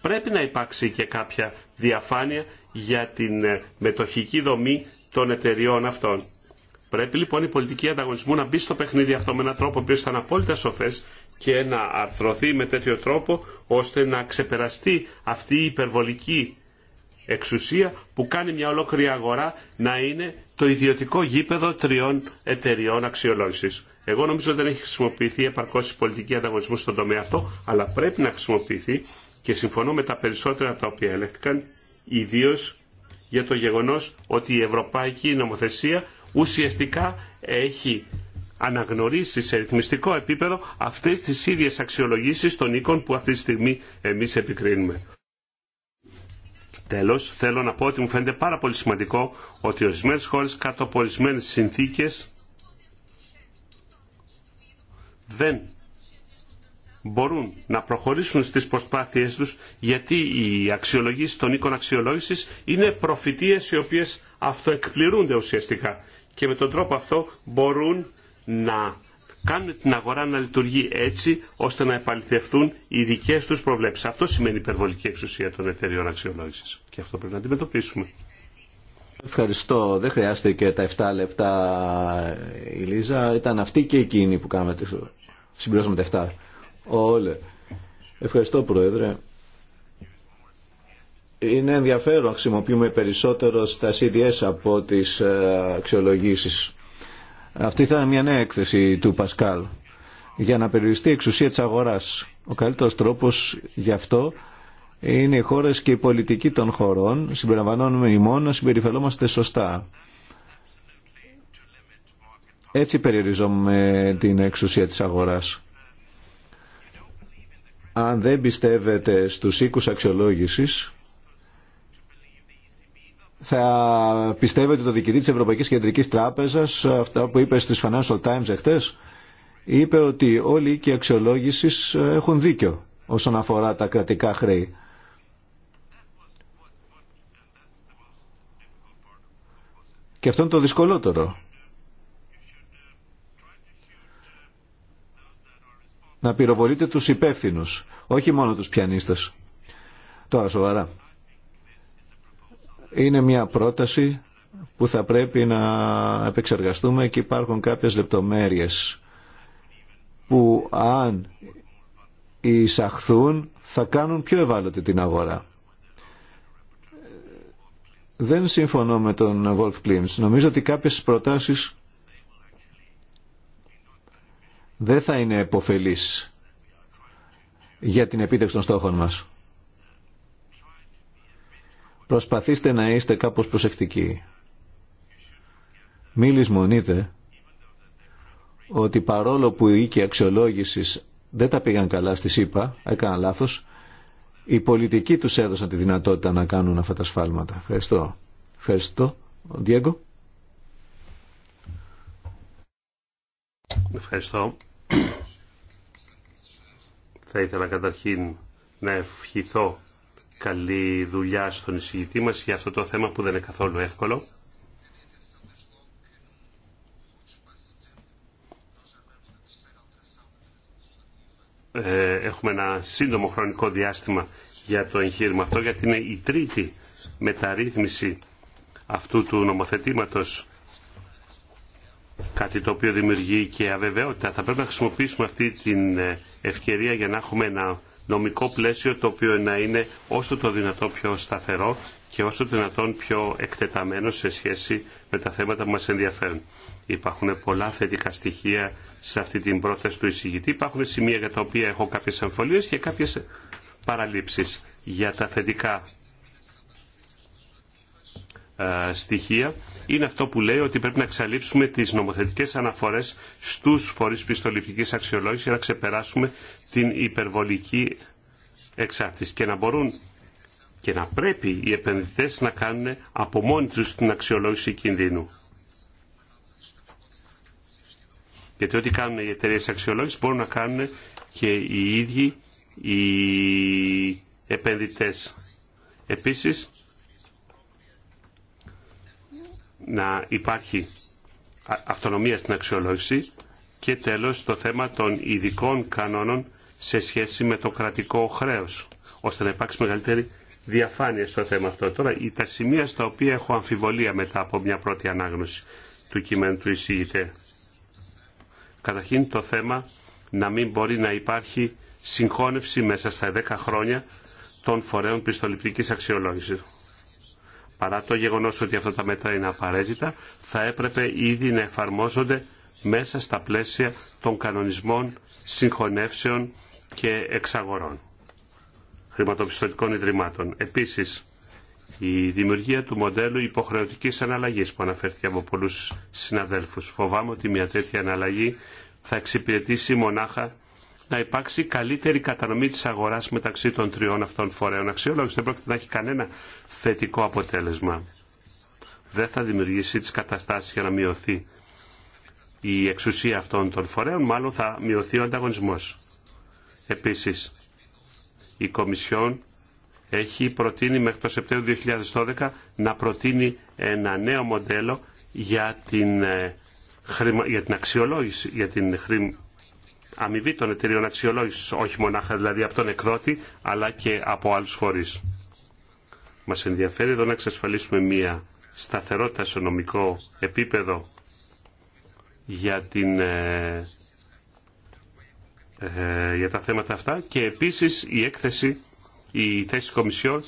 Πρέπει να υπάρξει και κάποια διαφάνεια για την ε, μετοχική δομή των εταιριών αυτών. Πρέπει λοιπόν η πολιτική ανταγωνισμού να μπει στο παιχνίδι αυτό με έναν τρόπο που ήταν απόλυτα σοφέ και να αρθρωθεί με τέτοιο τρόπο ώστε να ξεπεραστεί αυτή η υπερβολική εξουσία που κάνει μια ολόκληρη αγορά να είναι το ιδιωτικό γήπεδο τριών εταιριών αξιολόγηση. Εγώ νομίζω ότι δεν έχει χρησιμοποιηθεί επαρκώ η πολιτική ανταγωνισμού στον τομέα αυτό, αλλά πρέπει να χρησιμοποιηθεί και συμφωνώ με τα περισσότερα τα οποία ελέγχθηκαν, ιδίω για το γεγονό ότι η ευρωπαϊκή νομοθεσία ουσιαστικά έχει αναγνωρίσει σε ρυθμιστικό επίπεδο αυτές τις ίδιες αξιολογήσεις των οίκων που αυτή τη στιγμή εμείς επικρίνουμε. Τέλο, θέλω να πω ότι μου φαίνεται πάρα πολύ σημαντικό ότι ορισμένε χώρε κάτω από ορισμένε συνθήκε δεν μπορούν να προχωρήσουν στις προσπάθειές τους γιατί οι αξιολογήσεις των οίκων αξιολόγηση είναι προφητείες οι οποίες αυτοεκπληρούνται ουσιαστικά και με τον τρόπο αυτό μπορούν να κάνουν την αγορά να λειτουργεί έτσι ώστε να επαληθευτούν οι δικέ του προβλέψει. Αυτό σημαίνει υπερβολική εξουσία των εταιριών αξιολόγηση. Και αυτό πρέπει να αντιμετωπίσουμε. Ευχαριστώ. Δεν χρειάστηκε τα 7 λεπτά η Λίζα. Ήταν αυτή και εκείνη που κάναμε. Συμπληρώσαμε τα 7. Όλε. Ευχαριστώ Πρόεδρε. Είναι ενδιαφέρον να χρησιμοποιούμε περισσότερο στα CDS από τις ε, αξιολογήσεις αυτή θα είναι μια νέα έκθεση του Πασκάλ. Για να περιοριστεί η εξουσία της αγοράς. Ο καλύτερος τρόπος γι' αυτό είναι οι χώρες και η πολιτική των χωρών, συμπεριλαμβανόμενοι ημών, να συμπεριφερόμαστε σωστά. Έτσι περιοριζόμαστε την εξουσία της αγοράς. Αν δεν πιστεύετε στους οίκους αξιολόγησης, θα πιστεύετε το διοικητή της Ευρωπαϊκής Κεντρικής Τράπεζας, αυτά που είπε στις Financial Times εχθές, είπε ότι όλοι οι οίκοι έχουν δίκιο όσον αφορά τα κρατικά χρέη. Και αυτό είναι το δυσκολότερο. Να πυροβολείτε τους υπεύθυνους, όχι μόνο τους πιανίστες. Τώρα σοβαρά. Είναι μια πρόταση που θα πρέπει να επεξεργαστούμε και υπάρχουν κάποιες λεπτομέρειες που αν εισαχθούν θα κάνουν πιο ευάλωτη την αγορά. Δεν συμφωνώ με τον Wolf Klims. Νομίζω ότι κάποιες προτάσεις δεν θα είναι επωφελείς για την επίτευξη των στόχων μας. Προσπαθήστε να είστε κάπως προσεκτικοί. Μη λησμονείτε ότι παρόλο που οι οίκοι αξιολόγηση δεν τα πήγαν καλά στη ΣΥΠΑ, έκαναν λάθος, οι πολιτικοί τους έδωσαν τη δυνατότητα να κάνουν αυτά τα σφάλματα. Ευχαριστώ. Ευχαριστώ. Ο Διέγκο. Ευχαριστώ. Θα ήθελα καταρχήν να ευχηθώ καλή δουλειά στον εισηγητή μας για αυτό το θέμα που δεν είναι καθόλου εύκολο. Ε, έχουμε ένα σύντομο χρονικό διάστημα για το εγχείρημα αυτό, γιατί είναι η τρίτη μεταρρύθμιση αυτού του νομοθετήματος, κάτι το οποίο δημιουργεί και αβεβαιότητα. Θα πρέπει να χρησιμοποιήσουμε αυτή την ε, ευκαιρία για να έχουμε ένα νομικό πλαίσιο το οποίο να είναι όσο το δυνατόν πιο σταθερό και όσο το δυνατόν πιο εκτεταμένο σε σχέση με τα θέματα που μας ενδιαφέρουν. Υπάρχουν πολλά θετικά στοιχεία σε αυτή την πρόταση του εισηγητή. Υπάρχουν σημεία για τα οποία έχω κάποιες αμφιβολίες και κάποιες παραλήψεις. Για τα θετικά ε, στοιχεία είναι αυτό που λέει ότι πρέπει να εξαλείψουμε τις νομοθετικές αναφορές στους φορείς πιστοληπτικής αξιολόγησης για να ξεπεράσουμε την υπερβολική εξάρτηση και να μπορούν και να πρέπει οι επενδυτές να κάνουν από μόνοι τους την αξιολόγηση κινδύνου. Γιατί ό,τι κάνουν οι εταιρείε αξιολόγηση μπορούν να κάνουν και οι ίδιοι οι επενδυτές. Επίσης, να υπάρχει αυτονομία στην αξιολόγηση και τέλος το θέμα των ειδικών κανόνων σε σχέση με το κρατικό χρέος, ώστε να υπάρξει μεγαλύτερη διαφάνεια στο θέμα αυτό. Τώρα, τα σημεία στα οποία έχω αμφιβολία μετά από μια πρώτη ανάγνωση του κειμένου του εισηγητέ. Καταρχήν το θέμα να μην μπορεί να υπάρχει συγχώνευση μέσα στα 10 χρόνια των φορέων πιστοληπτικής αξιολόγησης παρά το γεγονός ότι αυτά τα μέτρα είναι απαραίτητα, θα έπρεπε ήδη να εφαρμόζονται μέσα στα πλαίσια των κανονισμών συγχωνεύσεων και εξαγορών χρηματοπιστωτικών ιδρυμάτων. Επίσης, η δημιουργία του μοντέλου υποχρεωτικής αναλλαγής που αναφέρθηκε από πολλούς συναδέλφους. Φοβάμαι ότι μια τέτοια αναλλαγή θα εξυπηρετήσει μονάχα να υπάρξει καλύτερη κατανομή της αγοράς μεταξύ των τριών αυτών φορέων αξιολόγηση. Δεν πρόκειται να έχει κανένα θετικό αποτέλεσμα. Δεν θα δημιουργήσει τις καταστάσεις για να μειωθεί η εξουσία αυτών των φορέων, μάλλον θα μειωθεί ο ανταγωνισμός. Επίσης, η Κομισιόν έχει προτείνει μέχρι το Σεπτέμβριο 2012 να προτείνει ένα νέο μοντέλο για την, ε, για την αξιολόγηση, για την αμοιβή των εταιρείων αξιολόγησης, όχι μονάχα δηλαδή από τον εκδότη, αλλά και από άλλους φορείς. Μας ενδιαφέρει εδώ να εξασφαλίσουμε μία σταθερότητα σε νομικό επίπεδο για, την, ε, ε για τα θέματα αυτά και επίσης η έκθεση, η θέση της Κομισιόν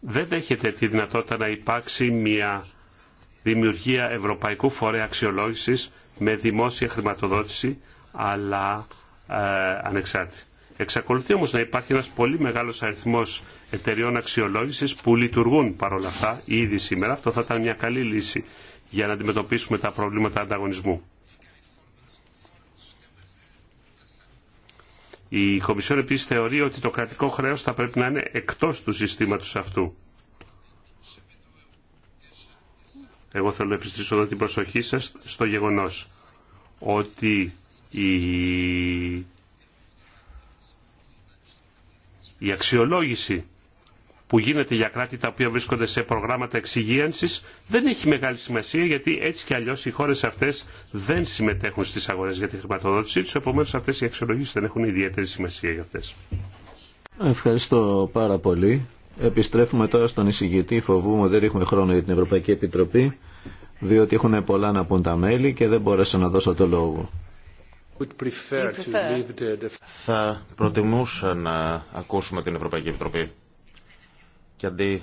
δεν δέχεται τη δυνατότητα να υπάρξει μια δημιουργία Ευρωπαϊκού Φορέα Αξιολόγησης με δημόσια χρηματοδότηση αλλά ε, ανεξάρτητη. Εξακολουθεί όμως να υπάρχει ένας πολύ μεγάλος αριθμός εταιριών αξιολόγησης που λειτουργούν παρόλα αυτά ήδη σήμερα. Αυτό θα ήταν μια καλή λύση για να αντιμετωπίσουμε τα προβλήματα ανταγωνισμού. Η Κομισιόν επίσης θεωρεί ότι το κρατικό χρέος θα πρέπει να είναι εκτός του συστήματος αυτού. Εγώ θέλω να επιστήσω εδώ την προσοχή σας στο γεγονός ότι η, αξιολόγηση που γίνεται για κράτη τα οποία βρίσκονται σε προγράμματα εξυγίανσης δεν έχει μεγάλη σημασία γιατί έτσι κι αλλιώς οι χώρες αυτές δεν συμμετέχουν στις αγορές για τη χρηματοδότησή τους, επομένως αυτές οι αξιολογήσεις δεν έχουν ιδιαίτερη σημασία για αυτές. Ευχαριστώ πάρα πολύ. Επιστρέφουμε τώρα στον εισηγητή. Φοβούμαι δεν έχουμε χρόνο για την Ευρωπαϊκή Επιτροπή, διότι έχουν πολλά να πούν τα μέλη και δεν μπόρεσα να δώσω το λόγο. Θα προτιμούσα να ακούσουμε την Ευρωπαϊκή Επιτροπή και αντί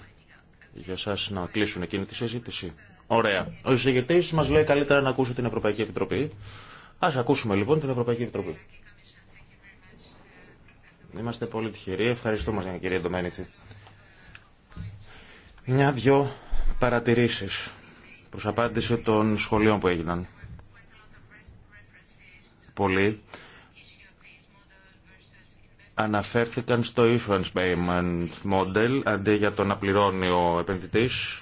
για σας να κλείσουν εκείνη τη συζήτηση. Ωραία. Ο εισηγητή μας λέει καλύτερα να ακούσω την Ευρωπαϊκή Επιτροπή. Α ακούσουμε λοιπόν την Ευρωπαϊκή Επιτροπή. Είμαστε πολύ τυχεροί. Ευχαριστούμε για την κυρια ντομενητη Ντομένιθη. Μια-δυο παρατηρήσεις προς απάντηση των σχολείων που έγιναν πολύ αναφέρθηκαν στο issuance payment model αντί για το να πληρώνει ο επενδυτής.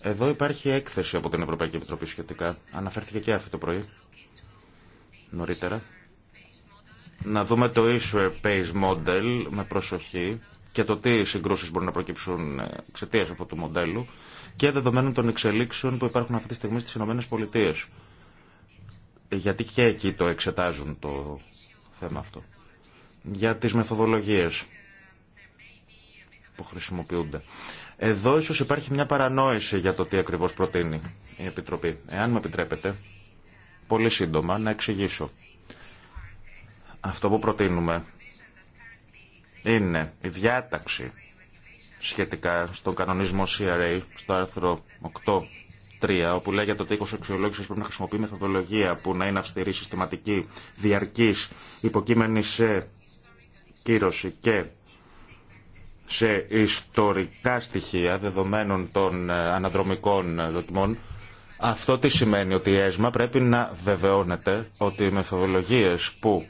Εδώ υπάρχει έκθεση από την Ευρωπαϊκή Επιτροπή σχετικά. Αναφέρθηκε και αυτό το πρωί, νωρίτερα. Να δούμε το issuer pays model με προσοχή και το τι συγκρούσεις μπορούν να προκύψουν εξαιτία από του μοντέλου και δεδομένων των εξελίξεων που υπάρχουν αυτή τη στιγμή στις ΗΠΑ γιατί και εκεί το εξετάζουν το θέμα αυτό. Για τις μεθοδολογίες που χρησιμοποιούνται. Εδώ ίσως υπάρχει μια παρανόηση για το τι ακριβώς προτείνει η Επιτροπή. Εάν με επιτρέπετε, πολύ σύντομα να εξηγήσω. Αυτό που προτείνουμε είναι η διάταξη σχετικά στον κανονισμό CRA, στο άρθρο 8 3, όπου λέγεται ότι ο οίκο αξιολόγηση πρέπει να χρησιμοποιεί μεθοδολογία που να είναι αυστηρή, συστηματική, διαρκή, υποκείμενη σε κύρωση και σε ιστορικά στοιχεία δεδομένων των ε, αναδρομικών ε, δοκιμών, αυτό τι σημαίνει ότι η ΕΣΜΑ πρέπει να βεβαιώνεται ότι οι μεθοδολογίες που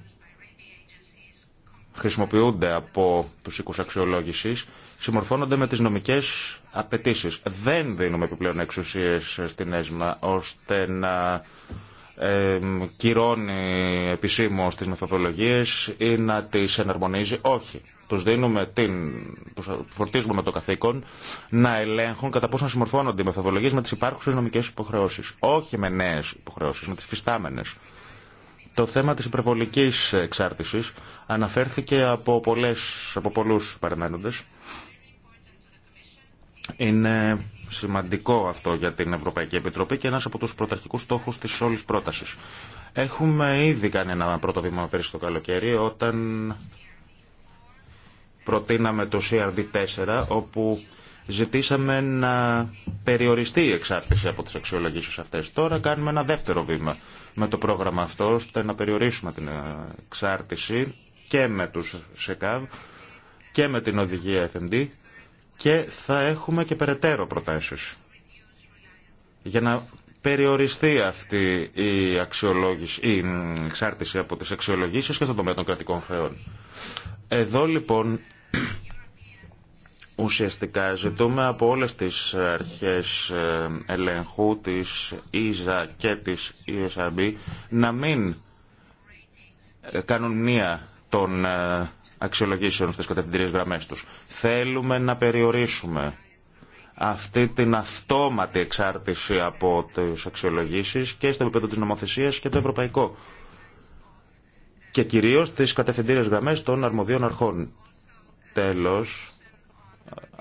χρησιμοποιούνται από τους οίκους συμμορφώνονται με τις νομικές απαιτήσει. Δεν δίνουμε επιπλέον εξουσίε στην ΕΣΜΑ ώστε να κυρώνει επισήμω τι μεθοδολογίε ή να τι εναρμονίζει. Όχι. Του δίνουμε την. Τους φορτίζουμε με το καθήκον να ελέγχουν κατά πόσο συμμορφώνονται οι μεθοδολογίε με τι υπάρχουσε νομικέ υποχρεώσει. Όχι με νέε υποχρεώσει, με τι φυστάμενε. Το θέμα της υπερβολικής εξάρτησης αναφέρθηκε από, πολλές, από πολλούς παρεμένοντες είναι σημαντικό αυτό για την Ευρωπαϊκή Επιτροπή και ένας από τους πρωταρχικούς στόχους της όλης πρότασης. Έχουμε ήδη κάνει ένα πρώτο βήμα πέρυσι το καλοκαίρι όταν προτείναμε το CRD4 όπου ζητήσαμε να περιοριστεί η εξάρτηση από τις αξιολογήσεις αυτές. Τώρα κάνουμε ένα δεύτερο βήμα με το πρόγραμμα αυτό ώστε να περιορίσουμε την εξάρτηση και με τους ΣΕΚΑΒ και με την οδηγία FMD και θα έχουμε και περαιτέρω προτάσεις για να περιοριστεί αυτή η, αξιολόγηση, η εξάρτηση από τις αξιολογήσεις και στον τομέα των κρατικών χρεών. Εδώ λοιπόν ουσιαστικά ζητούμε από όλες τις αρχές ε, ελεγχού της ΙΖΑ και της ESRB να μην ε, κάνουν μία των ε, αξιολογήσεων στις κατευθυντήριες γραμμές τους. Θέλουμε να περιορίσουμε αυτή την αυτόματη εξάρτηση από τις αξιολογήσεις και στο επίπεδο της νομοθεσίας και το ευρωπαϊκό και κυρίως τις κατευθυντήριες γραμμές των αρμοδίων αρχών. Τέλος,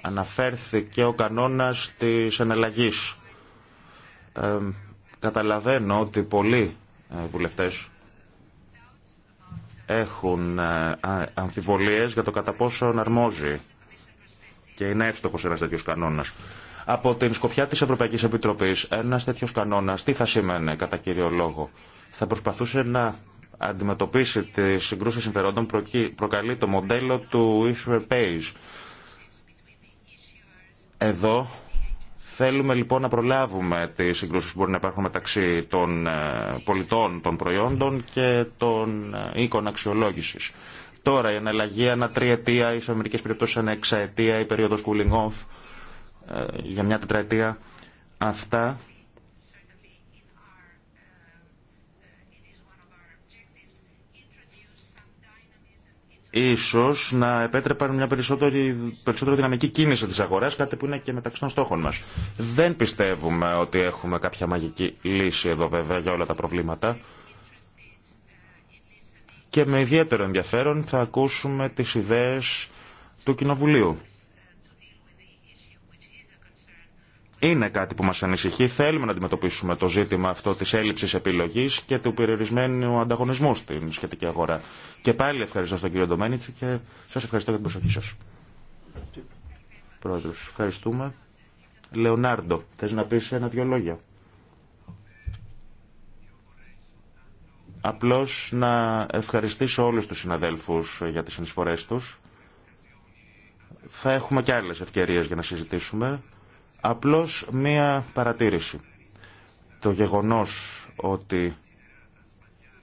αναφέρθηκε ο κανόνας της εναλλαγής. Ε, καταλαβαίνω ότι πολλοί ε, βουλευτές έχουν ε, αμφιβολίες για το κατά πόσο αρμόζει και είναι εύστοχος ένας τέτοιος κανόνας. Από την σκοπιά της Ευρωπαϊκής Επιτροπής, ένας τέτοιος κανόνας τι θα σήμαινε κατά κύριο λόγο. Θα προσπαθούσε να αντιμετωπίσει τις συγκρούσεις συμφερόντων προκαλεί το μοντέλο του issuer pays. Εδώ Θέλουμε λοιπόν να προλάβουμε τι συγκρούσει που μπορεί να υπάρχουν μεταξύ των ε, πολιτών των προϊόντων και των ε, οίκων αξιολόγηση. Τώρα η αναλλαγή ανά τριετία ή σε μερικέ περιπτώσει ανά εξαετία ή περίοδο cooling off ε, για μια τετραετία. Αυτά ίσως να επέτρεπαν μια περισσότερη, περισσότερο δυναμική κίνηση της αγοράς, κάτι που είναι και μεταξύ των στόχων μας. Δεν πιστεύουμε ότι έχουμε κάποια μαγική λύση εδώ βέβαια για όλα τα προβλήματα. Και με ιδιαίτερο ενδιαφέρον θα ακούσουμε τις ιδέες του Κοινοβουλίου. είναι κάτι που μας ανησυχεί. Θέλουμε να αντιμετωπίσουμε το ζήτημα αυτό της έλλειψης επιλογής και του περιορισμένου ανταγωνισμού στην σχετική αγορά. Και πάλι ευχαριστώ στον κύριο Ντομένιτση και σας ευχαριστώ για την προσοχή σας. Πρόεδρος, ευχαριστούμε. Λεωνάρντο, θες να πεις ένα-δυο λόγια. Απλώς να ευχαριστήσω όλους τους συναδέλφους για τις συνεισφορές τους. Θα έχουμε και άλλες ευκαιρίες για να συζητήσουμε. Απλώς μία παρατήρηση. Το γεγονός ότι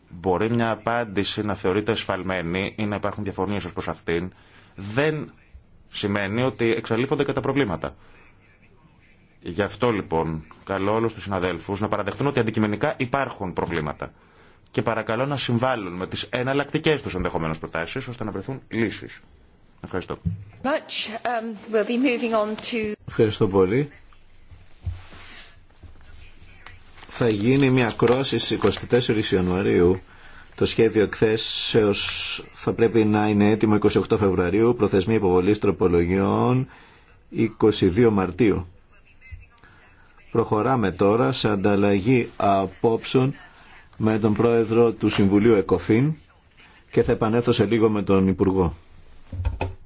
μπορεί μια απάντηση να θεωρείται εσφαλμένη ή να υπάρχουν διαφωνίες ως προς αυτήν, δεν σημαίνει ότι εξαλείφονται κατά προβλήματα. Γι' αυτό λοιπόν καλώ όλους τους συναδέλφους να παραδεχτούν ότι αντικειμενικά υπάρχουν προβλήματα και παρακαλώ να συμβάλλουν με τις εναλλακτικές τους ενδεχομένως προτάσεις ώστε να βρεθούν λύσεις. Um, Ευχαριστώ. πολύ. Θα γίνει μια κρόση στις 24 Ιανουαρίου. Το σχέδιο εκθέσεως θα πρέπει να είναι έτοιμο 28 Φεβρουαρίου, προθεσμία υποβολής τροπολογιών 22 Μαρτίου. Προχωράμε τώρα σε ανταλλαγή απόψεων με τον πρόεδρο του Συμβουλίου ΕΚΟΦΗΝ και θα επανέλθω σε λίγο με τον Υπουργό. Υπότιτλοι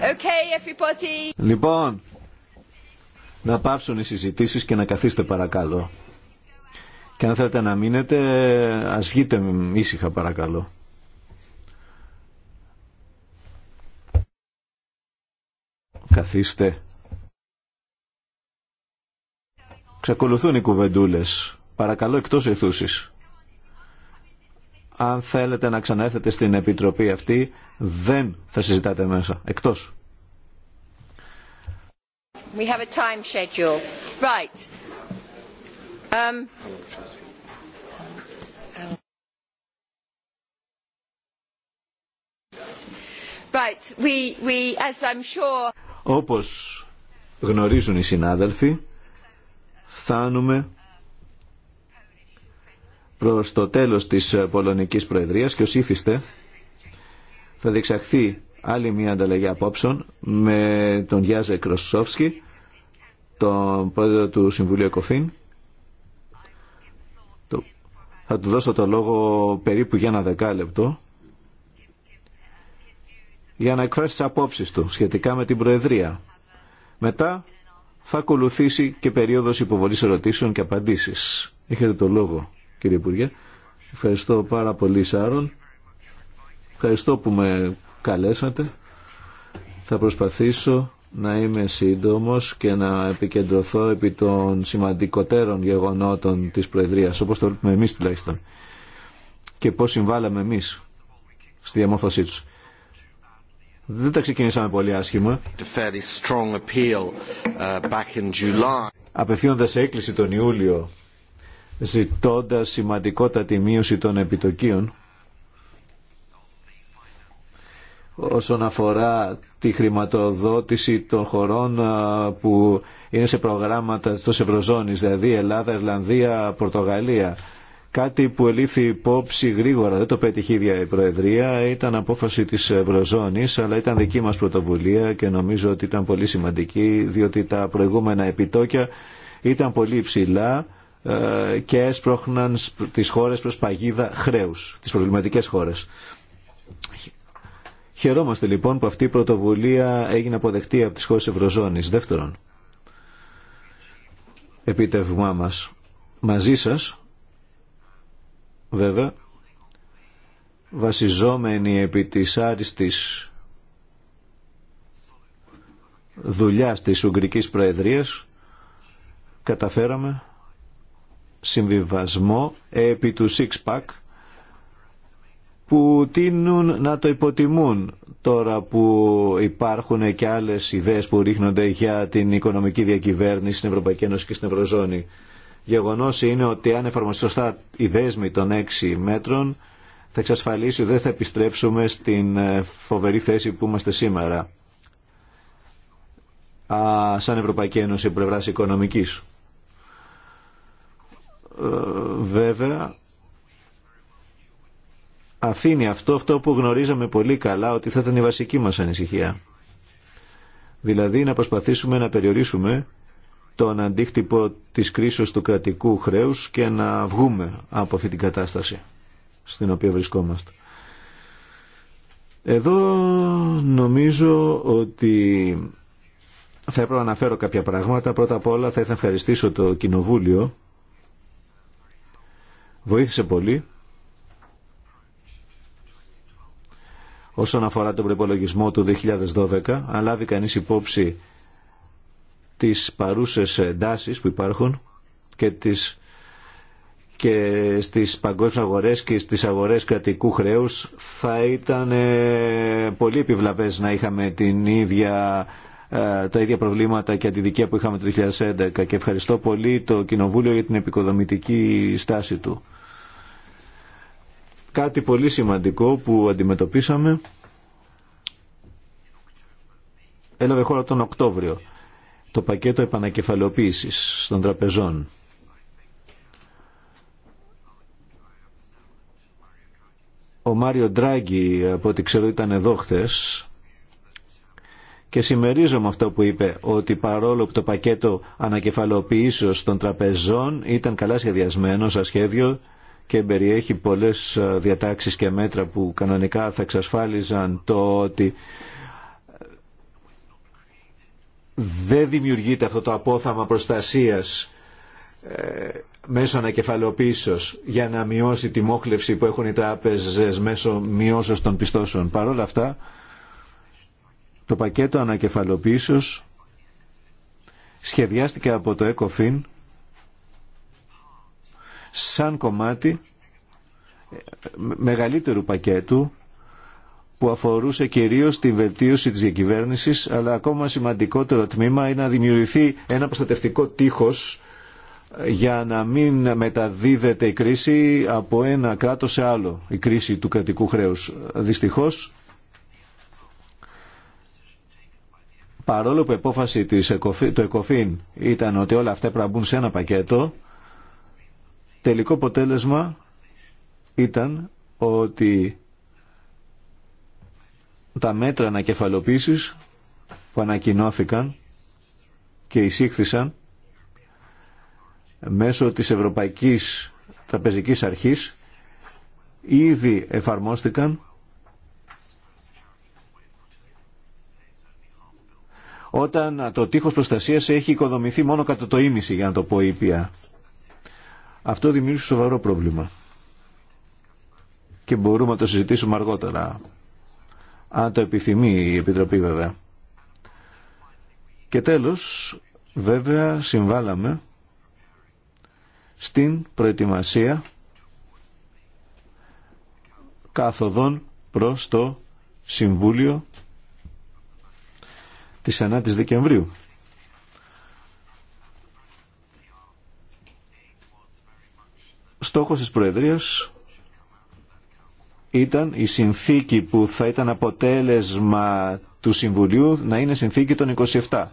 Okay, everybody. Λοιπόν, να πάψουν οι συζητήσεις και να καθίστε παρακαλώ. Και αν θέλετε να μείνετε, ας βγείτε ήσυχα παρακαλώ. Καθίστε. Ξεκολουθούν οι κουβεντούλες. Παρακαλώ εκτός ηθούσης. Αν θέλετε να ξαναέθετε στην Επιτροπή αυτή, δεν θα συζητάτε μέσα, εκτός. We have a time schedule. Right. Um... Right. We, we, as I'm sure... Όπως γνωρίζουν οι συνάδελφοι, φτάνουμε προς το τέλος της Πολωνικής Προεδρίας και ως ήθιστε θα διεξαχθεί άλλη μια ανταλλαγή απόψεων με τον Γιάζε Κροσόφσκι, τον πρόεδρο του Συμβουλίου Εκοφήν. Θα του δώσω το λόγο περίπου για ένα δεκάλεπτο για να εκφράσει τις απόψεις του σχετικά με την Προεδρία. Μετά θα ακολουθήσει και περίοδος υποβολής ερωτήσεων και απαντήσεις. Έχετε το λόγο, κύριε Υπουργέ. Ευχαριστώ πάρα πολύ, Σάρων. Ευχαριστώ που με καλέσατε. Θα προσπαθήσω να είμαι σύντομος και να επικεντρωθώ επί των σημαντικότερων γεγονότων της Προεδρίας, όπως το βλέπουμε εμείς τουλάχιστον, και πώς συμβάλαμε εμείς στη διαμόρφωσή τους. Δεν τα ξεκινήσαμε πολύ άσχημα. Uh, Απευθύνοντας έκκληση τον Ιούλιο, ζητώντας σημαντικότατη μείωση των επιτοκίων, όσον αφορά τη χρηματοδότηση των χωρών που είναι σε προγράμματα στους Ευρωζώνης, δηλαδή Ελλάδα, Ιρλανδία, Πορτογαλία. Κάτι που ελήφθη υπόψη γρήγορα, δεν το πέτυχε η ίδια η Προεδρία, ήταν απόφαση της Ευρωζώνης, αλλά ήταν δική μας πρωτοβουλία και νομίζω ότι ήταν πολύ σημαντική, διότι τα προηγούμενα επιτόκια ήταν πολύ υψηλά ε, και έσπρωχναν τις χώρες προς παγίδα χρέους, τις προβληματικές χώρες Χαιρόμαστε λοιπόν που αυτή η πρωτοβουλία έγινε αποδεκτή από τις χώρες Ευρωζώνης. Δεύτερον, επίτευγμά μας μαζί σας, βέβαια, βασιζόμενοι επί της άριστης δουλειάς της Ουγγρικής Προεδρίας, καταφέραμε συμβιβασμό επί του six που τείνουν να το υποτιμούν τώρα που υπάρχουν και άλλες ιδέες που ρίχνονται για την οικονομική διακυβέρνηση στην Ευρωπαϊκή Ένωση και στην Ευρωζώνη. Γεγονός είναι ότι αν εφαρμοστεί σωστά η δέσμη των έξι μέτρων θα εξασφαλίσει ότι δεν θα επιστρέψουμε στην ε, φοβερή θέση που είμαστε σήμερα Α, σαν Ευρωπαϊκή Ένωση πλευράς οικονομικής. Ε, βέβαια, αφήνει αυτό, αυτό που γνωρίζαμε πολύ καλά ότι θα ήταν η βασική μας ανησυχία. Δηλαδή να προσπαθήσουμε να περιορίσουμε τον αντίκτυπο της κρίσης του κρατικού χρέους και να βγούμε από αυτή την κατάσταση στην οποία βρισκόμαστε. Εδώ νομίζω ότι θα έπρεπε να αναφέρω κάποια πράγματα. Πρώτα απ' όλα θα ήθελα να ευχαριστήσω το Κοινοβούλιο. Βοήθησε πολύ όσον αφορά τον προπολογισμό του 2012, αν λάβει κανείς υπόψη τις παρούσες εντάσεις που υπάρχουν και, τις, και στις παγκόσμιες αγορές και στις αγορές κρατικού χρέους θα ήταν ε, πολύ επιβλαβές να είχαμε την ίδια ε, τα ίδια προβλήματα και αντιδικία που είχαμε το 2011 και ευχαριστώ πολύ το Κοινοβούλιο για την επικοδομητική στάση του. Κάτι πολύ σημαντικό που αντιμετωπίσαμε έλαβε χώρα τον Οκτώβριο το πακέτο επανακεφαλαιοποίησης των τραπεζών. Ο Μάριο Ντράγκη, από ό,τι ξέρω, ήταν εδώ χθες και συμμερίζομαι αυτό που είπε, ότι παρόλο που το πακέτο ανακεφαλαιοποιήσεως των τραπεζών ήταν καλά σχεδιασμένο σαν σχέδιο, και περιέχει πολλές ε, διατάξεις και μέτρα που κανονικά θα εξασφάλιζαν το ότι ε, δεν δημιουργείται αυτό το απόθαμα προστασίας ε, μέσω ανακεφαλοποίησεως για να μειώσει τη μόχλευση που έχουν οι τράπεζες μέσω μειώσεως των πιστώσεων. Παρ' όλα αυτά, το πακέτο ανακεφαλοποίησεως σχεδιάστηκε από το ΕΚΟΦΗΝ σαν κομμάτι μεγαλύτερου πακέτου που αφορούσε κυρίως την βελτίωση της διακυβέρνησης αλλά ακόμα σημαντικότερο τμήμα είναι να δημιουργηθεί ένα προστατευτικό τείχος για να μην μεταδίδεται η κρίση από ένα κράτος σε άλλο, η κρίση του κρατικού χρέους. Δυστυχώς, παρόλο που η απόφαση του ΕΚΟΦΗΝ ήταν ότι όλα αυτά πρέπει να μπουν σε ένα πακέτο, Τελικό αποτέλεσμα ήταν ότι τα μέτρα ανακεφαλοποίησης που ανακοινώθηκαν και εισήχθησαν μέσω της Ευρωπαϊκής Τραπεζικής Αρχής ήδη εφαρμόστηκαν όταν το τείχος προστασίας έχει οικοδομηθεί μόνο κατά το ίμιση για να το πω ήπια. Αυτό δημιούργησε σοβαρό πρόβλημα. Και μπορούμε να το συζητήσουμε αργότερα. Αν το επιθυμεί η Επιτροπή βέβαια. Και τέλος, βέβαια συμβάλαμε στην προετοιμασία καθοδόν προς το Συμβούλιο της 9 Δεκεμβρίου. Στόχος της Προεδρίας ήταν η συνθήκη που θα ήταν αποτέλεσμα του Συμβουλίου να είναι συνθήκη των 27.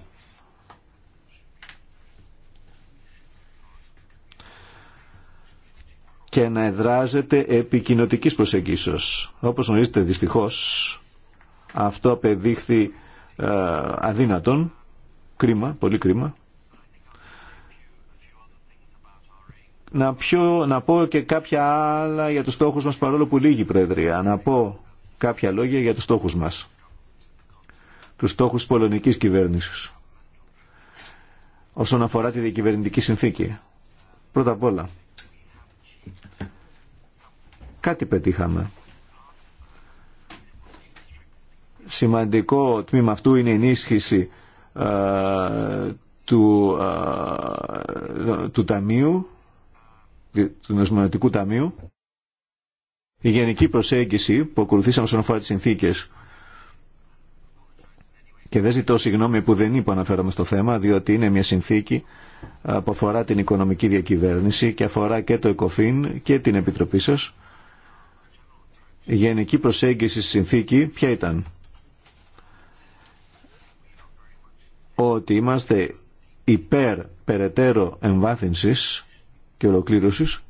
και να εδράζεται επί κοινοτικής προσεγγίσεως. Όπως γνωρίζετε δυστυχώς αυτό απεδείχθη ε, αδύνατον, κρίμα, πολύ κρίμα. Να, να πω και κάποια άλλα για τους στόχους μας παρόλο που λίγη Προεδρία. Να πω κάποια λόγια για τους στόχους μας. Τους στόχους της πολωνικής κυβέρνησης. Όσον αφορά τη διακυβερνητική συνθήκη. Πρώτα απ' όλα. Κάτι πετύχαμε. Σημαντικό τμήμα αυτού είναι η ενίσχυση ε, του, ε, του Ταμείου του Νοσμονετικού Ταμείου, η γενική προσέγγιση που ακολουθήσαμε στον αφορά τις συνθήκες και δεν ζητώ συγγνώμη που δεν είπα αναφέρομαι στο θέμα, διότι είναι μια συνθήκη που αφορά την οικονομική διακυβέρνηση και αφορά και το ΕΚΟΦΗΝ και την Επιτροπή σας. Η γενική προσέγγιση στη συνθήκη ποια ήταν. Ότι είμαστε υπέρ περαιτέρω εμβάθυνσης και ολοκλήρωσης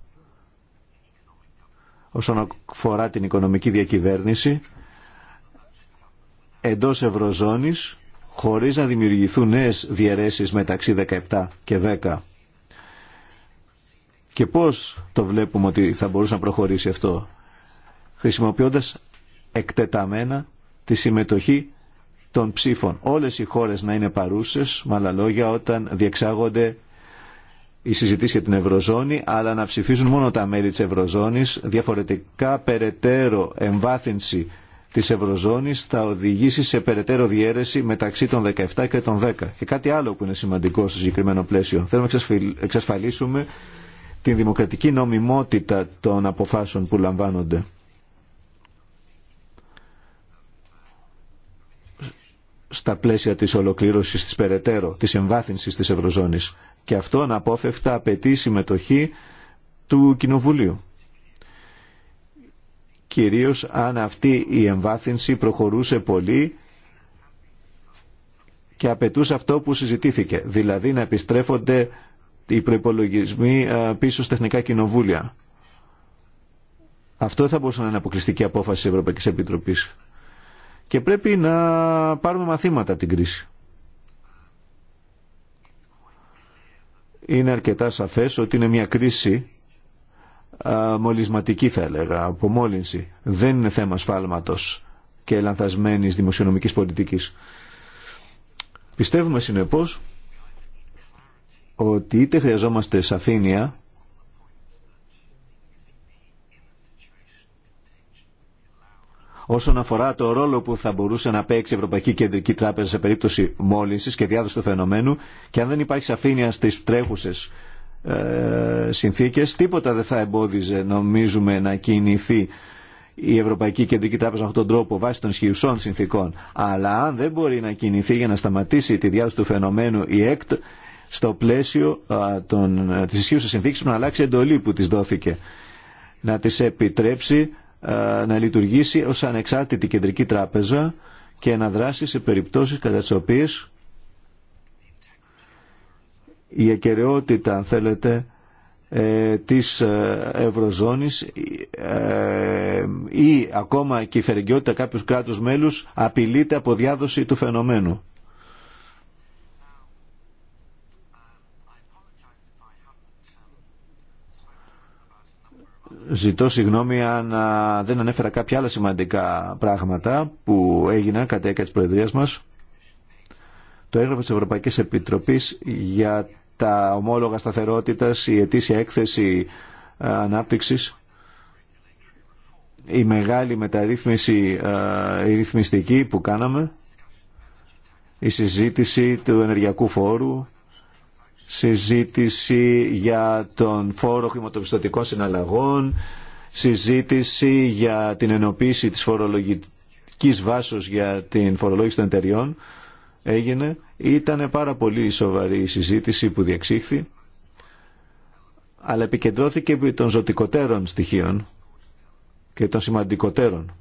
όσον αφορά την οικονομική διακυβέρνηση εντός Ευρωζώνης χωρίς να δημιουργηθούν νέες διαιρέσεις μεταξύ 17 και 10. Και πώς το βλέπουμε ότι θα μπορούσε να προχωρήσει αυτό χρησιμοποιώντας εκτεταμένα τη συμμετοχή των ψήφων. Όλες οι χώρες να είναι παρούσες, με άλλα λόγια, όταν διεξάγονται οι συζητήσει για την Ευρωζώνη, αλλά να ψηφίζουν μόνο τα μέλη της Ευρωζώνης. Διαφορετικά, περαιτέρω εμβάθυνση της Ευρωζώνης θα οδηγήσει σε περαιτέρω διέρεση μεταξύ των 17 και των 10. Και κάτι άλλο που είναι σημαντικό στο συγκεκριμένο πλαίσιο. Θέλουμε να εξασφαλίσουμε την δημοκρατική νομιμότητα των αποφάσεων που λαμβάνονται. στα πλαίσια της ολοκλήρωσης της περαιτέρω, της εμβάθυνσης της Ευρωζώνης. Και αυτό αναπόφευκτα απαιτεί συμμετοχή του Κοινοβουλίου. Κυρίως αν αυτή η εμβάθυνση προχωρούσε πολύ και απαιτούσε αυτό που συζητήθηκε, δηλαδή να επιστρέφονται οι προπολογισμοί πίσω στα τεχνικά Κοινοβούλια. Αυτό θα μπορούσε να είναι αποκλειστική απόφαση της Ευρωπαϊκής Επιτροπής. Και πρέπει να πάρουμε μαθήματα την κρίση. είναι αρκετά σαφές ότι είναι μια κρίση μολυσματική θα έλεγα, απομόλυνση. Δεν είναι θέμα σφάλματος και λανθασμένης δημοσιονομικής πολιτικής. Πιστεύουμε συνεπώς ότι είτε χρειαζόμαστε σαφήνεια όσον αφορά το ρόλο που θα μπορούσε να παίξει η Ευρωπαϊκή Κεντρική Τράπεζα σε περίπτωση μόλυνση και διάδοση του φαινομένου και αν δεν υπάρχει σαφήνεια στι τρέχουσε ε, συνθήκες τίποτα δεν θα εμπόδιζε νομίζουμε να κινηθεί η Ευρωπαϊκή Κεντρική Τράπεζα με αυτόν τον τρόπο βάσει των ισχυουσών συνθήκων. Αλλά αν δεν μπορεί να κινηθεί για να σταματήσει τη διάδοση του φαινομένου η ΕΚΤ στο πλαίσιο ε, τη ισχύουσα συνθήκη να αλλάξει εντολή που τη δόθηκε. Να τις επιτρέψει ε, να λειτουργήσει ως ανεξάρτητη κεντρική τράπεζα και να δράσει σε περιπτώσεις κατά τις οποίες η ακαιρεότητα, αν θέλετε, ε, της ε, Ευρωζώνης ή ακόμα και η φερεγγιότητα κάποιου κράτους μέλους απειλείται από διάδοση του φαινομένου. Ζητώ συγγνώμη αν δεν ανέφερα κάποια άλλα σημαντικά πράγματα που έγιναν κατά έκα της Προεδρίας μας. Το έγγραφο της Ευρωπαϊκής Επιτροπής για τα ομόλογα σταθερότητας, η ετήσια έκθεση ανάπτυξης, η μεγάλη μεταρρύθμιση ρυθμιστική που κάναμε, η συζήτηση του ενεργειακού φόρου, συζήτηση για τον φόρο χρηματοπιστωτικών συναλλαγών, συζήτηση για την ενοποίηση της φορολογικής βάσης για την φορολόγηση των εταιριών έγινε. Ήταν πάρα πολύ σοβαρή η συζήτηση που διεξήχθη, αλλά επικεντρώθηκε επί των ζωτικότερων στοιχείων και των σημαντικότερων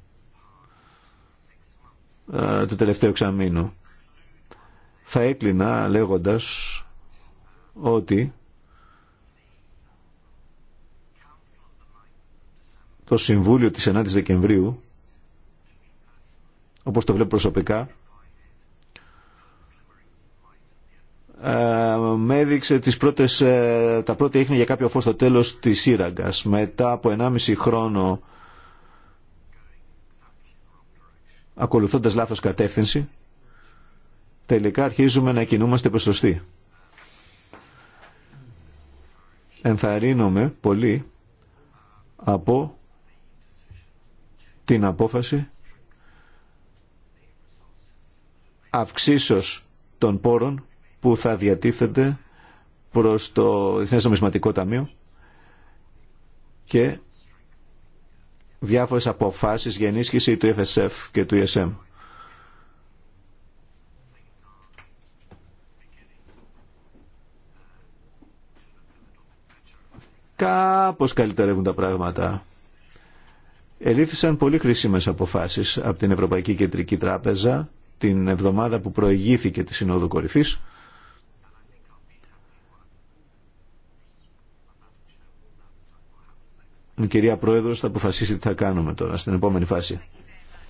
ε, του τελευταίου εξαμήνου. Θα έκλεινα λέγοντας ότι το Συμβούλιο της 9ης Δεκεμβρίου, όπως το βλέπω προσωπικά, με έδειξε τις πρώτες, ε, τα πρώτα ίχνη για κάποιο φως στο τέλος της σύραγγας. Μετά από 1,5 χρόνο ακολουθώντας λάθος κατεύθυνση, τελικά αρχίζουμε να κινούμαστε προς σωστή ενθαρρύνομαι πολύ από την απόφαση αυξήσεως των πόρων που θα διατίθεται προς το Διεθνές Νομισματικό Ταμείο και διάφορες αποφάσεις για ενίσχυση του FSF και του ESM. κάπως καλυτερεύουν τα πράγματα. Ελήφθησαν πολύ χρήσιμες αποφάσεις από την Ευρωπαϊκή Κεντρική Τράπεζα την εβδομάδα που προηγήθηκε τη Συνόδου Κορυφής. Η κυρία Πρόεδρος θα αποφασίσει τι θα κάνουμε τώρα στην επόμενη φάση.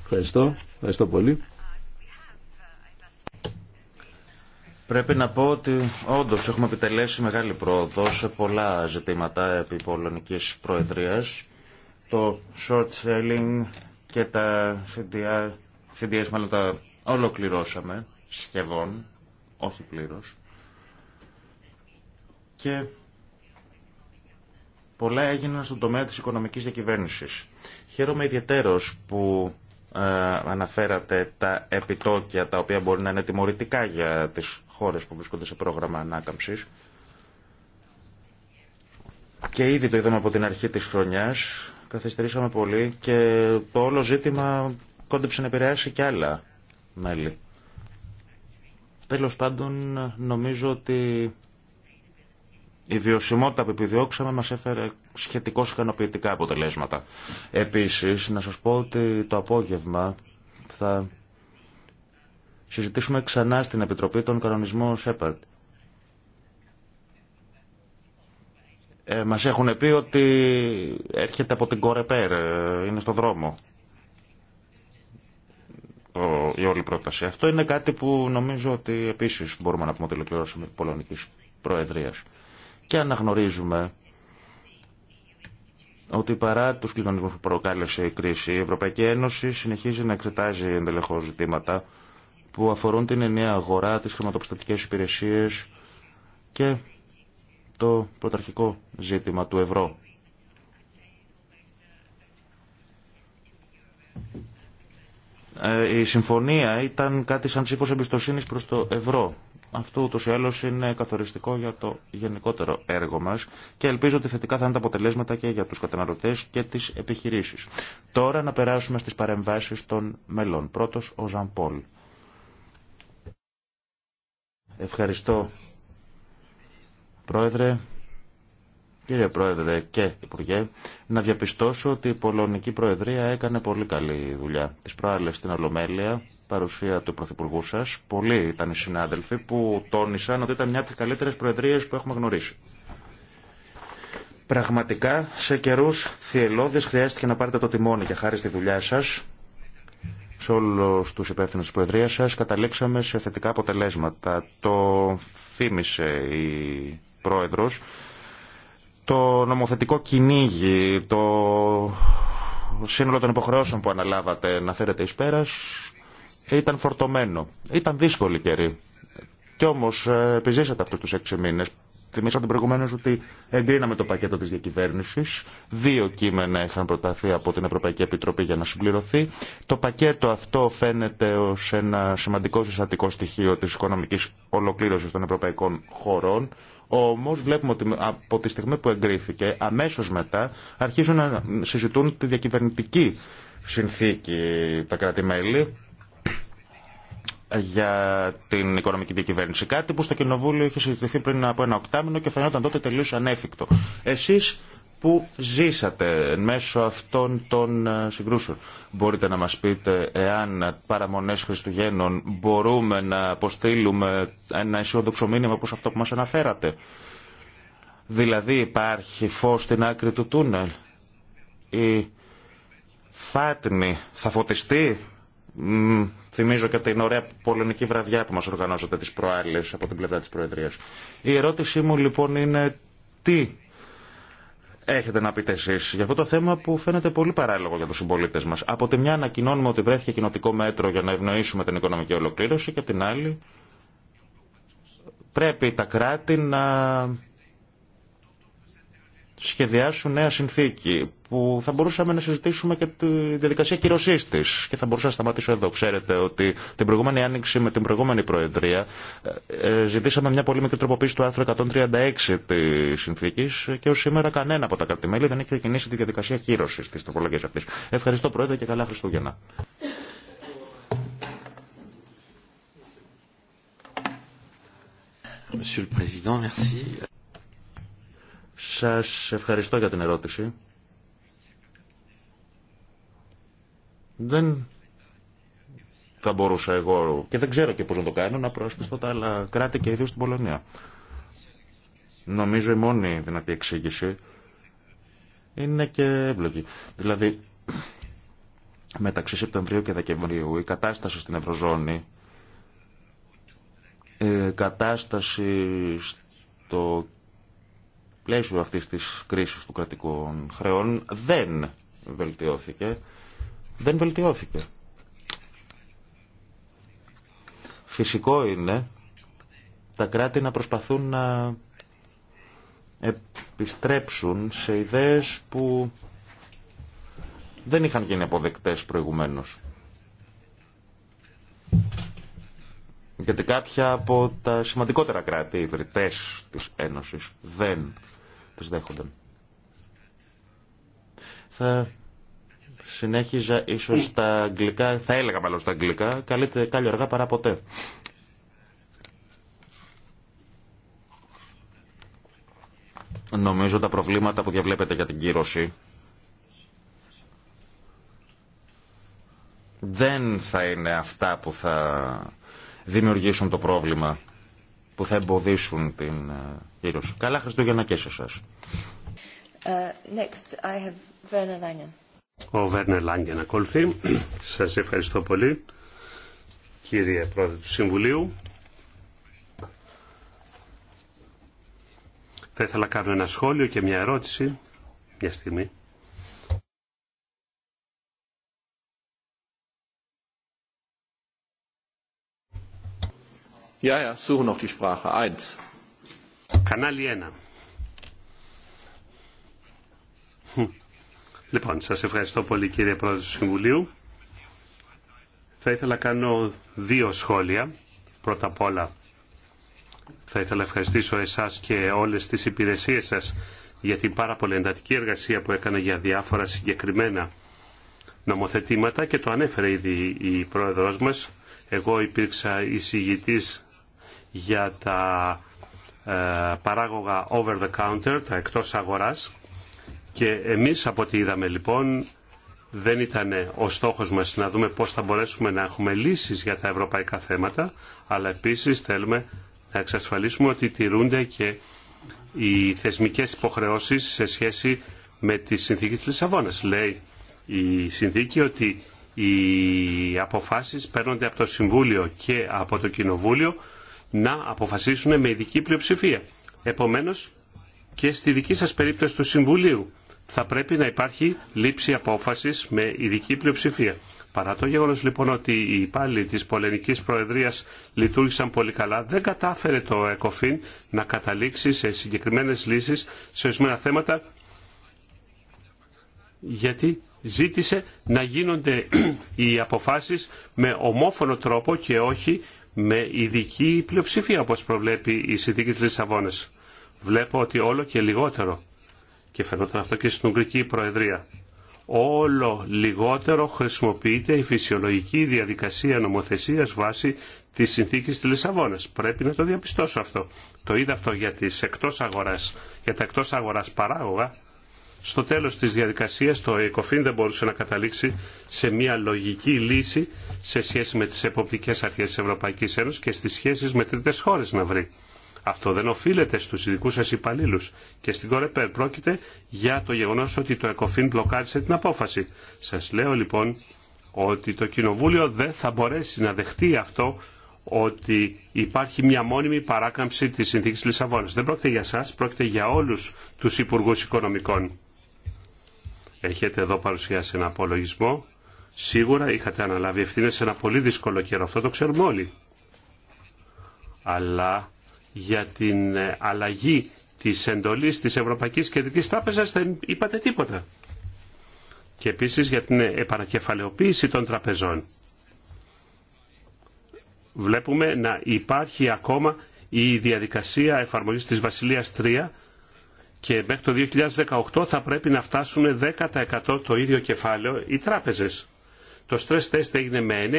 Ευχαριστώ. Ευχαριστώ πολύ. Πρέπει να πω ότι όντω έχουμε επιτελέσει μεγάλη πρόοδο σε πολλά ζητήματα επί Πολωνική Προεδρία. Το short selling και τα CDS, μάλλον τα ολοκληρώσαμε σχεδόν, όχι πλήρω. Και πολλά έγιναν στον τομέα της οικονομικής διακυβέρνησης. Χαίρομαι ιδιαίτερος που ε, αναφέρατε τα επιτόκια τα οποία μπορεί να είναι τιμωρητικά για τις χώρες που βρίσκονται σε πρόγραμμα ανάκαμψης. Και ήδη το είδαμε από την αρχή της χρονιάς, καθυστερήσαμε πολύ και το όλο ζήτημα κόντεψε να επηρεάσει και άλλα μέλη. Τέλος πάντων, νομίζω ότι η βιωσιμότητα που επιδιώξαμε μας έφερε σχετικώς ικανοποιητικά αποτελέσματα. Επίσης, να σας πω ότι το απόγευμα θα συζητήσουμε ξανά στην Επιτροπή των κανονισμό ΣΕΠΑΡΤ. Ε, μας έχουν πει ότι έρχεται από την Κορεπέρ, ε, είναι στο δρόμο το, η όλη πρόταση. Αυτό είναι κάτι που νομίζω ότι επίσης μπορούμε να πούμε ότι ολοκληρώσουμε Πολωνικής Προεδρίας. Και αναγνωρίζουμε ότι παρά τους κλειδονισμούς που προκάλεσε η κρίση, η Ευρωπαϊκή Ένωση συνεχίζει να εξετάζει εντελεχώς ζητήματα που αφορούν την ενιαία αγορά, τι χρηματοπιστωτικέ υπηρεσίε και το πρωταρχικό ζήτημα του ευρώ. Ε, η συμφωνία ήταν κάτι σαν ψήφο εμπιστοσύνη προς το ευρώ. Αυτό ούτω ή άλλω είναι καθοριστικό για το γενικότερο έργο μα και ελπίζω ότι θετικά θα είναι τα αποτελέσματα και για του καταναλωτέ και τι επιχειρήσει. Τώρα να περάσουμε στι παρεμβάσει των μελών. Πρώτο, ο Ζαν Πολ. Ευχαριστώ, Πρόεδρε. Κύριε Πρόεδρε και Υπουργέ, να διαπιστώσω ότι η Πολωνική Προεδρία έκανε πολύ καλή δουλειά. Τη προάλλε στην Ολομέλεια, παρουσία του Πρωθυπουργού σα, πολλοί ήταν οι συνάδελφοι που τόνισαν ότι ήταν μια από τι καλύτερε προεδρίε που έχουμε γνωρίσει. Πραγματικά, σε καιρού θυελώδες, χρειάστηκε να πάρετε το τιμόνι για χάρη στη δουλειά σα σε όλους τους υπεύθυνους της Προεδρίας σας καταλήξαμε σε θετικά αποτελέσματα. Το θύμισε η Πρόεδρος. Το νομοθετικό κυνήγι, το σύνολο των υποχρεώσεων που αναλάβατε να φέρετε εις πέρας ήταν φορτωμένο. Ήταν δύσκολη καιρή. Κι όμως ε, επιζήσατε αυτούς τους έξι μήνες Θυμήσατε προηγουμένω ότι εγκρίναμε το πακέτο τη διακυβέρνηση. Δύο κείμενα είχαν προταθεί από την Ευρωπαϊκή Επιτροπή για να συμπληρωθεί. Το πακέτο αυτό φαίνεται ω ένα σημαντικό συστατικό στοιχείο τη οικονομική ολοκλήρωση των ευρωπαϊκών χωρών. Όμω βλέπουμε ότι από τη στιγμή που εγκρίθηκε, αμέσω μετά αρχίζουν να συζητούν τη διακυβερνητική συνθήκη τα κράτη-μέλη για την οικονομική διακυβέρνηση. Κάτι που στο Κοινοβούλιο είχε συζητηθεί πριν από ένα οκτάμινο και φαινόταν τότε τελείω ανέφικτο. Εσεί που ζήσατε μέσω αυτών των ε, συγκρούσεων. Μπορείτε να μας πείτε εάν παραμονές Χριστουγέννων μπορούμε να αποστείλουμε ένα αισιόδοξο μήνυμα όπως αυτό που μας αναφέρατε. Δηλαδή υπάρχει φως στην άκρη του τούνελ. Η φάτνη θα φωτιστεί Θυμίζω και την ωραία πολεμική βραδιά που μας οργανώσατε τις προάλλε από την πλευρά της Προεδρίας. Η ερώτησή μου λοιπόν είναι τι έχετε να πείτε εσεί για αυτό το θέμα που φαίνεται πολύ παράλογο για του συμπολίτε μα. Από τη μια ανακοινώνουμε ότι βρέθηκε κοινοτικό μέτρο για να ευνοήσουμε την οικονομική ολοκλήρωση και την άλλη πρέπει τα κράτη να σχεδιάσουν νέα συνθήκη που θα μπορούσαμε να συζητήσουμε και τη διαδικασία κυρωσή τη. Και θα μπορούσα να σταματήσω εδώ. Ξέρετε ότι την προηγούμενη άνοιξη με την προηγούμενη Προεδρία ε, ε, ζητήσαμε μια πολύ μικρή τροποποίηση του άρθρου 136 τη συνθήκη και ω σήμερα κανένα από τα κρατημέλη δεν έχει ξεκινήσει τη διαδικασία κύρωση τη τροπολογία αυτή. Ευχαριστώ Πρόεδρε και καλά Χριστούγεννα. Monsieur Σας ευχαριστώ για την ερώτηση. δεν θα μπορούσα εγώ και δεν ξέρω και πώς να το κάνω να προασπιστώ τα άλλα κράτη και ιδίως στην Πολωνία. Νομίζω η μόνη δυνατή εξήγηση είναι και εύλογη. Δηλαδή, μεταξύ Σεπτεμβρίου και Δεκεμβρίου η κατάσταση στην Ευρωζώνη, η ε, κατάσταση στο πλαίσιο αυτής της κρίσης του κρατικών χρεών δεν βελτιώθηκε δεν βελτιώθηκε. Φυσικό είναι τα κράτη να προσπαθούν να επιστρέψουν σε ιδέες που δεν είχαν γίνει αποδεκτές προηγουμένως. Γιατί κάποια από τα σημαντικότερα κράτη, ιδρυτές της Ένωσης, δεν τις δέχονταν. Θα Συνέχιζα ίσως τα αγγλικά, θα έλεγα μάλλον στα αγγλικά, καλύτερα καλή αργά παρά ποτέ. Νομίζω τα προβλήματα που διαβλέπετε για την κύρωση δεν θα είναι αυτά που θα δημιουργήσουν το πρόβλημα, που θα εμποδίσουν την ε, κύρωση. Καλά Χριστούγεννα και σε εσάς. Uh, next, I have ο Βέρνερ Λάγκεν ακολουθεί. Σας ευχαριστώ πολύ, κύριε Πρόεδρε του Συμβουλίου. Θα ήθελα να κάνω ένα σχόλιο και μια ερώτηση. Μια στιγμή. Ja, suche noch die Sprache. Eins. Κανάλι 1. Λοιπόν, σας ευχαριστώ πολύ κύριε Πρόεδρε του Συμβουλίου. Θα ήθελα να κάνω δύο σχόλια. Πρώτα απ' όλα θα ήθελα να ευχαριστήσω εσάς και όλες τις υπηρεσίες σας για την πάρα πολύ εντατική εργασία που έκανε για διάφορα συγκεκριμένα νομοθετήματα και το ανέφερε ήδη η πρόεδρος μας. Εγώ υπήρξα εισηγητής για τα ε, παράγωγα over the counter, τα εκτός αγοράς και εμείς από ό,τι είδαμε λοιπόν δεν ήταν ο στόχος μας να δούμε πώς θα μπορέσουμε να έχουμε λύσεις για τα ευρωπαϊκά θέματα, αλλά επίσης θέλουμε να εξασφαλίσουμε ότι τηρούνται και οι θεσμικές υποχρεώσεις σε σχέση με τη συνθήκη της Λισαβόνας. Λέει η συνθήκη ότι οι αποφάσεις παίρνονται από το Συμβούλιο και από το Κοινοβούλιο να αποφασίσουν με ειδική πλειοψηφία. Επομένως και στη δική σας περίπτωση του Συμβουλίου θα πρέπει να υπάρχει λήψη απόφαση με ειδική πλειοψηφία. Παρά το γεγονός λοιπόν ότι οι υπάλληλοι τη Πολενική προεδρίας λειτουργήσαν πολύ καλά, δεν κατάφερε το ΕΚΟΦΗΝ να καταλήξει σε συγκεκριμένες λύσεις σε ορισμένα θέματα γιατί ζήτησε να γίνονται οι αποφάσεις με ομόφωνο τρόπο και όχι με ειδική πλειοψηφία όπως προβλέπει η συνθήκη τη Λισαβόνα. Βλέπω ότι όλο και λιγότερο και φαινόταν αυτό και στην Ουγγρική Προεδρία. Όλο λιγότερο χρησιμοποιείται η φυσιολογική διαδικασία νομοθεσίας βάσει της συνθήκης της Λισαβόνας. Πρέπει να το διαπιστώσω αυτό. Το είδα αυτό για, τις εκτός αγοράς, για τα εκτό αγοράς παράγωγα. Στο τέλος της διαδικασίας το ΕΚΟΦΗΝ δεν μπορούσε να καταλήξει σε μια λογική λύση σε σχέση με τις εποπτικές αρχές της Ευρωπαϊκής Ένωσης και στις σχέσεις με τρίτες χώρες να βρει. Αυτό δεν οφείλεται στου ειδικού σα υπαλλήλου. Και στην Κορεπέρ πρόκειται για το γεγονό ότι το ΕΚΟΦΗΝ μπλοκάρισε την απόφαση. Σα λέω λοιπόν ότι το Κοινοβούλιο δεν θα μπορέσει να δεχτεί αυτό ότι υπάρχει μια μόνιμη παράκαμψη της συνθήκης Λισαβόνας. Δεν πρόκειται για σας, πρόκειται για όλους τους Υπουργούς Οικονομικών. Έχετε εδώ παρουσιάσει ένα απολογισμό. Σίγουρα είχατε αναλάβει ευθύνε σε ένα πολύ δύσκολο καιρό. Αυτό το ξέρουμε όλοι. Αλλά για την ε, αλλαγή της εντολής της Ευρωπαϊκής Κεντρικής Τράπεζας δεν είπατε τίποτα. Και επίσης για την επανακεφαλαιοποίηση των τραπεζών. Βλέπουμε να υπάρχει ακόμα η διαδικασία εφαρμογής της Βασιλείας 3 και μέχρι το 2018 θα πρέπει να φτάσουν 10% το ίδιο κεφάλαιο οι τράπεζες. Το stress test έγινε με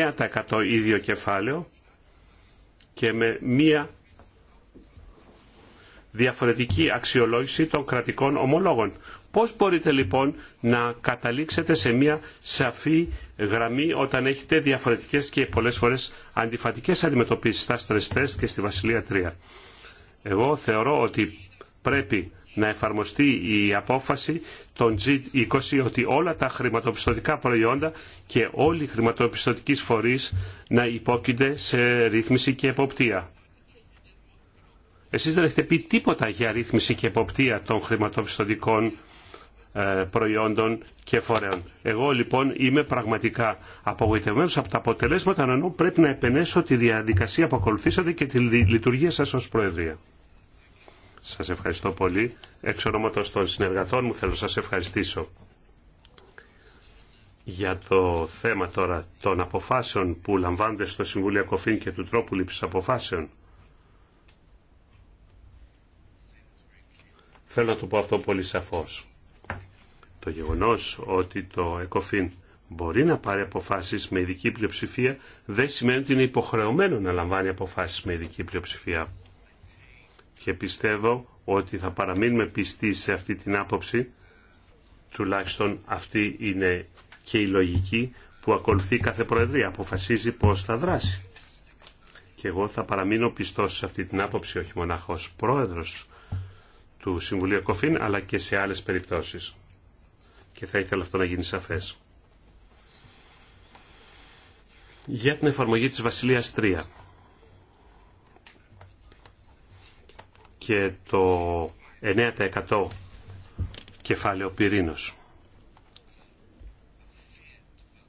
9% ίδιο κεφάλαιο και με μία διαφορετική αξιολόγηση των κρατικών ομολόγων. Πώς μπορείτε λοιπόν να καταλήξετε σε μια σαφή γραμμή όταν έχετε διαφορετικές και πολλές φορές αντιφατικές αντιμετωπίσεις στα stress και στη Βασιλεία 3. Εγώ θεωρώ ότι πρέπει να εφαρμοστεί η απόφαση των G20 ότι όλα τα χρηματοπιστωτικά προϊόντα και όλοι οι χρηματοπιστωτικοί φορείς να υπόκεινται σε ρύθμιση και εποπτεία. Εσείς δεν έχετε πει τίποτα για ρύθμιση και εποπτεία των χρηματοπιστωτικών ε, προϊόντων και φορέων. Εγώ λοιπόν είμαι πραγματικά απογοητευμένος από τα αποτελέσματα ενώ πρέπει να επενέσω τη διαδικασία που ακολουθήσατε και τη λειτουργία σα ω Προεδρία. Σα ευχαριστώ πολύ. Εξ ονόματο των συνεργατών μου θέλω να σα ευχαριστήσω για το θέμα τώρα των αποφάσεων που λαμβάνονται στο Συμβούλιο Κοφίν και του τρόπου λήψη αποφάσεων. Θέλω να το πω αυτό πολύ σαφώς. Το γεγονός ότι το ΕΚΟΦΗΝ μπορεί να πάρει αποφάσεις με ειδική πλειοψηφία δεν σημαίνει ότι είναι υποχρεωμένο να λαμβάνει αποφάσεις με ειδική πλειοψηφία. Και πιστεύω ότι θα παραμείνουμε πιστοί σε αυτή την άποψη, τουλάχιστον αυτή είναι και η λογική που ακολουθεί κάθε Προεδρία, αποφασίζει πώς θα δράσει. Και εγώ θα παραμείνω πιστός σε αυτή την άποψη, όχι μονάχος Πρόεδρος του Συμβουλίου Κοφίν αλλά και σε άλλες περιπτώσεις. Και θα ήθελα αυτό να γίνει σαφές. Για την εφαρμογή της Βασιλείας 3 και το 9% κεφάλαιο πυρήνος.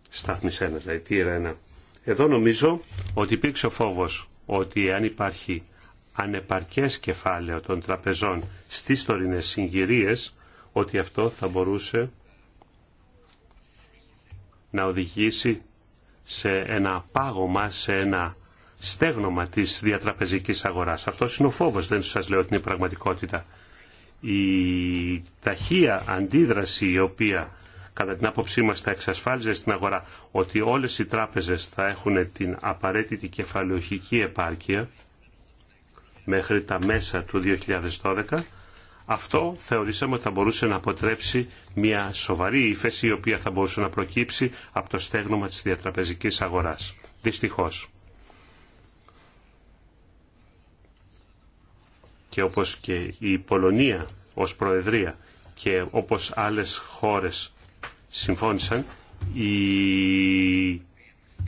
Στάθμης 1, δηλαδή τύρα 1. Εδώ νομίζω ότι υπήρξε ο φόβος ότι αν υπάρχει ανεπαρκές κεφάλαιο των τραπεζών στις τωρινές συγκυρίες, ότι αυτό θα μπορούσε να οδηγήσει σε ένα πάγωμα, σε ένα στέγνομα της διατραπεζικής αγοράς. Αυτός είναι ο φόβος, δεν σας λέω την πραγματικότητα. Η ταχεία αντίδραση η οποία κατά την άποψή μας θα εξασφάλιζε στην αγορά ότι όλες οι τράπεζες θα έχουν την απαραίτητη κεφαλαιοχική επάρκεια μέχρι τα μέσα του 2012, αυτό θεωρήσαμε ότι θα μπορούσε να αποτρέψει μια σοβαρή ύφεση η οποία θα μπορούσε να προκύψει από το στέγνομα της διατραπεζικής αγοράς. Δυστυχώς. Και όπως και η Πολωνία ως Προεδρία και όπως άλλες χώρες συμφώνησαν, η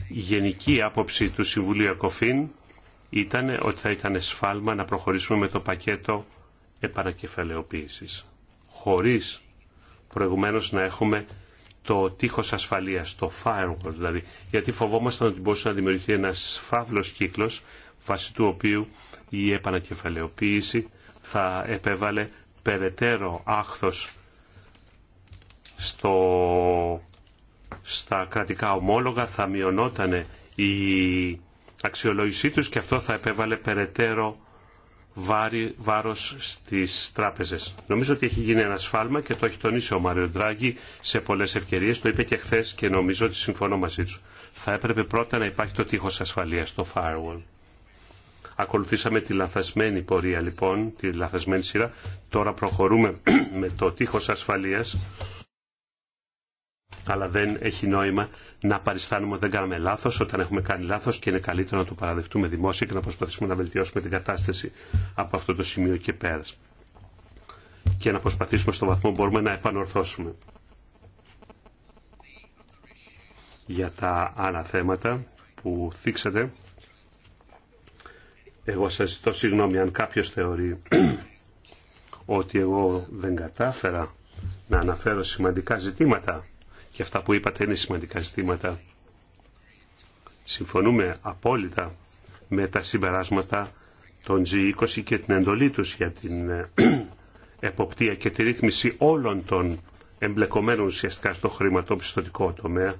γενική άποψη του Συμβουλίου Ακοφίν ήταν ότι θα ήταν σφάλμα να προχωρήσουμε με το πακέτο επανακεφαλαιοποίησης, χωρίς προηγουμένως να έχουμε το τείχος ασφαλείας, το firewall δηλαδή, γιατί φοβόμασταν ότι μπορούσε να δημιουργηθεί ένας φαύλος κύκλος, βάσει του οποίου η επανακεφαλαιοποίηση θα επέβαλε περαιτέρω άχθος στο, στα κρατικά ομόλογα, θα μειωνόταν η αξιολόγησή τους και αυτό θα επέβαλε περαιτέρω βάρη, βάρος στις τράπεζες. Νομίζω ότι έχει γίνει ένα σφάλμα και το έχει τονίσει ο Μάριο Ντράγκη σε πολλές ευκαιρίες. Το είπε και χθε και νομίζω ότι συμφωνώ μαζί του. Θα έπρεπε πρώτα να υπάρχει το τείχος ασφαλείας, το firewall. Ακολουθήσαμε τη λαθασμένη πορεία λοιπόν, τη λαθασμένη σειρά. Τώρα προχωρούμε [CLEARS THROAT] με το τείχος ασφαλείας αλλά δεν έχει νόημα να παριστάνουμε ότι δεν κάναμε λάθο όταν έχουμε κάνει λάθο και είναι καλύτερο να το παραδεχτούμε δημόσια και να προσπαθήσουμε να βελτιώσουμε την κατάσταση από αυτό το σημείο και πέρα. Και να προσπαθήσουμε στο βαθμό που μπορούμε να επανορθώσουμε. Για τα άλλα θέματα που θίξατε, εγώ σας ζητώ συγγνώμη αν κάποιος θεωρεί ότι εγώ δεν κατάφερα να αναφέρω σημαντικά ζητήματα και αυτά που είπατε είναι σημαντικά ζητήματα. Συμφωνούμε απόλυτα με τα συμπεράσματα των G20 και την εντολή τους για την ε, εποπτεία και τη ρύθμιση όλων των εμπλεκομένων ουσιαστικά στο χρηματοπιστωτικό τομέα.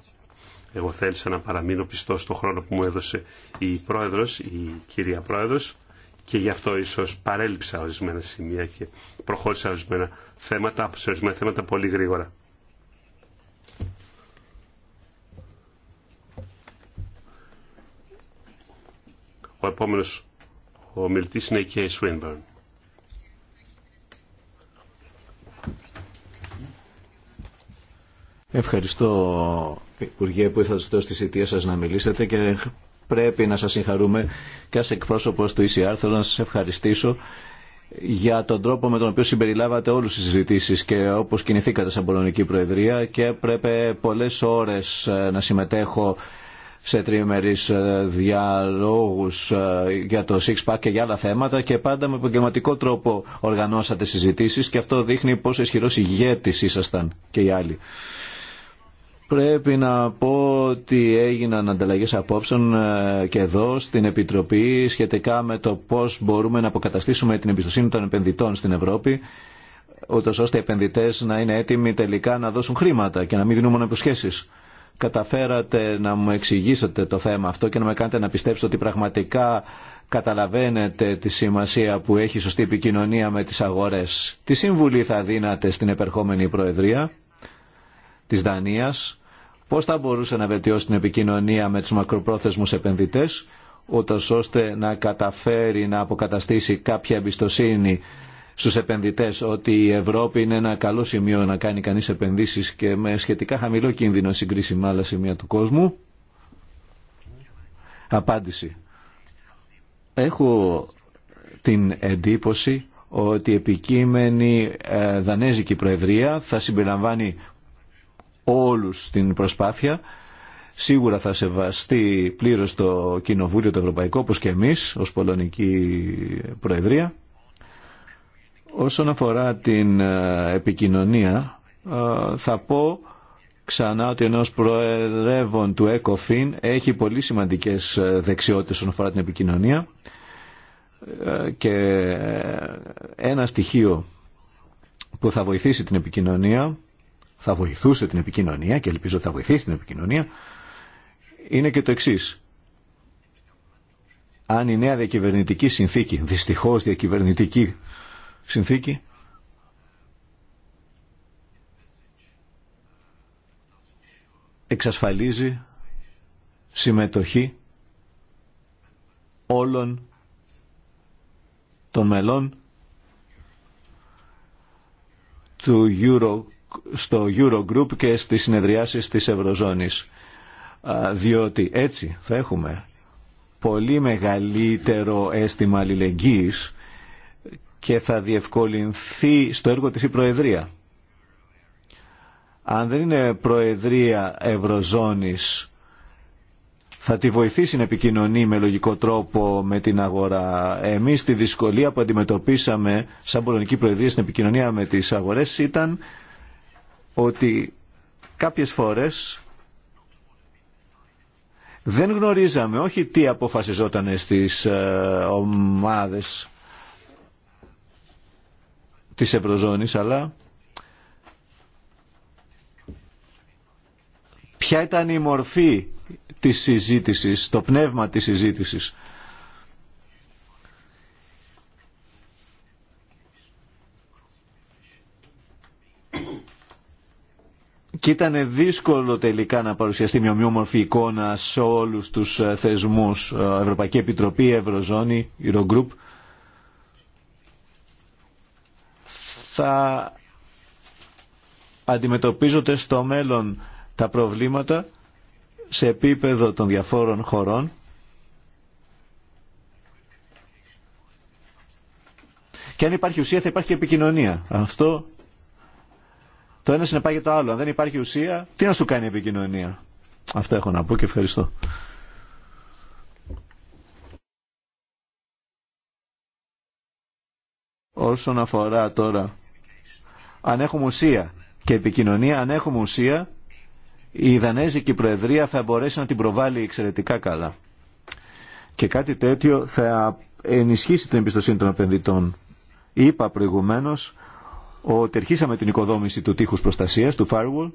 Εγώ θέλησα να παραμείνω πιστό στον χρόνο που μου έδωσε η πρόεδρος, η κυρία πρόεδρος και γι' αυτό ίσως παρέλειψα ορισμένα σημεία και προχώρησα ορισμένα θέματα, σε ορισμένα θέματα πολύ γρήγορα. Ο επόμενος ο μιλητή είναι και η Σουίνμπερν. Ευχαριστώ Υπουργέ που ήρθατε στις στη σας να μιλήσετε και πρέπει να σας συγχαρούμε και ως εκπρόσωπος του ECR θέλω να σας ευχαριστήσω για τον τρόπο με τον οποίο συμπεριλάβατε όλους τις συζητήσει και όπως κινηθήκατε σαν Πολωνική Προεδρία και πρέπει πολλές ώρες ε, να συμμετέχω σε τριμερείς ε, διαλόγους ε, για το six pack και για άλλα θέματα και πάντα με επαγγελματικό τρόπο οργανώσατε συζητήσεις και αυτό δείχνει πόσο ισχυρός ηγέτης ήσασταν και οι άλλοι. Πρέπει να πω ότι έγιναν ανταλλαγές απόψεων ε, και εδώ στην Επιτροπή σχετικά με το πώς μπορούμε να αποκαταστήσουμε την εμπιστοσύνη των επενδυτών στην Ευρώπη ούτως ώστε οι επενδυτές να είναι έτοιμοι τελικά να δώσουν χρήματα και να μην δίνουν μόνο υποσχέσεις καταφέρατε να μου εξηγήσετε το θέμα αυτό και να με κάνετε να πιστέψω ότι πραγματικά καταλαβαίνετε τη σημασία που έχει η σωστή επικοινωνία με τις αγορές. Τι συμβουλή θα δίνατε στην επερχόμενη Προεδρία της Δανίας, πώς θα μπορούσε να βελτιώσει την επικοινωνία με τους μακροπρόθεσμους επενδυτές, ώστε να καταφέρει να αποκαταστήσει κάποια εμπιστοσύνη στους επενδυτές ότι η Ευρώπη είναι ένα καλό σημείο να κάνει κανείς επενδύσεις και με σχετικά χαμηλό κίνδυνο συγκρίση με άλλα σημεία του κόσμου. Απάντηση. Έχω την εντύπωση ότι η επικείμενη ε, Δανέζικη Προεδρία θα συμπεριλαμβάνει όλους την προσπάθεια. Σίγουρα θα σεβαστεί πλήρως το Κοινοβούλιο το Ευρωπαϊκό, όπως και εμείς, ως Πολωνική Προεδρία. Όσον αφορά την ε, επικοινωνία, ε, θα πω ξανά ότι ενό προεδρεύων του ΕΚΟΦΗΝ έχει πολύ σημαντικές ε, δεξιότητες όσον αφορά την επικοινωνία και ένα στοιχείο που θα βοηθήσει την επικοινωνία, θα βοηθούσε την επικοινωνία και ελπίζω θα βοηθήσει την επικοινωνία, είναι και το εξής. Αν η νέα διακυβερνητική συνθήκη, δυστυχώς διακυβερνητική συνθήκη εξασφαλίζει συμμετοχή όλων των μελών του Euro, στο Eurogroup και στις συνεδριάσεις της Ευρωζώνης. Διότι έτσι θα έχουμε πολύ μεγαλύτερο αίσθημα αλληλεγγύης και θα διευκολυνθεί στο έργο της η Προεδρία. Αν δεν είναι Προεδρία Ευρωζώνης, θα τη βοηθήσει να επικοινωνεί με λογικό τρόπο με την αγορά. Εμείς τη δυσκολία που αντιμετωπίσαμε σαν Πολωνική Προεδρία στην επικοινωνία με τις αγορές ήταν ότι κάποιες φορές δεν γνωρίζαμε όχι τι αποφασιζόταν στις ε, ομάδες της Ευρωζώνης, αλλά ποια ήταν η μορφή της συζήτησης, το πνεύμα της συζήτησης. Και ήταν δύσκολο τελικά να παρουσιαστεί μια ομοιόμορφη εικόνα σε όλους τους θεσμούς, Ευρωπαϊκή Επιτροπή, Ευρωζώνη, Eurogroup. θα αντιμετωπίζονται στο μέλλον τα προβλήματα σε επίπεδο των διαφόρων χωρών και αν υπάρχει ουσία θα υπάρχει και επικοινωνία. Αυτό το ένα συνεπάγει το άλλο. Αν δεν υπάρχει ουσία, τι να σου κάνει η επικοινωνία. αυτό έχω να πω και ευχαριστώ. Όσον αφορά τώρα αν έχουμε ουσία και επικοινωνία, αν έχουμε ουσία, η Δανέζικη Προεδρία θα μπορέσει να την προβάλλει εξαιρετικά καλά. Και κάτι τέτοιο θα ενισχύσει την εμπιστοσύνη των επενδυτών. Είπα προηγουμένω ότι αρχίσαμε την οικοδόμηση του τείχους προστασίας, του firewall.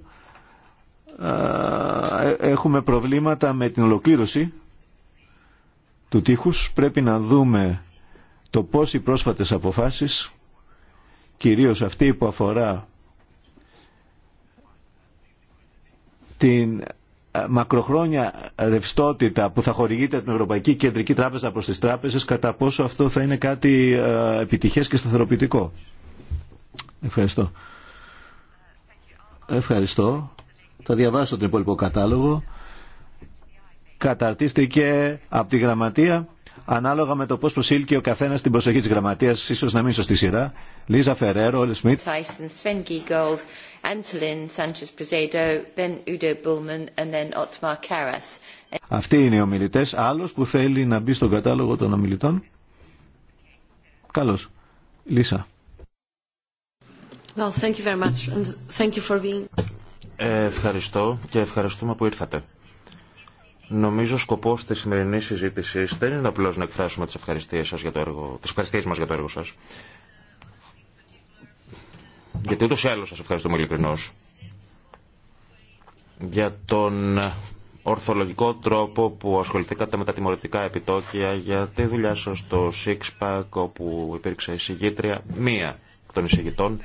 Ε, έχουμε προβλήματα με την ολοκλήρωση του τείχους. Πρέπει να δούμε το πώς οι πρόσφατες αποφάσεις κυρίως αυτή που αφορά την ε, μακροχρόνια ρευστότητα που θα χορηγείται από την Ευρωπαϊκή Κεντρική Τράπεζα προς τις τράπεζες, κατά πόσο αυτό θα είναι κάτι ε, επιτυχές και σταθεροποιητικό. Ευχαριστώ. Ευχαριστώ. Θα διαβάσω τον υπόλοιπο κατάλογο. Καταρτίστηκε από τη Γραμματεία ανάλογα με το πώ προσήλκει ο καθένα την προσοχή τη γραμματεία, ίσω να μην σωστή σειρά. Λίζα Φεραίρο, Όλε Σμιτ. Αυτοί είναι οι ομιλητέ. Άλλο που θέλει να μπει στον κατάλογο των ομιλητών. Καλώ. Λίσα. Well, thank you very much and thank you for being... ε, ευχαριστώ και ευχαριστούμε που ήρθατε. Νομίζω σκοπό τη σημερινή συζήτηση δεν είναι απλώ να εκφράσουμε τι ευχαριστίε σα για το έργο, για το έργο σα. Γιατί ούτω ή άλλω σα ευχαριστούμε ειλικρινώ για τον ορθολογικό τρόπο που ασχοληθήκατε με τα τιμωρητικά επιτόκια για τη δουλειά σα στο Sixpack όπου υπήρξε εισηγήτρια μία των εισηγητών.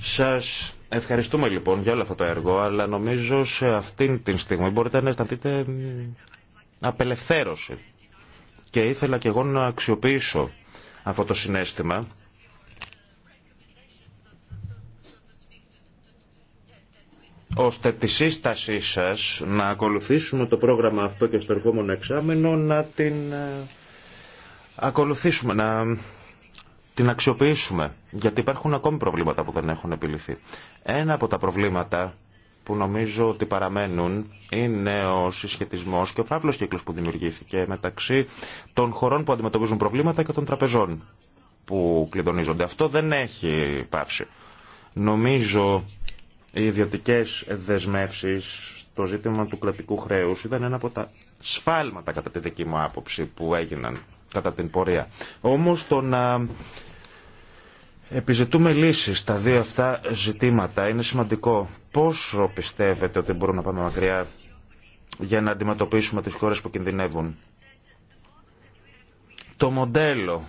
Σας Ευχαριστούμε λοιπόν για όλο αυτό το έργο, αλλά νομίζω σε αυτήν την στιγμή μπορείτε να αισθανθείτε απελευθέρωση. Και ήθελα και εγώ να αξιοποιήσω αυτό το συνέστημα ώστε τη σύστασή σας να ακολουθήσουμε το πρόγραμμα αυτό και στο ερχόμενο εξάμεινο να την ε, ακολουθήσουμε, να την αξιοποιήσουμε, γιατί υπάρχουν ακόμη προβλήματα που δεν έχουν επιληθεί. Ένα από τα προβλήματα που νομίζω ότι παραμένουν είναι ο συσχετισμό και ο φαύλο κύκλο που δημιουργήθηκε μεταξύ των χωρών που αντιμετωπίζουν προβλήματα και των τραπεζών που κλειδονίζονται. Αυτό δεν έχει πάψει. Νομίζω οι ιδιωτικέ δεσμεύσει στο ζήτημα του κρατικού χρέου ήταν ένα από τα σφάλματα κατά τη δική μου άποψη που έγιναν κατά την πορεία. Όμω το να Επιζητούμε λύσει στα δύο αυτά ζητήματα. Είναι σημαντικό. Πόσο πιστεύετε ότι μπορούμε να πάμε μακριά για να αντιμετωπίσουμε τις χώρε που κινδυνεύουν. Το μοντέλο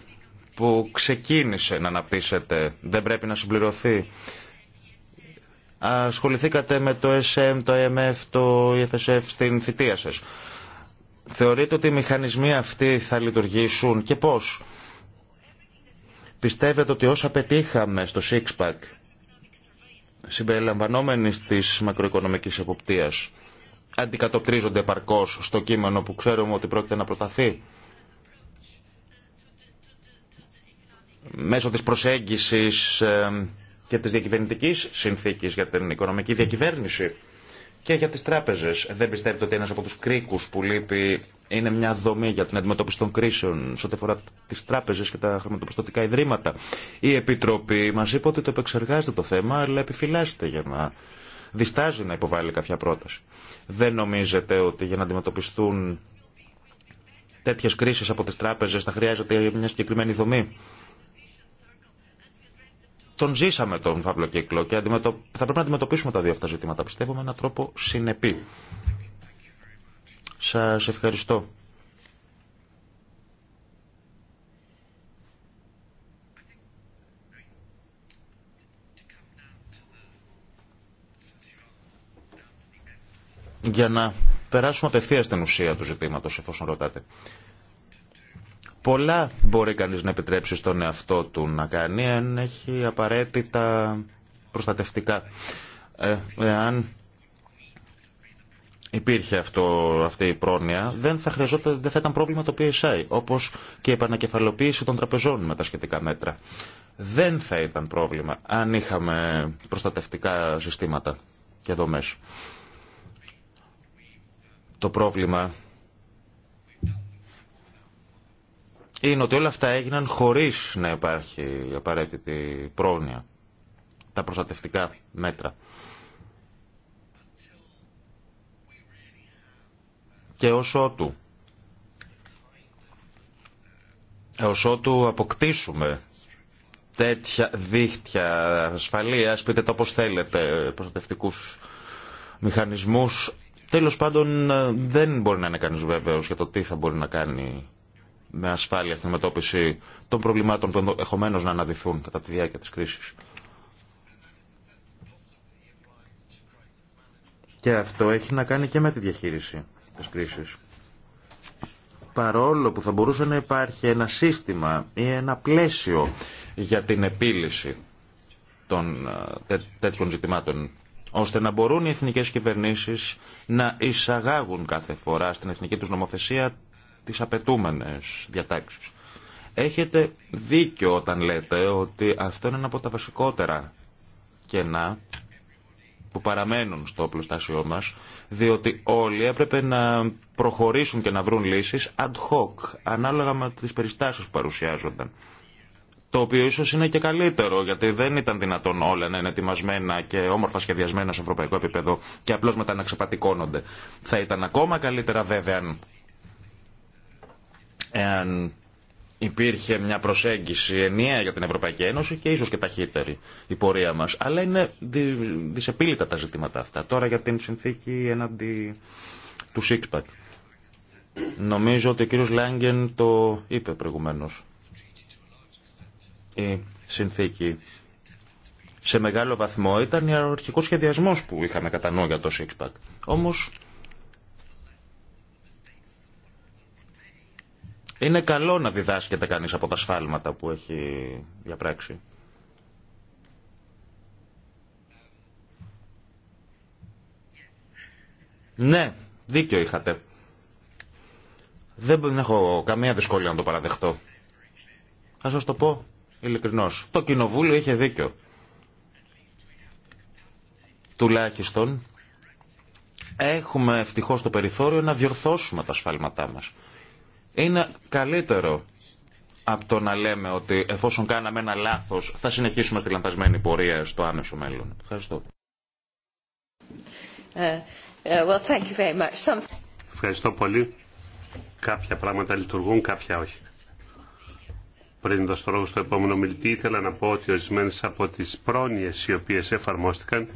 που ξεκίνησε να αναπτύσσεται δεν πρέπει να συμπληρωθεί. Ασχοληθήκατε με το SM, το IMF, το EFSF στην θητεία σας. Θεωρείτε ότι οι μηχανισμοί αυτοί θα λειτουργήσουν και πώς. Πιστεύετε ότι όσα πετύχαμε στο Six-Pack συμπεριλαμβανόμενης της μακροοικονομικής εποπτείας αντικατοπτρίζονται επαρκώς στο κείμενο που ξέρουμε ότι πρόκειται να προταθεί μέσω της προσέγγισης ε, και της διακυβερνητικής συνθήκης για την οικονομική διακυβέρνηση και για τις τράπεζες. Δεν πιστεύετε ότι ένας από τους κρίκους που λείπει είναι μια δομή για την αντιμετώπιση των κρίσεων σε ό,τι αφορά τι τράπεζε και τα χρηματοπιστωτικά ιδρύματα. Η Επιτροπή μα είπε ότι το επεξεργάζεται το θέμα, αλλά επιφυλάσσεται για να διστάζει να υποβάλει κάποια πρόταση. Δεν νομίζετε ότι για να αντιμετωπιστούν τέτοιε κρίσει από τι τράπεζε θα χρειάζεται μια συγκεκριμένη δομή. Τον ζήσαμε τον φαύλο κύκλο και θα πρέπει να αντιμετωπίσουμε τα δύο αυτά ζητήματα, πιστεύω, με έναν τρόπο συνεπή. Σας ευχαριστώ. Για να περάσουμε απευθείας στην ουσία του ζητήματος, εφόσον ρωτάτε. Πολλά μπορεί κανείς να επιτρέψει στον εαυτό του να κάνει, αν έχει απαραίτητα προστατευτικά. Ε, εάν υπήρχε αυτό, αυτή η πρόνοια, δεν θα, χρειαζόταν, δεν θα ήταν πρόβλημα το PSI, όπως και η επανακεφαλοποίηση των τραπεζών με τα σχετικά μέτρα. Δεν θα ήταν πρόβλημα αν είχαμε προστατευτικά συστήματα και δομές. Το πρόβλημα είναι ότι όλα αυτά έγιναν χωρίς να υπάρχει απαραίτητη πρόνοια, τα προστατευτικά μέτρα. και όσο ότου ως αποκτήσουμε τέτοια δίχτυα ασφαλείας, πείτε το όπως θέλετε, προστατευτικούς μηχανισμούς, τέλος πάντων δεν μπορεί να είναι κανείς βέβαιος για το τι θα μπορεί να κάνει με ασφάλεια στην μετώπιση των προβλημάτων που ενδεχομένω να αναδυθούν κατά τη διάρκεια της κρίσης. Και αυτό έχει να κάνει και με τη διαχείριση τη Παρόλο που θα μπορούσε να υπάρχει ένα σύστημα ή ένα πλαίσιο για την επίλυση των ε, τέτοιων ζητημάτων, ώστε να μπορούν οι εθνικέ κυβερνήσει να εισαγάγουν κάθε φορά στην εθνική του νομοθεσία τι απαιτούμενε διατάξει. Έχετε δίκιο όταν λέτε ότι αυτό είναι ένα από τα βασικότερα κενά που παραμένουν στο πλουστάσιο μας, διότι όλοι έπρεπε να προχωρήσουν και να βρουν λύσεις ad hoc, ανάλογα με τις περιστάσεις που παρουσιάζονταν. Το οποίο ίσως είναι και καλύτερο, γιατί δεν ήταν δυνατόν όλα να είναι ετοιμασμένα και όμορφα σχεδιασμένα σε ευρωπαϊκό επίπεδο και απλώς μετά να ξεπατικώνονται. Θα ήταν ακόμα καλύτερα βέβαια αν εάν υπήρχε μια προσέγγιση ενιαία για την Ευρωπαϊκή Ένωση και ίσως και ταχύτερη η πορεία μας. Αλλά είναι δυσεπίλητα τα ζητήματα αυτά. Τώρα για την συνθήκη έναντι του ΣΥΚΣΠΑΚ. Νομίζω ότι ο κύριο Λάγκεν το είπε προηγουμένως. Η συνθήκη σε μεγάλο βαθμό ήταν η αρχικό σχεδιασμός που είχαμε κατά νου για το ΣΥΚΣΠΑΚ. Όμως Είναι καλό να διδάσκεται κανείς από τα σφάλματα που έχει διαπράξει. Ναι, δίκιο είχατε. Δεν έχω καμία δυσκολία να το παραδεχτώ. Θα σας το πω ειλικρινώς. Το κοινοβούλιο είχε δίκιο. Τουλάχιστον έχουμε ευτυχώς το περιθώριο να διορθώσουμε τα σφάλματά μας είναι καλύτερο από το να λέμε ότι εφόσον κάναμε ένα λάθος θα συνεχίσουμε στη λανθασμένη πορεία στο άμεσο μέλλον. Ευχαριστώ. Ε, ε, Ευχαριστώ πολύ. Κάποια πράγματα λειτουργούν, κάποια όχι. Πριν δώσω το λόγο στο επόμενο μιλητή, ήθελα να πω ότι ορισμένε από τι πρόνοιε οι οποίε εφαρμόστηκαν,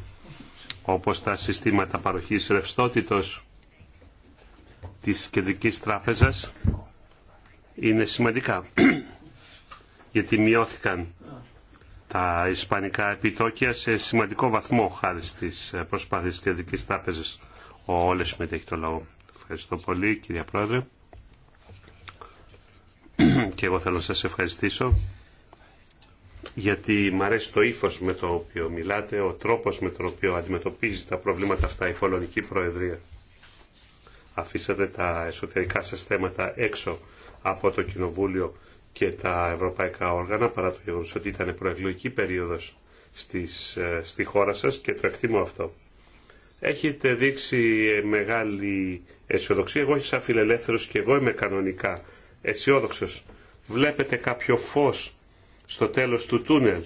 όπω τα συστήματα παροχή ρευστότητο της Κεντρικής Τράπεζας είναι σημαντικά γιατί μειώθηκαν τα ισπανικά επιτόκια σε σημαντικό βαθμό χάρη στις προσπάθειες της Κεντρικής Τράπεζας. Ο Όλες συμμετέχει το λόγο. Ευχαριστώ πολύ κυρία Πρόεδρε και εγώ θέλω να σας ευχαριστήσω γιατί μου αρέσει το ύφο με το οποίο μιλάτε, ο τρόπος με τον οποίο αντιμετωπίζει τα προβλήματα αυτά η Πολωνική Προεδρία αφήσατε τα εσωτερικά σας θέματα έξω από το Κοινοβούλιο και τα ευρωπαϊκά όργανα, παρά το γεγονός ότι ήταν προεκλογική περίοδος στις, ε, στη χώρα σας και το εκτιμώ αυτό. Έχετε δείξει μεγάλη αισιοδοξία. Εγώ είμαι φιλελεύθερος και εγώ είμαι κανονικά αισιόδοξο. Βλέπετε κάποιο φως στο τέλος του τούνελ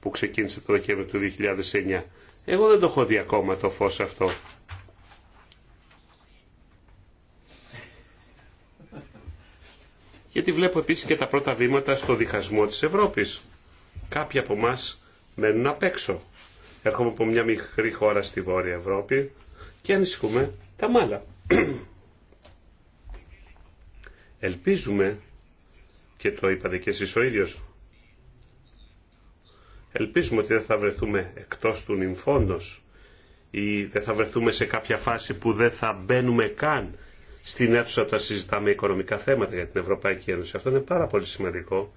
που ξεκίνησε το Δεκέμβριο του 2009. Εγώ δεν το έχω δει ακόμα το φως αυτό. γιατί βλέπω επίσης και τα πρώτα βήματα στο διχασμό της Ευρώπης. Κάποιοι από εμά μένουν απ' έξω. Έρχομαι από μια μικρή χώρα στη Βόρεια Ευρώπη και ανησυχούμε τα μάλα. [CLEARS THROAT] Ελπίζουμε, και το είπατε και εσείς ο ίδιος, ελπίζουμε ότι δεν θα βρεθούμε εκτός του νυμφόντος ή δεν θα βρεθούμε σε κάποια φάση που δεν θα μπαίνουμε καν στην αίθουσα όταν συζητάμε οικονομικά θέματα για την Ευρωπαϊκή Ένωση. Αυτό είναι πάρα πολύ σημαντικό.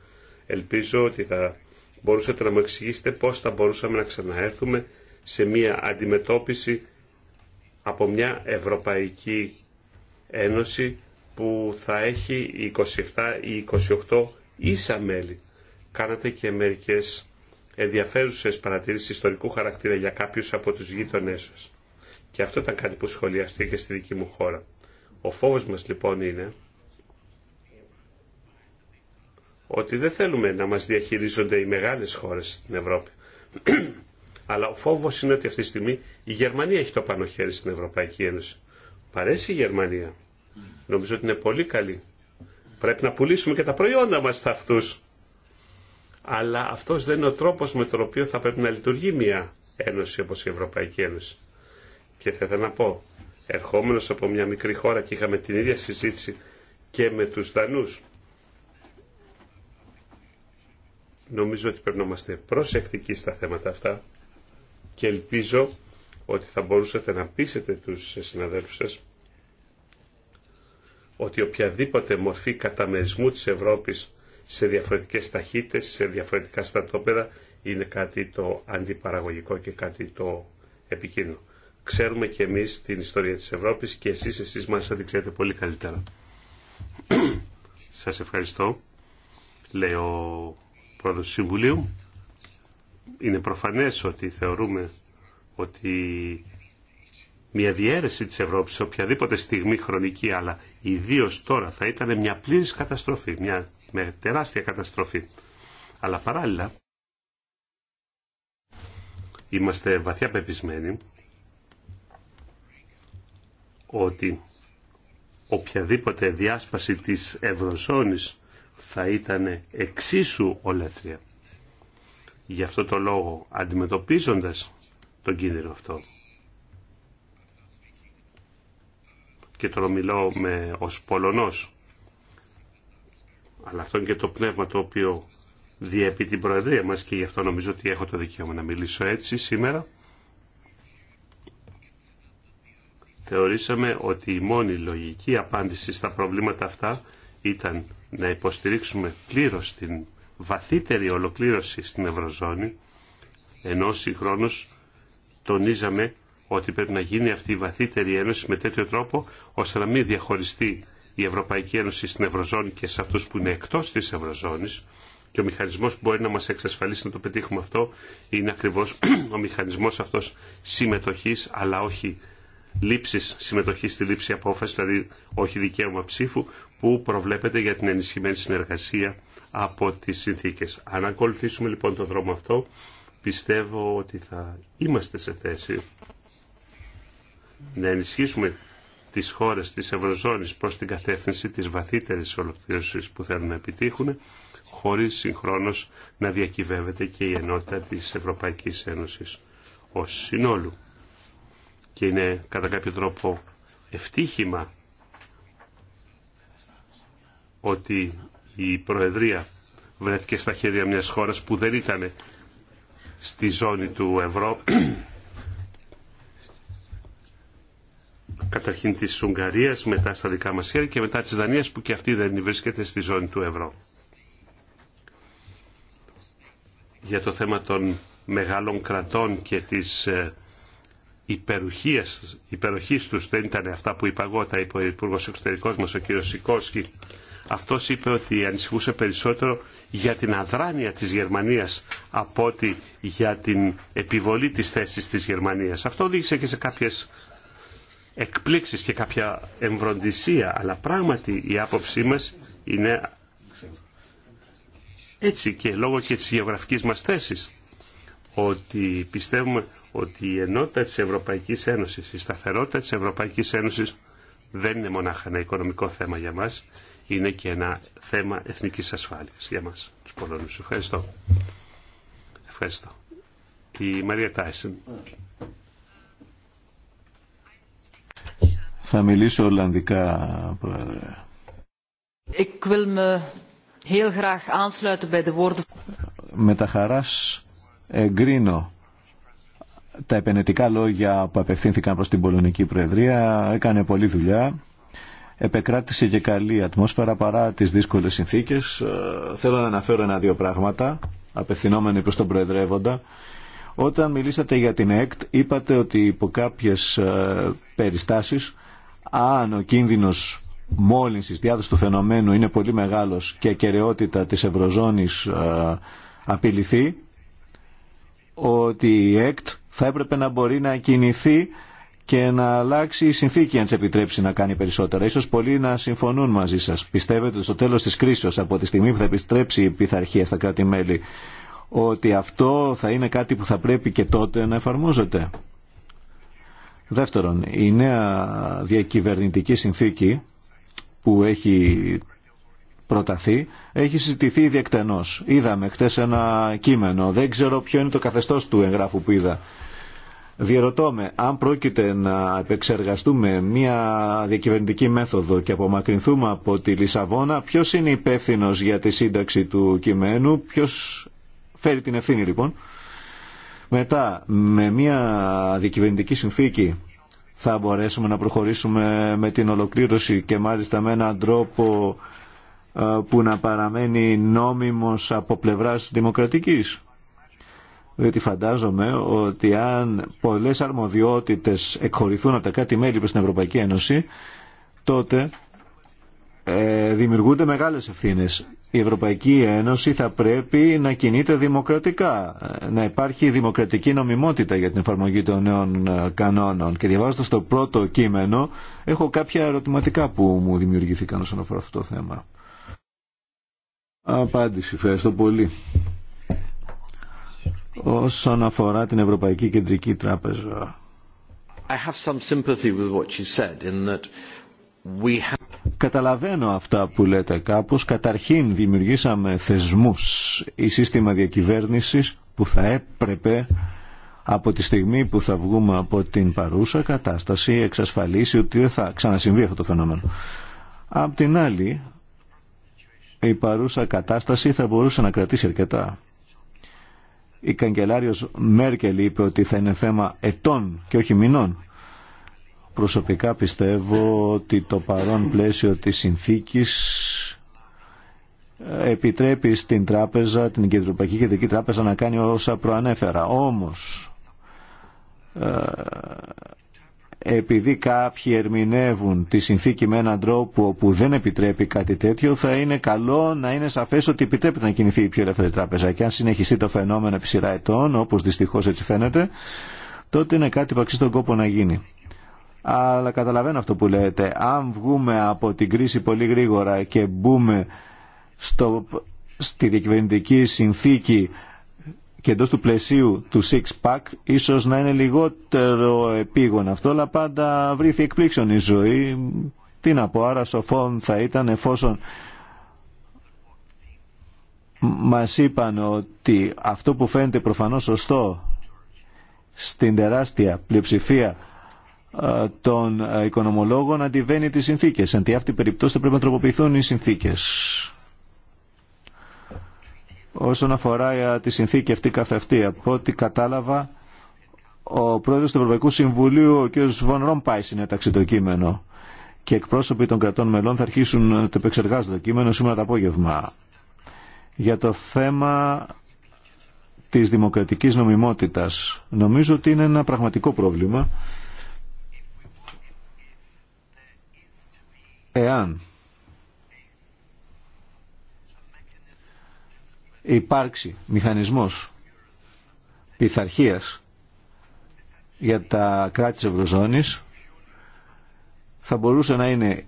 Ελπίζω ότι θα μπορούσατε να μου εξηγήσετε πώς θα μπορούσαμε να ξαναέρθουμε σε μια αντιμετώπιση από μια Ευρωπαϊκή Ένωση που θα έχει 27 ή 28 ίσα μέλη. Κάνατε και μερικές ενδιαφέρουσες παρατηρήσεις ιστορικού χαρακτήρα για κάποιους από τους γείτονές σας. Και αυτό ήταν κάτι που σχολιαστήκε στη δική μου χώρα. Ο φόβος μας λοιπόν είναι ότι δεν θέλουμε να μας διαχειρίζονται οι μεγάλες χώρες στην Ευρώπη. [CLEARS THROAT] Αλλά ο φόβος είναι ότι αυτή τη στιγμή η Γερμανία έχει το πάνω χέρι στην Ευρωπαϊκή Ένωση. Παρέσει η Γερμανία. Νομίζω ότι είναι πολύ καλή. Πρέπει να πουλήσουμε και τα προϊόντα μας στα αυτούς. Αλλά αυτός δεν είναι ο τρόπος με τον οποίο θα πρέπει να λειτουργεί μια ένωση όπως η Ευρωπαϊκή Ένωση. Και θα ήθελα να πω ερχόμενος από μια μικρή χώρα και είχαμε την ίδια συζήτηση και με τους Δανούς. Νομίζω ότι πρέπει να είμαστε προσεκτικοί στα θέματα αυτά και ελπίζω ότι θα μπορούσατε να πείσετε τους συναδέλφους σας ότι οποιαδήποτε μορφή καταμερισμού της Ευρώπης σε διαφορετικές ταχύτητες, σε διαφορετικά στρατόπεδα είναι κάτι το αντιπαραγωγικό και κάτι το επικίνδυνο ξέρουμε και εμείς την ιστορία της Ευρώπης και εσείς, εσείς θα την ξέρετε πολύ καλύτερα. Σας ευχαριστώ, λέει ο πρόεδρος του Συμβουλίου. Είναι προφανές ότι θεωρούμε ότι μια διαίρεση της Ευρώπης σε οποιαδήποτε στιγμή χρονική, αλλά ιδίω τώρα θα ήταν μια πλήρης καταστροφή, μια με τεράστια καταστροφή. Αλλά παράλληλα είμαστε βαθιά πεπισμένοι ότι οποιαδήποτε διάσπαση της Ευρωζώνης θα ήταν εξίσου ολέθρια. Γι' αυτό το λόγο αντιμετωπίζοντας τον κίνδυνο αυτό και τον μιλώ με, ως Πολωνός αλλά αυτό είναι και το πνεύμα το οποίο διέπει την Προεδρία μας και γι' αυτό νομίζω ότι έχω το δικαίωμα να μιλήσω έτσι σήμερα θεωρήσαμε ότι η μόνη λογική απάντηση στα προβλήματα αυτά ήταν να υποστηρίξουμε πλήρως την βαθύτερη ολοκλήρωση στην Ευρωζώνη, ενώ συγχρόνως τονίζαμε ότι πρέπει να γίνει αυτή η βαθύτερη ένωση με τέτοιο τρόπο ώστε να μην διαχωριστεί η Ευρωπαϊκή Ένωση στην Ευρωζώνη και σε αυτούς που είναι εκτός της Ευρωζώνης και ο μηχανισμός που μπορεί να μας εξασφαλίσει να το πετύχουμε αυτό είναι ακριβώς [CLEARS THROAT] ο μηχανισμός αυτός συμμετοχής αλλά όχι Λήψη συμμετοχής στη λήψη απόφαση, δηλαδή όχι δικαίωμα ψήφου, που προβλέπεται για την ενισχυμένη συνεργασία από τις συνθήκες. Αν ακολουθήσουμε λοιπόν τον δρόμο αυτό, πιστεύω ότι θα είμαστε σε θέση να ενισχύσουμε τις χώρες της Ευρωζώνης προς την κατεύθυνση της βαθύτερης ολοκλήρωσης που θέλουν να επιτύχουν, χωρίς συγχρόνως να διακυβεύεται και η ενότητα της Ευρωπαϊκής Ένωσης ως συνόλου και είναι κατά κάποιο τρόπο ευτύχημα ότι η Προεδρία βρέθηκε στα χέρια μιας χώρας που δεν ήταν στη ζώνη του ευρώ [CLEARS THROAT] καταρχήν της Ουγγαρίας, μετά στα δικά μας χέρια και μετά της Δανίας που και αυτή δεν βρίσκεται στη ζώνη του ευρώ. Για το θέμα των μεγάλων κρατών και της ε, υπεροχής, του τους δεν ήταν αυτά που είπα εγώ, τα είπε ο υπουργό Εξωτερικό μας, ο κ. Σικόσκι. Αυτός είπε ότι ανησυχούσε περισσότερο για την αδράνεια της Γερμανίας από ότι για την επιβολή της θέσης της Γερμανίας. Αυτό οδήγησε και σε κάποιες εκπλήξεις και κάποια εμβροντισία, αλλά πράγματι η άποψή μα είναι έτσι και λόγω και τη γεωγραφική μα θέση. ότι πιστεύουμε ότι η ενότητα της Ευρωπαϊκής Ένωσης, η σταθερότητα της Ευρωπαϊκής Ένωσης δεν είναι μονάχα ένα οικονομικό θέμα για μας, είναι και ένα θέμα εθνικής ασφάλειας για μας, τους Πολωνούς. Ευχαριστώ. Ευχαριστώ. Η Μαρία Τάισεν. Θα μιλήσω Ολλανδικά, Πρόεδρε. Ik wil me heel graag aansluiten bij de Με τα χαράς εγκρίνω τα επενετικά λόγια που απευθύνθηκαν προς την Πολωνική Προεδρία έκανε πολλή δουλειά επεκράτησε και καλή ατμόσφαιρα παρά τις δύσκολες συνθήκες ε, θέλω να αναφέρω ένα-δύο πράγματα απευθυνόμενοι προς τον Προεδρεύοντα όταν μιλήσατε για την ΕΚΤ είπατε ότι υπό κάποιες ε, περιστάσεις αν ο κίνδυνος μόλυνσης διάδοση του φαινομένου είναι πολύ μεγάλος και η κεραιότητα της Ευρωζώνης ε, απειληθεί ότι η ΕΚΤ θα έπρεπε να μπορεί να κινηθεί και να αλλάξει η συνθήκη αν τη επιτρέψει να κάνει περισσότερα. Ίσως πολλοί να συμφωνούν μαζί σας. Πιστεύετε ότι στο τέλος της κρίσης, από τη στιγμή που θα επιστρέψει η πειθαρχία στα κράτη-μέλη, ότι αυτό θα είναι κάτι που θα πρέπει και τότε να εφαρμόζεται. Δεύτερον, η νέα διακυβερνητική συνθήκη που έχει προταθεί έχει συζητηθεί ήδη εκτενώ. Είδαμε χτε ένα κείμενο. Δεν ξέρω ποιο είναι το καθεστώ του εγγράφου που είδα. Διερωτώ με, αν πρόκειται να επεξεργαστούμε μια διακυβερνητική μέθοδο και απομακρυνθούμε από τη Λισαβόνα, ποιος είναι υπεύθυνο για τη σύνταξη του κειμένου, ποιος φέρει την ευθύνη λοιπόν. Μετά, με μια διακυβερνητική συνθήκη θα μπορέσουμε να προχωρήσουμε με την ολοκλήρωση και μάλιστα με έναν τρόπο που να παραμένει νόμιμος από πλευράς δημοκρατικής. Διότι φαντάζομαι ότι αν πολλές αρμοδιότητες εκχωρηθούν από τα κάτι μέλη προς την Ευρωπαϊκή Ένωση, τότε ε, δημιουργούνται μεγάλες ευθύνες. Η Ευρωπαϊκή Ένωση θα πρέπει να κινείται δημοκρατικά, να υπάρχει δημοκρατική νομιμότητα για την εφαρμογή των νέων ε, κανόνων. Και διαβάζοντας το πρώτο κείμενο, έχω κάποια ερωτηματικά που μου δημιουργήθηκαν όσον αφορά αυτό το θέμα. Απάντηση. Ευχαριστώ πολύ. Όσον αφορά την Ευρωπαϊκή Κεντρική Τράπεζα. I have some sympathy with what Καταλαβαίνω αυτά που λέτε κάπως. Καταρχήν δημιουργήσαμε θεσμούς ή σύστημα διακυβέρνησης που θα έπρεπε από τη στιγμή που θα βγούμε από την παρούσα κατάσταση εξασφαλίσει ότι δεν θα ξανασυμβεί αυτό το φαινόμενο. Απ' την άλλη, η παρούσα κατάσταση θα μπορούσε να κρατήσει αρκετά. Η καγκελάριος Μέρκελ είπε ότι θα είναι θέμα ετών και όχι μηνών. Προσωπικά πιστεύω ότι το παρόν πλαίσιο της συνθήκης ε, επιτρέπει στην τράπεζα, την Κεντροπαϊκή Κεντρική Τράπεζα να κάνει όσα προανέφερα. Όμως, ε, επειδή κάποιοι ερμηνεύουν τη συνθήκη με έναν τρόπο που δεν επιτρέπει κάτι τέτοιο, θα είναι καλό να είναι σαφέ ότι επιτρέπεται να κινηθεί η πιο ελεύθερη τράπεζα. Και αν συνεχιστεί το φαινόμενο επί σειρά ετών, όπω δυστυχώ έτσι φαίνεται, τότε είναι κάτι που αξίζει τον κόπο να γίνει. Αλλά καταλαβαίνω αυτό που λέτε. Αν βγούμε από την κρίση πολύ γρήγορα και μπούμε στο, στη διακυβερνητική συνθήκη και εντό του πλαισίου του Six Pack ίσως να είναι λιγότερο επίγον αυτό, αλλά πάντα βρήθη εκπλήξεων η ζωή. Τι να πω, άρα σοφόν θα ήταν εφόσον μας είπαν ότι αυτό που φαίνεται προφανώς σωστό στην τεράστια πλειοψηφία ε, των ε, οικονομολόγων αντιβαίνει τις συνθήκες. Εν τη αυτή περιπτώσει θα πρέπει να τροποποιηθούν οι συνθήκες όσον αφορά ε, τη συνθήκη αυτή καθ' Από ό,τι κατάλαβα, ο πρόεδρος του Ευρωπαϊκού Συμβουλίου, ο κ. Βον Ρομπάι, συνέταξε το κείμενο και εκπρόσωποι των κρατών μελών θα αρχίσουν να το επεξεργάζουν το κείμενο σήμερα το απόγευμα. Για το θέμα της δημοκρατικής νομιμότητας, νομίζω ότι είναι ένα πραγματικό πρόβλημα. Εάν υπάρξει μηχανισμός πειθαρχίας για τα κράτη της Ευρωζώνης θα μπορούσε να είναι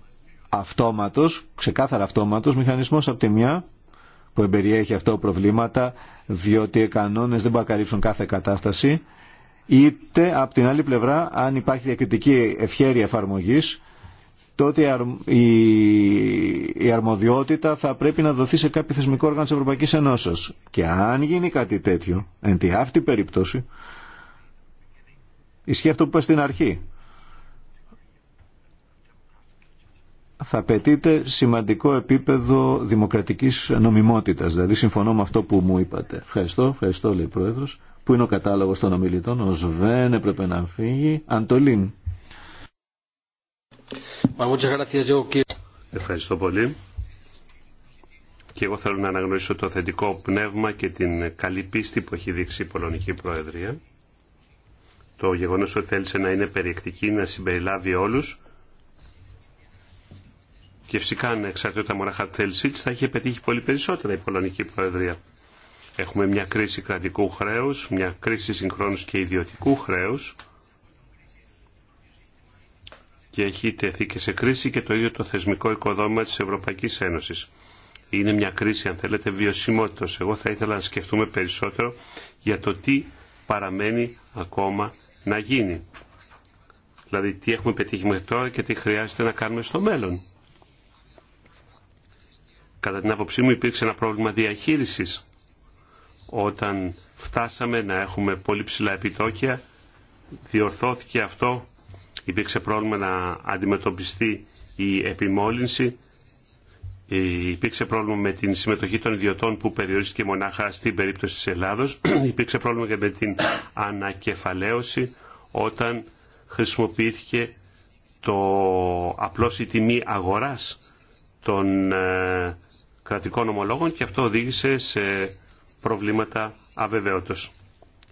αυτόματος, ξεκάθαρα αυτόματος μηχανισμός από τη μια που εμπεριέχει αυτό προβλήματα διότι οι κανόνες δεν μπορούν κάθε κατάσταση είτε από την άλλη πλευρά αν υπάρχει διακριτική ευχέρεια εφαρμογής τότε η αρμοδιότητα θα πρέπει να δοθεί σε κάποιο θεσμικό όργανο της Ευρωπαϊκής Ενώσεως. Και αν γίνει κάτι τέτοιο, εν τη αυτή περίπτωση, ισχύει αυτό που είπα στην αρχή. Θα απαιτείται σημαντικό επίπεδο δημοκρατικής νομιμότητας. Δηλαδή συμφωνώ με αυτό που μου είπατε. Ευχαριστώ, ευχαριστώ λέει ο Πρόεδρος. Πού είναι ο κατάλογος των ομιλητών. Ο Σβέν έπρεπε να φύγει. Αντολίν. Ευχαριστώ πολύ. Και εγώ θέλω να αναγνωρίσω το θετικό πνεύμα και την καλή πίστη που έχει δείξει η Πολωνική Προεδρία. Το γεγονός ότι θέλησε να είναι περιεκτική, να συμπεριλάβει όλους και φυσικά αν τα μοναχά τη θέλησή τη θα είχε πετύχει πολύ περισσότερα η Πολωνική Προεδρία. Έχουμε μια κρίση κρατικού χρέους, μια κρίση συγχρόνους και ιδιωτικού χρέους και έχει τεθεί και σε κρίση και το ίδιο το θεσμικό οικοδόμημα της Ευρωπαϊκής Ένωσης. Είναι μια κρίση, αν θέλετε, βιωσιμότητας. Εγώ θα ήθελα να σκεφτούμε περισσότερο για το τι παραμένει ακόμα να γίνει. Δηλαδή τι έχουμε πετύχει μέχρι τώρα και τι χρειάζεται να κάνουμε στο μέλλον. Κατά την άποψή μου υπήρξε ένα πρόβλημα διαχείρισης όταν φτάσαμε να έχουμε πολύ ψηλά επιτόκια διορθώθηκε αυτό υπήρξε πρόβλημα να αντιμετωπιστεί η επιμόλυνση, ε, υπήρξε πρόβλημα με την συμμετοχή των ιδιωτών που περιορίστηκε μονάχα στην περίπτωση της Ελλάδος, [CLEARS THROAT] υπήρξε πρόβλημα και με την ανακεφαλαίωση όταν χρησιμοποιήθηκε το απλώς η τιμή αγοράς των ε, κρατικών ομολόγων και αυτό οδήγησε σε προβλήματα αβεβαίωτος.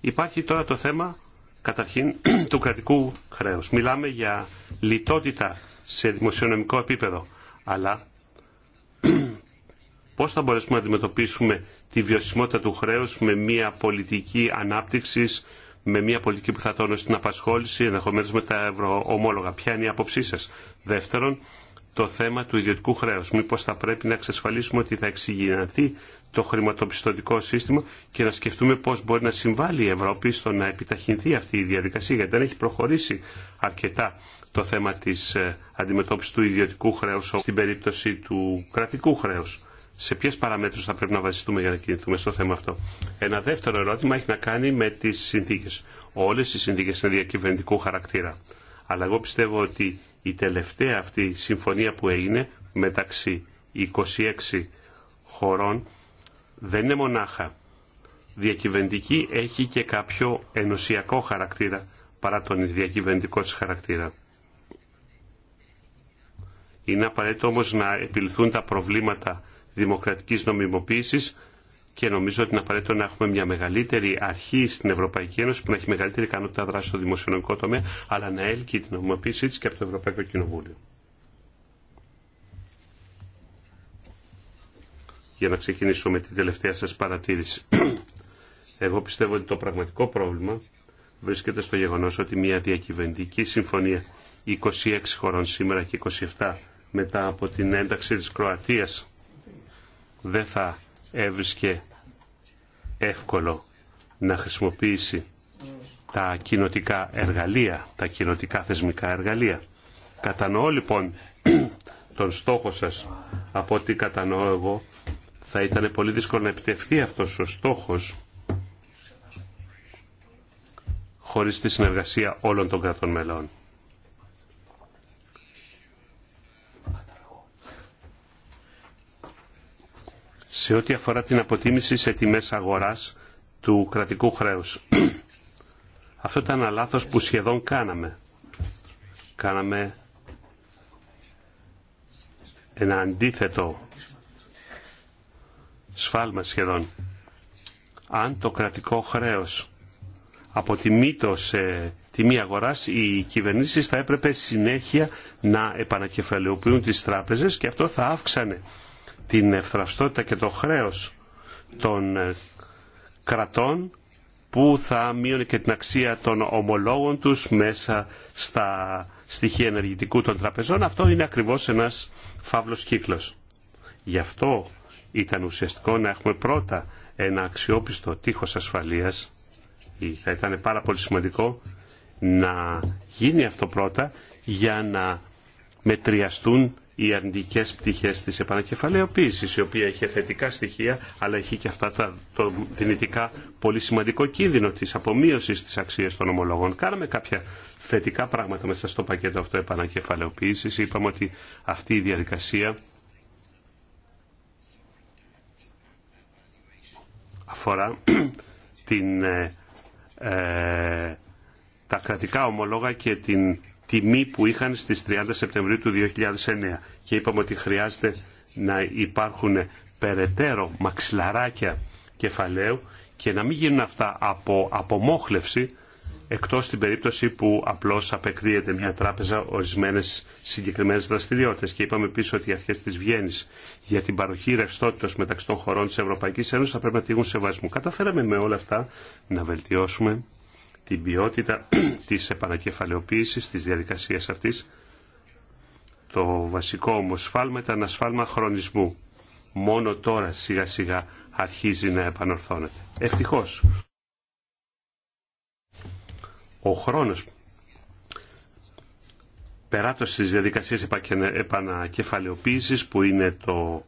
Υπάρχει τώρα το θέμα καταρχήν [CLEARS THROAT] του κρατικού χρέους. Μιλάμε για λιτότητα σε δημοσιονομικό επίπεδο, αλλά [CLEARS THROAT] πώς θα μπορέσουμε να αντιμετωπίσουμε τη βιωσιμότητα του χρέους με μια πολιτική ανάπτυξης, με μια πολιτική που θα τόνωσε την απασχόληση, ενδεχομένω με τα ευρωομόλογα. Ποια είναι η άποψή σα. Δεύτερον, το θέμα του ιδιωτικού χρέους. Μήπως θα πρέπει να εξασφαλίσουμε ότι θα εξηγηθεί το χρηματοπιστωτικό σύστημα και να σκεφτούμε πώς μπορεί να συμβάλλει η Ευρώπη στο να επιταχυνθεί αυτή η διαδικασία γιατί δεν έχει προχωρήσει αρκετά το θέμα της ε, αντιμετώπισης του ιδιωτικού χρέους στην περίπτωση του κρατικού χρέους. Σε ποιες παραμέτρους θα πρέπει να βασιστούμε για να κινηθούμε στο θέμα αυτό. Ένα δεύτερο ερώτημα έχει να κάνει με τις συνθήκες. Όλες οι συνθήκες είναι διακυβερνητικού χαρακτήρα. Αλλά εγώ πιστεύω ότι η τελευταία αυτή συμφωνία που έγινε μεταξύ 26 χωρών δεν είναι μονάχα διακυβερνητική, έχει και κάποιο ενωσιακό χαρακτήρα παρά τον διακυβερνητικό της χαρακτήρα. Είναι απαραίτητο όμως να επιληθούν τα προβλήματα δημοκρατικής νομιμοποίησης και νομίζω ότι είναι απαραίτητο να έχουμε μια μεγαλύτερη αρχή στην Ευρωπαϊκή Ένωση που να έχει μεγαλύτερη ικανότητα δράση στο δημοσιονομικό τομέα, αλλά να έλκει την νομιμοποίησή της και από το Ευρωπαϊκό Κοινοβούλιο. για να ξεκινήσω με την τελευταία σας παρατήρηση. [CLEARS THROAT] Εγώ πιστεύω ότι το πραγματικό πρόβλημα βρίσκεται στο γεγονός ότι μια διακυβερνητική συμφωνία 26 χωρών σήμερα και 27 μετά από την ένταξη της Κροατίας δεν θα έβρισκε εύκολο να χρησιμοποιήσει τα κοινοτικά εργαλεία, τα κοινοτικά θεσμικά εργαλεία. Κατανοώ λοιπόν [CLEARS THROAT] τον στόχο σας από ό,τι κατανοώ εγώ θα ήταν πολύ δύσκολο να επιτευχθεί αυτός ο στόχος χωρίς τη συνεργασία όλων των κρατών μελών. Σε ό,τι αφορά την αποτίμηση σε τιμές αγοράς του κρατικού χρέους. [CLEARS THROAT] Αυτό ήταν ένα που σχεδόν κάναμε. Κάναμε ένα αντίθετο σφάλμα σχεδόν. Αν το κρατικό χρέος αποτιμήτωσε σε τιμή αγοράς, οι κυβερνήσεις θα έπρεπε συνέχεια να επανακεφαλαιοποιούν τις τράπεζες και αυτό θα αύξανε την ευθραυστότητα και το χρέος των ε, κρατών που θα μείωνε και την αξία των ομολόγων τους μέσα στα στοιχεία ενεργητικού των τραπεζών. Αυτό είναι ακριβώς ένας φαύλος κύκλος. Γι' αυτό ήταν ουσιαστικό να έχουμε πρώτα ένα αξιόπιστο τείχος ασφαλείας ή θα ήταν πάρα πολύ σημαντικό να γίνει αυτό πρώτα για να μετριαστούν οι αρνητικές πτυχές της επανακεφαλαιοποίησης η οποία είχε θετικά στοιχεία αλλά έχει και αυτά τα το δυνητικά πολύ σημαντικό κίνδυνο της απομείωσης της αξίας των ομολογών. Κάναμε κάποια θετικά πράγματα μέσα στο πακέτο αυτό επανακεφαλαιοποίησης. Είπαμε ότι αυτή η διαδικασία αφορά [CLEARS THROAT] ε, ε, τα κρατικά ομολόγα και την τιμή που είχαν στις 30 Σεπτεμβρίου του 2009 και είπαμε ότι χρειάζεται να υπάρχουν περαιτέρω μαξιλαράκια κεφαλαίου και να μην γίνουν αυτά από απομόχλευση εκτός στην περίπτωση που απλώς απεκδίεται μια τράπεζα ορισμένες συγκεκριμένες δραστηριότητες. Και είπαμε πίσω ότι οι αρχές της Βιέννης για την παροχή ρευστότητα μεταξύ των χωρών της Ευρωπαϊκής Ένωσης θα πρέπει να τύχουν σεβασμού. Καταφέραμε με όλα αυτά να βελτιώσουμε την ποιότητα [CLEARS THROAT] της επανακεφαλαιοποίησης της διαδικασίας αυτής. Το βασικό όμως σφάλμα ήταν ένα σφάλμα χρονισμού. Μόνο τώρα σιγά σιγά αρχίζει να επανορθώνεται. Ευτυχώς ο χρόνος περάτωσης της διαδικασίας επανακεφαλαιοποίησης που είναι το,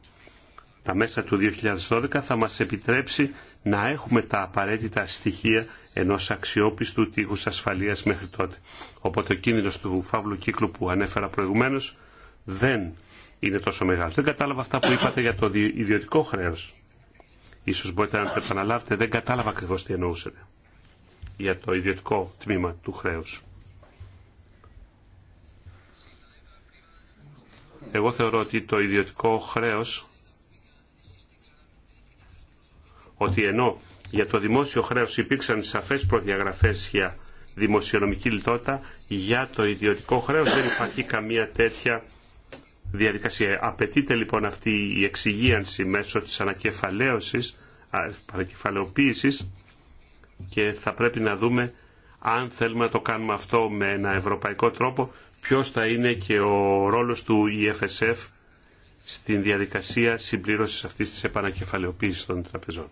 τα μέσα του 2012 θα μας επιτρέψει να έχουμε τα απαραίτητα στοιχεία ενός αξιόπιστου τείχους ασφαλείας μέχρι τότε. Οπότε ο κίνδυνος του φαύλου κύκλου που ανέφερα προηγουμένως δεν είναι τόσο μεγάλο. Δεν κατάλαβα αυτά που είπατε για το ιδιωτικό χρέος. Ίσως μπορείτε να το επαναλάβετε, δεν κατάλαβα ακριβώς τι εννοούσατε για το ιδιωτικό τμήμα του χρέους. Εγώ θεωρώ ότι το ιδιωτικό χρέος, ότι ενώ για το δημόσιο χρέος υπήρξαν σαφές προδιαγραφές για δημοσιονομική λιτότητα, για το ιδιωτικό χρέος δεν υπάρχει καμία τέτοια διαδικασία. Απαιτείται λοιπόν αυτή η εξυγίανση μέσω της ανακεφαλαίωσης, ανακεφαλαιοποίησης, και θα πρέπει να δούμε αν θέλουμε να το κάνουμε αυτό με ένα ευρωπαϊκό τρόπο, ποιος θα είναι και ο ρόλος του EFSF στην διαδικασία συμπλήρωσης αυτής της επανακεφαλαιοποίησης των τραπεζών.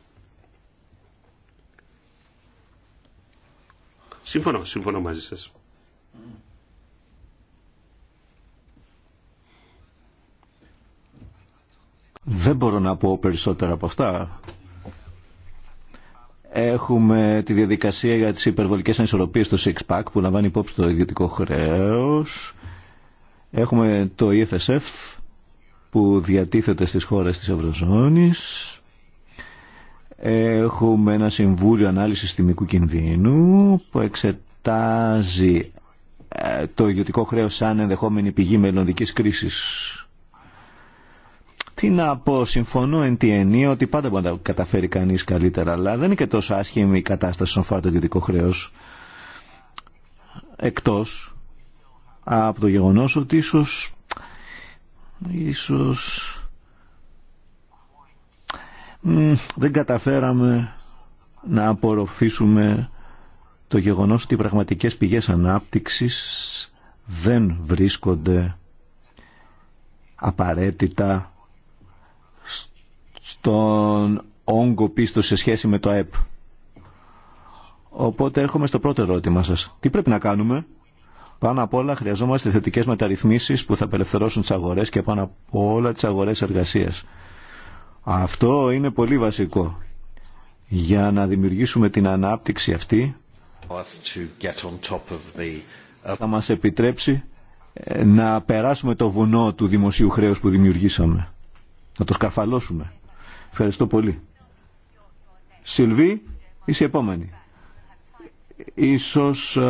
Σύμφωνο, σύμφωνο μαζί σας. Δεν μπορώ να πω περισσότερα από αυτά. Έχουμε τη διαδικασία για τις υπερβολικές ανισορροπίες στο Six που λαμβάνει υπόψη το ιδιωτικό χρέος. Έχουμε το EFSF που διατίθεται στις χώρες της Ευρωζώνης. Έχουμε ένα Συμβούλιο Ανάλυσης Τιμικού Κινδύνου που εξετάζει ε, το ιδιωτικό χρέος σαν ενδεχόμενη πηγή μελλοντικής κρίσης. Τι να πω, συμφωνώ εν τη εννοία ότι πάντα μπορεί να καταφέρει κανεί καλύτερα, αλλά δεν είναι και τόσο άσχημη η κατάσταση στον αφορά το ιδιωτικό χρέο. Εκτό από το γεγονό ότι ίσω. ίσως δεν καταφέραμε να απορροφήσουμε το γεγονός ότι οι πραγματικές πηγές ανάπτυξης δεν βρίσκονται απαραίτητα στον όγκο πίστο σε σχέση με το ΑΕΠ. Οπότε έρχομαι στο πρώτο ερώτημα σα, Τι πρέπει να κάνουμε. Πάνω απ' όλα χρειαζόμαστε θετικέ μεταρρυθμίσει που θα απελευθερώσουν τι αγορέ και πάνω απ' όλα τι αγορέ εργασία. Αυτό είναι πολύ βασικό. Για να δημιουργήσουμε την ανάπτυξη αυτή θα μας επιτρέψει ε, να περάσουμε το βουνό του δημοσίου χρέους που δημιουργήσαμε. Να το σκαρφαλώσουμε. Ευχαριστώ πολύ. Σιλβί, είσαι επόμενη. Ίσως ε,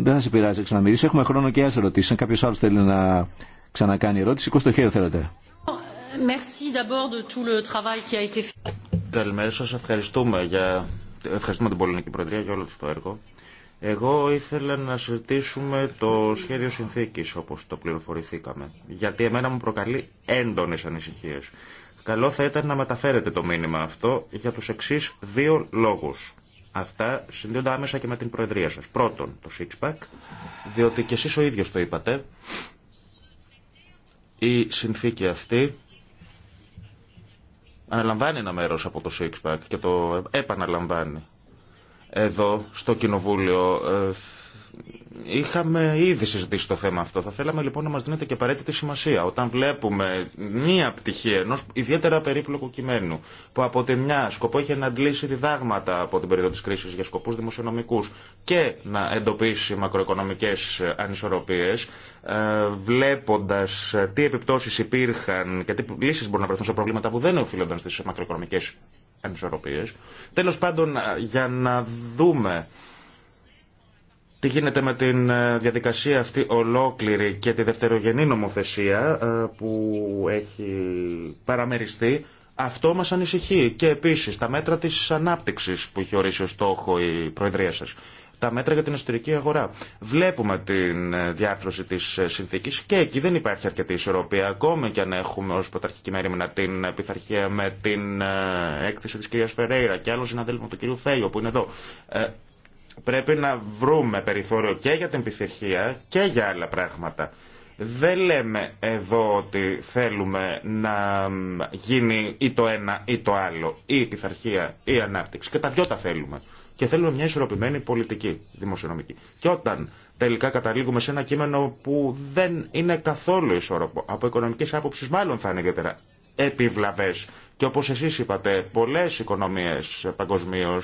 δεν θα σε πειράζει να μιλήσει. Έχουμε χρόνο και άλλες ερωτήσει. Αν κάποιος άλλος θέλει να ξανακάνει ερώτηση, το χέρι θέλετε. Καλημέρα σας. Ευχαριστούμε, για... Ευχαριστούμε την Πολωνική Προεδρία για όλο αυτό το έργο. Εγώ ήθελα να συζητήσουμε το σχέδιο συνθήκης όπως το πληροφορηθήκαμε. Γιατί εμένα μου προκαλεί έντονες ανησυχίες. Καλό θα ήταν να μεταφέρετε το μήνυμα αυτό για τους εξή δύο λόγους. Αυτά συνδέονται άμεσα και με την Προεδρία σας. Πρώτον, το six διότι και εσείς ο ίδιος το είπατε, η συνθήκη αυτή αναλαμβάνει ένα μέρος από το six και το επαναλαμβάνει. Εδώ, στο Κοινοβούλιο, ε, Είχαμε ήδη συζητήσει το θέμα αυτό. Θα θέλαμε λοιπόν να μα δίνετε και απαραίτητη σημασία όταν βλέπουμε μία πτυχή ενό ιδιαίτερα περίπλοκου κειμένου που από τη μια σκοπό είχε να αντλήσει διδάγματα από την περίοδο τη κρίση για σκοπού δημοσιονομικού και να εντοπίσει μακροοικονομικέ ανισορροπίε ε, βλέποντα ε, τι επιπτώσει υπήρχαν και τι λύσει μπορούν να βρεθούν σε προβλήματα που δεν οφείλονταν στι μακροοικονομικέ ανισορροπίε. Τέλο πάντων ε, για να δούμε τι γίνεται με την ε, διαδικασία αυτή ολόκληρη και τη δευτερογενή νομοθεσία ε, που έχει παραμεριστεί, αυτό μας ανησυχεί. Και επίσης τα μέτρα της ανάπτυξης που έχει ορίσει ο στόχο η Προεδρία σας. Τα μέτρα για την εσωτερική αγορά. Βλέπουμε την ε, διάρθρωση της συνθήκης και εκεί δεν υπάρχει αρκετή ισορροπία. Ακόμη και αν έχουμε ως πρωταρχική μέρημνα την πειθαρχία με την έκθεση της κυρίας Φεραίρα και άλλων συναδέλφων του κυρίου Φέιο που είναι εδώ. Πρέπει να βρούμε περιθώριο και για την πειθαρχία και για άλλα πράγματα. Δεν λέμε εδώ ότι θέλουμε να γίνει ή το ένα ή το άλλο, ή η πειθαρχία ή η ανάπτυξη. Και τα δυο τα θέλουμε. Και θέλουμε μια ισορροπημένη πολιτική δημοσιονομική. Και όταν τελικά καταλήγουμε σε ένα κείμενο που δεν είναι καθόλου ισόρροπο, από οικονομική άποψη μάλλον θα είναι ιδιαίτερα επιβλαβέ. Και όπω εσεί είπατε, πολλέ οικονομίε παγκοσμίω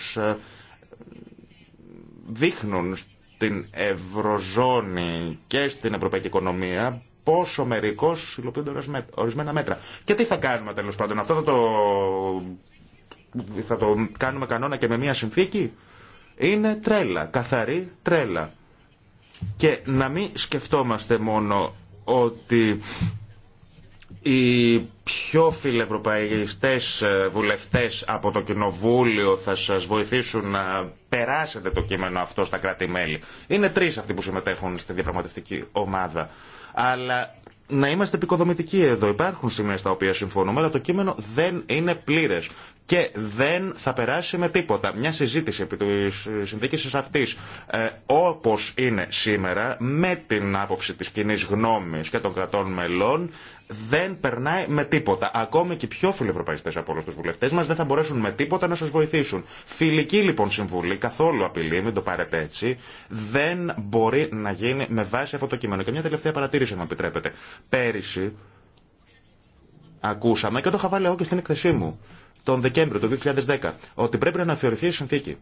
δείχνουν στην Ευρωζώνη και στην Ευρωπαϊκή Οικονομία πόσο μερικώ υλοποιούνται ορισμένα μέτρα. Και τι θα κάνουμε τέλο πάντων, αυτό θα το, θα το κάνουμε κανόνα και με μία συνθήκη. Είναι τρέλα, καθαρή τρέλα. Και να μην σκεφτόμαστε μόνο ότι οι πιο φιλευρωπαϊστές ε, βουλευτές από το Κοινοβούλιο θα σας βοηθήσουν να περάσετε το κείμενο αυτό στα κράτη-μέλη. Είναι τρεις αυτοί που συμμετέχουν στη διαπραγματευτική ομάδα. Αλλά να είμαστε επικοδομητικοί εδώ. Υπάρχουν σημεία στα οποία συμφωνούμε, αλλά το κείμενο δεν είναι πλήρε. Και δεν θα περάσει με τίποτα. Μια συζήτηση επί τη συνθήκη αυτή, ε, όπω είναι σήμερα, με την άποψη τη κοινή γνώμη και των κρατών μελών, δεν περνάει με τίποτα. Ακόμη και πιο φιλευρωπαϊστέ από όλου του βουλευτέ μα δεν θα μπορέσουν με τίποτα να σα βοηθήσουν. Φιλική λοιπόν συμβουλή, καθόλου απειλή, μην το πάρετε έτσι, δεν μπορεί να γίνει με βάση αυτό το κείμενο. Και μια τελευταία παρατήρηση, αν επιτρέπετε. Πέρυσι ακούσαμε και το είχα βάλει εγώ και στην εκθεσή μου τον Δεκέμβριο του 2010 ότι πρέπει να αναθεωρηθεί η συνθήκη.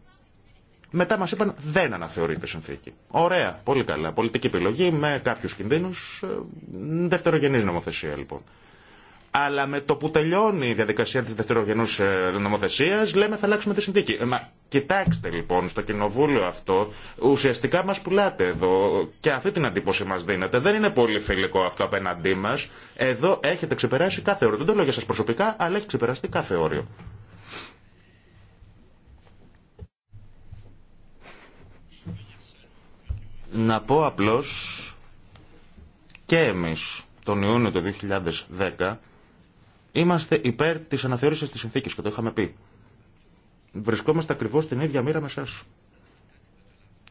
Μετά μα είπαν δεν αναθεωρείται συνθήκη. Ωραία, πολύ καλά. Πολιτική επιλογή με κάποιου κινδύνου. Ε, Δευτερογενή νομοθεσία λοιπόν. Αλλά με το που τελειώνει η διαδικασία τη δευτερογενού ε, νομοθεσία, λέμε θα αλλάξουμε τη συνθήκη. Ε, μα κοιτάξτε λοιπόν, στο κοινοβούλιο αυτό ουσιαστικά μα πουλάτε εδώ και αυτή την αντίποση μα δίνετε. Δεν είναι πολύ φιλικό αυτό απέναντί μα. Εδώ έχετε ξεπεράσει κάθε όριο. Δεν το λέω για σα προσωπικά, αλλά έχει ξεπεραστεί κάθε όριο. Να πω απλώς και εμείς τον Ιούνιο του 2010 είμαστε υπέρ της αναθεώρησης της συνθήκης και το είχαμε πει. Βρισκόμαστε ακριβώς στην ίδια μοίρα με εσάς.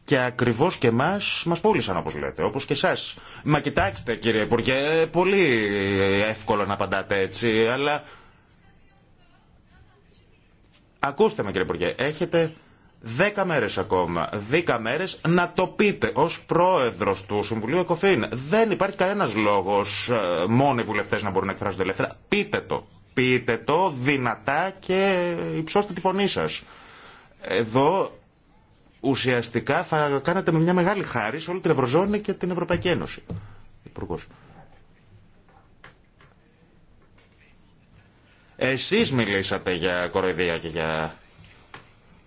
Και ακριβώ και εμά μα πούλησαν, όπω λέτε, όπω και εσά. Μα κοιτάξτε, κύριε Υπουργέ, πολύ εύκολο να απαντάτε έτσι, αλλά. Ακούστε με, κύριε Υπουργέ, έχετε Δέκα μέρε ακόμα. Δέκα μέρε να το πείτε ω πρόεδρο του Συμβουλίου ΕΚΟΦΗΝ. Δεν υπάρχει κανένα λόγο ε, οι βουλευτέ να μπορούν να εκφράζονται ελεύθερα. Πείτε το. Πείτε το δυνατά και υψώστε τη φωνή σα. Εδώ ουσιαστικά θα κάνετε με μια μεγάλη χάρη σε όλη την Ευρωζώνη και την Ευρωπαϊκή Ένωση. Υπουργός. Εσείς μιλήσατε για κοροϊδία και για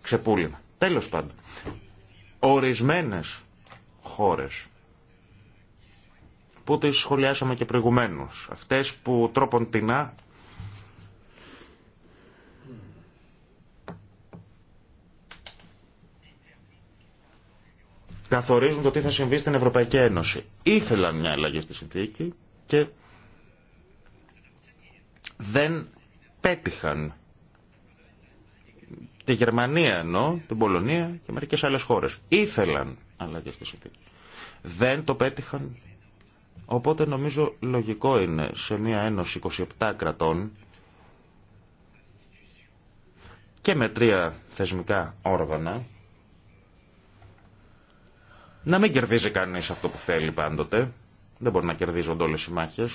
ξεπούλημα. Τέλος πάντων, ορισμένες χώρες που τις σχολιάσαμε και προηγουμένως, αυτές που τρόπον τεινά καθορίζουν το τι θα συμβεί στην Ευρωπαϊκή Ένωση. Ήθελαν μια αλλαγή στη συνθήκη και δεν πέτυχαν Τη Γερμανία εννοώ, την Πολωνία και μερικές άλλες χώρες. Ήθελαν αλλαγές στη συνθήκη. Δεν το πέτυχαν. Οπότε νομίζω λογικό είναι σε μια ένωση 27 κρατών και με τρία θεσμικά όργανα να μην κερδίζει κανείς αυτό που θέλει πάντοτε. Δεν μπορεί να κερδίζονται όλες οι μάχες.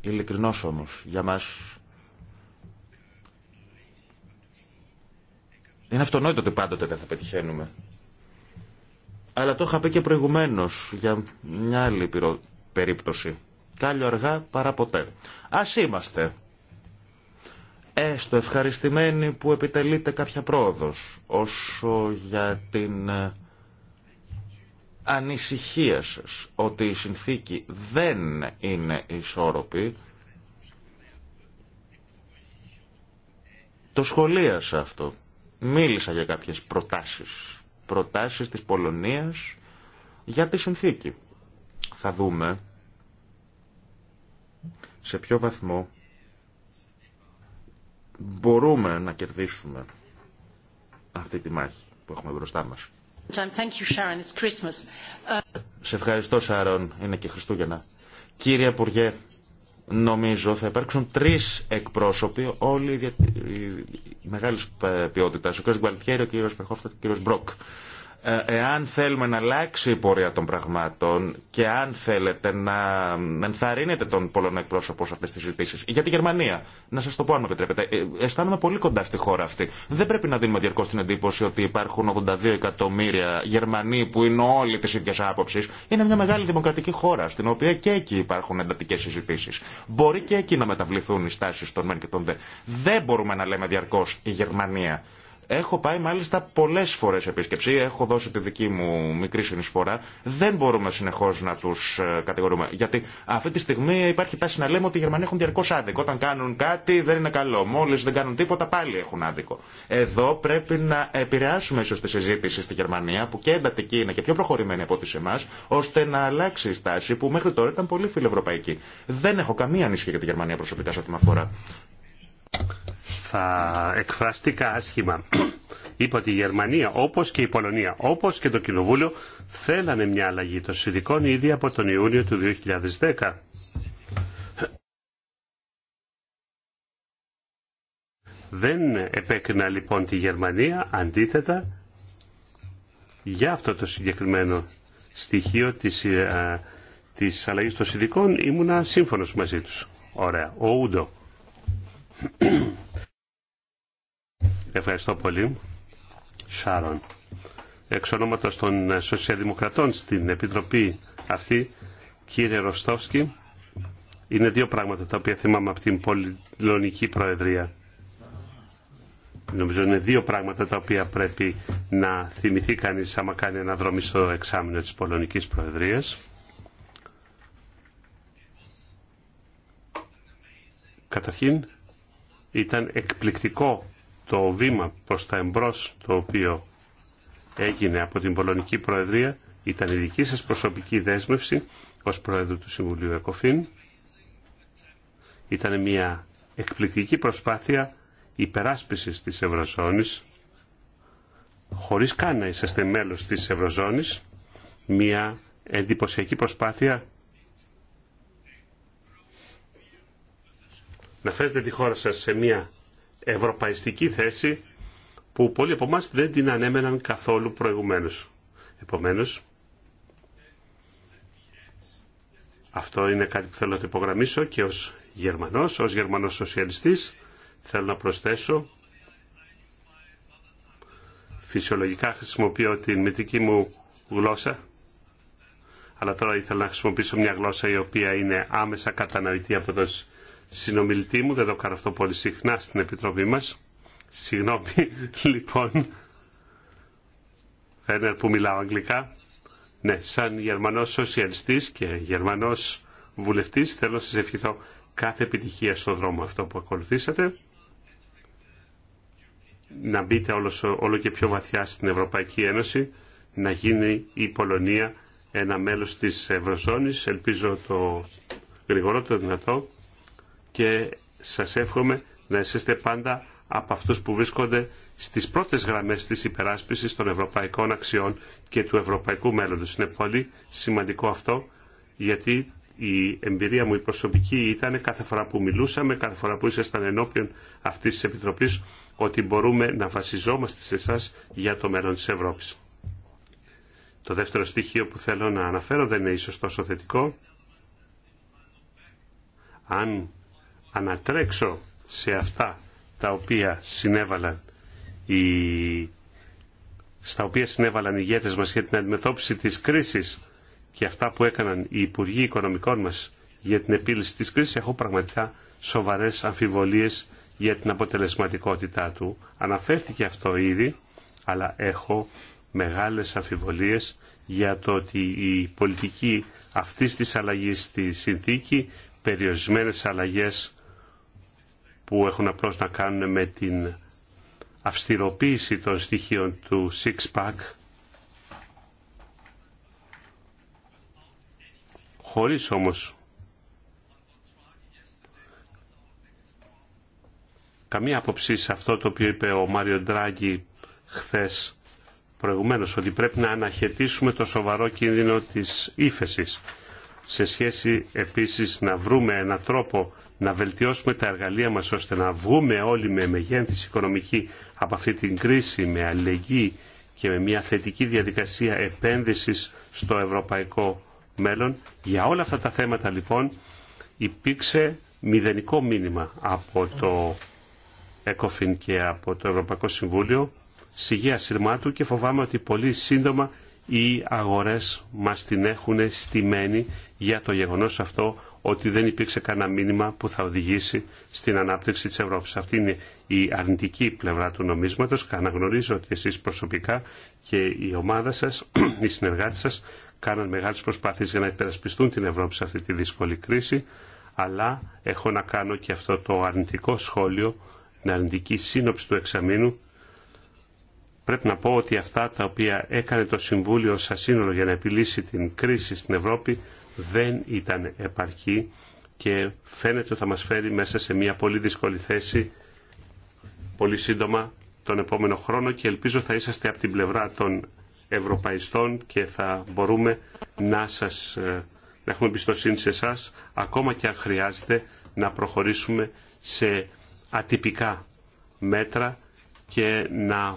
Ειλικρινώς όμως, για μας Είναι αυτονόητο ότι πάντοτε δεν θα πετυχαίνουμε. Αλλά το είχα πει και προηγουμένω για μια άλλη περίπτωση. Κάλλιο αργά παρά ποτέ. Α είμαστε έστω ευχαριστημένοι που επιτελείται κάποια πρόοδος όσο για την ε, ανησυχία σας ότι η συνθήκη δεν είναι ισόρροπη το σχολίασα αυτό μίλησα για κάποιες προτάσεις. Προτάσεις της Πολωνίας για τη συνθήκη. Θα δούμε σε ποιο βαθμό μπορούμε να κερδίσουμε αυτή τη μάχη που έχουμε μπροστά μας. Σε ευχαριστώ, Σάρον. Είναι και Χριστούγεννα. Κύριε Υπουργέ, νομίζω θα υπάρξουν τρει εκπρόσωποι, όλοι οι μεγάλης ε, ποιότητας, ο κ. Γκουαλτιέρη, ο κ. Περχόφτα και ο κ. Μπροκ. Ε, εάν θέλουμε να αλλάξει η πορεία των πραγμάτων και αν θέλετε να ενθαρρύνετε τον Πολωνό εκπρόσωπο σε αυτέ τι συζητήσει. Για τη Γερμανία, να σα το πω αν με επιτρέπετε, ε, αισθάνομαι πολύ κοντά στη χώρα αυτή. Δεν πρέπει να δίνουμε διαρκώ την εντύπωση ότι υπάρχουν 82 εκατομμύρια Γερμανοί που είναι όλοι τη ίδια άποψη. Είναι μια μεγάλη δημοκρατική χώρα, στην οποία και εκεί υπάρχουν εντατικέ συζητήσει. Μπορεί και εκεί να μεταβληθούν οι στάσει των μεν και των δε. Δεν μπορούμε να λέμε διαρκώ η Γερμανία. Έχω πάει μάλιστα πολλέ φορέ επίσκεψη, έχω δώσει τη δική μου μικρή συνεισφορά. Δεν μπορούμε συνεχώ να του ε, κατηγορούμε. Γιατί αυτή τη στιγμή υπάρχει τάση να λέμε ότι οι Γερμανοί έχουν διαρκώ άδικο. Όταν κάνουν κάτι δεν είναι καλό. Μόλι δεν κάνουν τίποτα πάλι έχουν άδικο. Εδώ πρέπει να επηρεάσουμε ίσω τη συζήτηση στη Γερμανία που και εντατική είναι και πιο προχωρημένη από ό,τι σε εμά, ώστε να αλλάξει η στάση που μέχρι τώρα ήταν πολύ φιλευρωπαϊκή. Δεν έχω καμία ανησυχία για τη Γερμανία προσωπικά σε ό,τι με αφορά θα εκφραστικά άσχημα. Είπα ότι η Γερμανία, όπως και η Πολωνία, όπως και το Κοινοβούλιο, θέλανε μια αλλαγή των συνδικών ήδη από τον Ιούνιο του 2010. Δεν επέκρινα λοιπόν τη Γερμανία, αντίθετα, για αυτό το συγκεκριμένο στοιχείο της, ε, α, της αλλαγής των συνδικών ήμουνα σύμφωνος μαζί τους. Ωραία. Ο Ούντο. Ευχαριστώ πολύ. Σάρον. Εξ ονόματο των Σοσιαλδημοκρατών στην Επιτροπή αυτή, κύριε Ροστόφσκι, είναι δύο πράγματα τα οποία θυμάμαι από την Πολυλονική Προεδρία. Νομίζω είναι δύο πράγματα τα οποία πρέπει να θυμηθεί κανείς άμα κάνει ένα δρόμο στο εξάμεινο της Πολωνικής Προεδρίας. Καταρχήν, ήταν εκπληκτικό το βήμα προς τα εμπρός το οποίο έγινε από την Πολωνική Προεδρία ήταν η δική σας προσωπική δέσμευση ως Πρόεδρου του Συμβουλίου ΕΚΟΦΗΝ. Ήταν μια εκπληκτική προσπάθεια υπεράσπισης της Ευρωζώνης χωρίς καν να είσαστε μέλος της Ευρωζώνης μια εντυπωσιακή προσπάθεια να φέρετε τη χώρα σας σε μια ευρωπαϊστική θέση που πολλοί από εμά δεν την ανέμεναν καθόλου προηγουμένω. Επομένω. αυτό είναι κάτι που θέλω να το υπογραμμίσω και ως Γερμανός, ως Γερμανός σοσιαλιστής, θέλω να προσθέσω φυσιολογικά χρησιμοποιώ την μυθική μου γλώσσα αλλά τώρα ήθελα να χρησιμοποιήσω μια γλώσσα η οποία είναι άμεσα κατανοητή από τους συνομιλητή μου, δεν το κάνω αυτό πολύ συχνά στην Επιτροπή μας. Συγγνώμη, [LAUGHS] λοιπόν, Φέρνερ που μιλάω αγγλικά. Ναι, σαν Γερμανός σοσιαλιστής και Γερμανός βουλευτής θέλω να σας ευχηθώ κάθε επιτυχία στο δρόμο αυτό που ακολουθήσατε. Να μπείτε όλο, όλο και πιο βαθιά στην Ευρωπαϊκή Ένωση, να γίνει η Πολωνία ένα μέλος της Ευρωζώνης, ελπίζω το γρηγορότερο δυνατό και σας εύχομαι να είστε πάντα από αυτούς που βρίσκονται στις πρώτες γραμμές της υπεράσπισης των ευρωπαϊκών αξιών και του ευρωπαϊκού μέλλοντος. Είναι πολύ σημαντικό αυτό γιατί η εμπειρία μου η προσωπική ήταν κάθε φορά που μιλούσαμε, κάθε φορά που ήσασταν ενώπιον αυτής της Επιτροπής ότι μπορούμε να βασιζόμαστε σε εσά για το μέλλον της Ευρώπης. Το δεύτερο στοιχείο που θέλω να αναφέρω δεν είναι ίσως τόσο θετικό. Αν ανατρέξω σε αυτά τα οποία συνέβαλαν οι στα οποία συνέβαλαν οι ηγέτες μας για την αντιμετώπιση της κρίσης και αυτά που έκαναν οι Υπουργοί Οικονομικών μας για την επίλυση της κρίσης, έχω πραγματικά σοβαρές αμφιβολίες για την αποτελεσματικότητά του. Αναφέρθηκε αυτό ήδη, αλλά έχω μεγάλες αμφιβολίες για το ότι η πολιτική αυτής της αλλαγής στη συνθήκη, περιορισμένες αλλαγές που έχουν απλώς να κάνουν με την αυστηροποίηση των στοιχείων του Six Pack χωρίς όμως καμία άποψη σε αυτό το οποίο είπε ο Μάριο Ντράγκη χθες προηγουμένως ότι πρέπει να αναχαιτήσουμε το σοβαρό κίνδυνο της ύφεσης σε σχέση επίσης να βρούμε έναν τρόπο να βελτιώσουμε τα εργαλεία μας ώστε να βγούμε όλοι με μεγένθηση οικονομική από αυτή την κρίση, με αλληλεγγύη και με μια θετική διαδικασία επένδυσης στο ευρωπαϊκό μέλλον. Για όλα αυτά τα θέματα λοιπόν υπήρξε μηδενικό μήνυμα από το ΕΚΟΦΗΝ και από το Ευρωπαϊκό Συμβούλιο σιγεία σειρμάτου και φοβάμαι ότι πολύ σύντομα οι αγορές μας την έχουν στημένη για το γεγονός αυτό ότι δεν υπήρξε κανένα μήνυμα που θα οδηγήσει στην ανάπτυξη της Ευρώπης. Αυτή είναι η αρνητική πλευρά του νομίσματος. Αναγνωρίζω ότι εσείς προσωπικά και η ομάδα σας, [CLEARS THROAT] οι συνεργάτες σας, κάναν μεγάλες προσπάθειες για να υπερασπιστούν την Ευρώπη σε αυτή τη δύσκολη κρίση, αλλά έχω να κάνω και αυτό το αρνητικό σχόλιο, την αρνητική σύνοψη του εξαμήνου, Πρέπει να πω ότι αυτά τα οποία έκανε το Συμβούλιο σαν σύνολο για να επιλύσει την κρίση στην Ευρώπη δεν ήταν επαρκή και φαίνεται ότι θα μας φέρει μέσα σε μια πολύ δύσκολη θέση πολύ σύντομα τον επόμενο χρόνο και ελπίζω θα είσαστε από την πλευρά των Ευρωπαϊστών και θα μπορούμε να σας ε, να έχουμε εμπιστοσύνη σε εσά, ακόμα και αν χρειάζεται να προχωρήσουμε σε ατυπικά μέτρα και να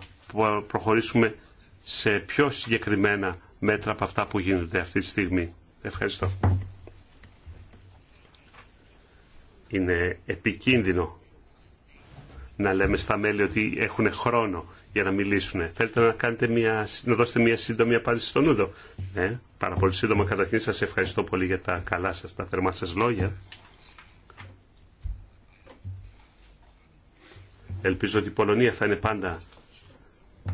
προχωρήσουμε σε πιο συγκεκριμένα μέτρα από αυτά που γίνονται αυτή τη στιγμή. Ευχαριστώ. Είναι επικίνδυνο να λέμε στα μέλη ότι έχουν χρόνο για να μιλήσουν. Θέλετε να, κάνετε μια, να δώσετε μια σύντομη απάντηση στον Ούντο. Ναι, πάρα πολύ σύντομα. Καταρχήν σας ευχαριστώ πολύ για τα καλά σας, τα θερμά σας λόγια. Ελπίζω ότι η Πολωνία θα είναι πάντα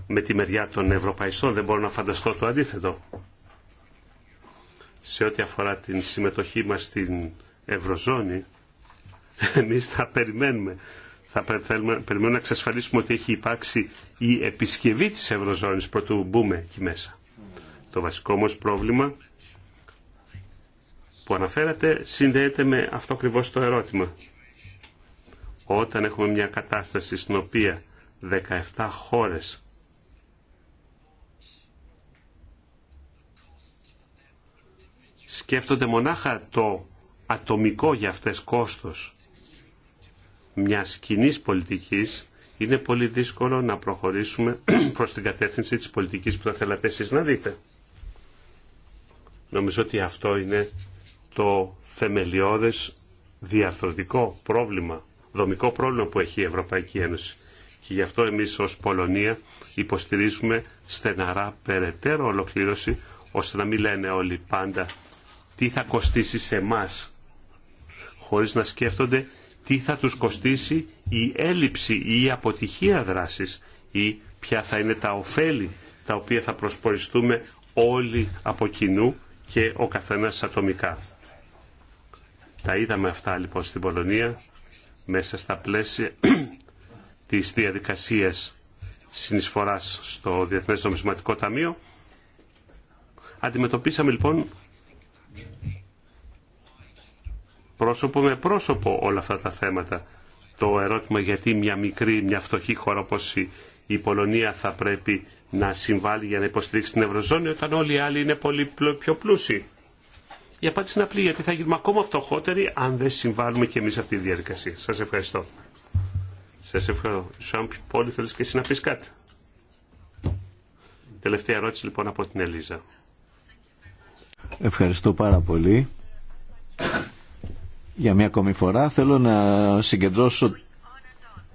με τη μεριά των Ευρωπαϊστών. Δεν μπορώ να φανταστώ το αντίθετο σε ό,τι αφορά την συμμετοχή μας στην Ευρωζώνη, [LAUGHS] εμείς θα περιμένουμε. Θα περιμένουμε να εξασφαλίσουμε ότι έχει υπάρξει η επισκευή της Ευρωζώνης πρωτού μπούμε εκεί μέσα. Το βασικό όμως πρόβλημα που αναφέρατε συνδέεται με αυτό ακριβώ το ερώτημα. Όταν έχουμε μια κατάσταση στην οποία 17 χώρες σκέφτονται μονάχα το ατομικό για αυτές κόστος μιας κοινή πολιτικής, είναι πολύ δύσκολο να προχωρήσουμε [CLEARS THROAT] προς την κατεύθυνση της πολιτικής που θα θέλατε εσείς να δείτε. Νομίζω ότι αυτό είναι το θεμελιώδες διαρθρωτικό πρόβλημα, δομικό πρόβλημα που έχει η Ευρωπαϊκή Ένωση. Και γι' αυτό εμείς ως Πολωνία υποστηρίζουμε στεναρά περαιτέρω ολοκλήρωση, ώστε να μην λένε όλοι πάντα τι θα κοστίσει σε εμά, χωρίς να σκέφτονται τι θα τους κοστίσει η έλλειψη ή η αποτυχία δράσης ή ποια θα είναι τα ωφέλη τα οποία θα προσποριστούμε όλοι από κοινού και ο καθένας ατομικά. Τα είδαμε αυτά λοιπόν στην Πολωνία μέσα στα πλαίσια [CLEARS THROAT] της διαδικασίας συνεισφοράς στο Διεθνές Νομισματικό Ταμείο. Αντιμετωπίσαμε λοιπόν πρόσωπο με πρόσωπο όλα αυτά τα θέματα. Το ερώτημα γιατί μια μικρή, μια φτωχή χώρα όπως η, Πολωνία θα πρέπει να συμβάλλει για να υποστηρίξει την Ευρωζώνη όταν όλοι οι άλλοι είναι πολύ πιο πλούσιοι. Η απάντηση είναι απλή γιατί θα γίνουμε ακόμα φτωχότεροι αν δεν συμβάλλουμε και εμείς αυτή τη διαδικασία. Σας ευχαριστώ. Σας ευχαριστώ. Σουάμπ, πολύ θέλεις και εσύ να πεις κάτι. Τελευταία ερώτηση λοιπόν από την Ελίζα. Ευχαριστώ πάρα πολύ. Για μια ακόμη φορά θέλω να συγκεντρώσω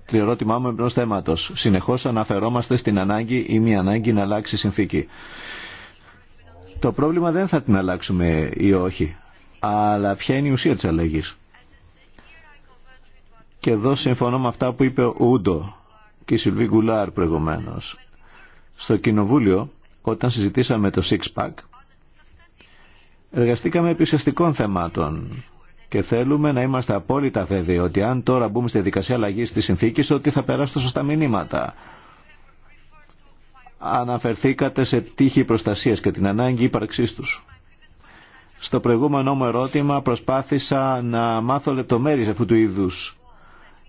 το ερώτημά μου εμπρός θέματο. Συνεχώς αναφερόμαστε στην ανάγκη ή μια ανάγκη να αλλάξει συνθήκη. Το πρόβλημα δεν θα την αλλάξουμε ή όχι, αλλά ποια είναι η ουσία της αλλαγή. Και εδώ συμφωνώ με αυτά που είπε ο Ούντο και η Σιλβί Γκουλάρ προηγουμένως. Στο Κοινοβούλιο, όταν συζητήσαμε το Six Εργαστήκαμε επί ουσιαστικών θεμάτων και θέλουμε να είμαστε απόλυτα βέβαιοι ότι αν τώρα μπούμε στη δικασία αλλαγή τη συνθήκη, ότι θα περάσουν τα σωστά μηνύματα. Αναφερθήκατε σε τύχη προστασία και την ανάγκη ύπαρξή του. Στο προηγούμενό μου ερώτημα προσπάθησα να μάθω λεπτομέρειε αυτού του είδου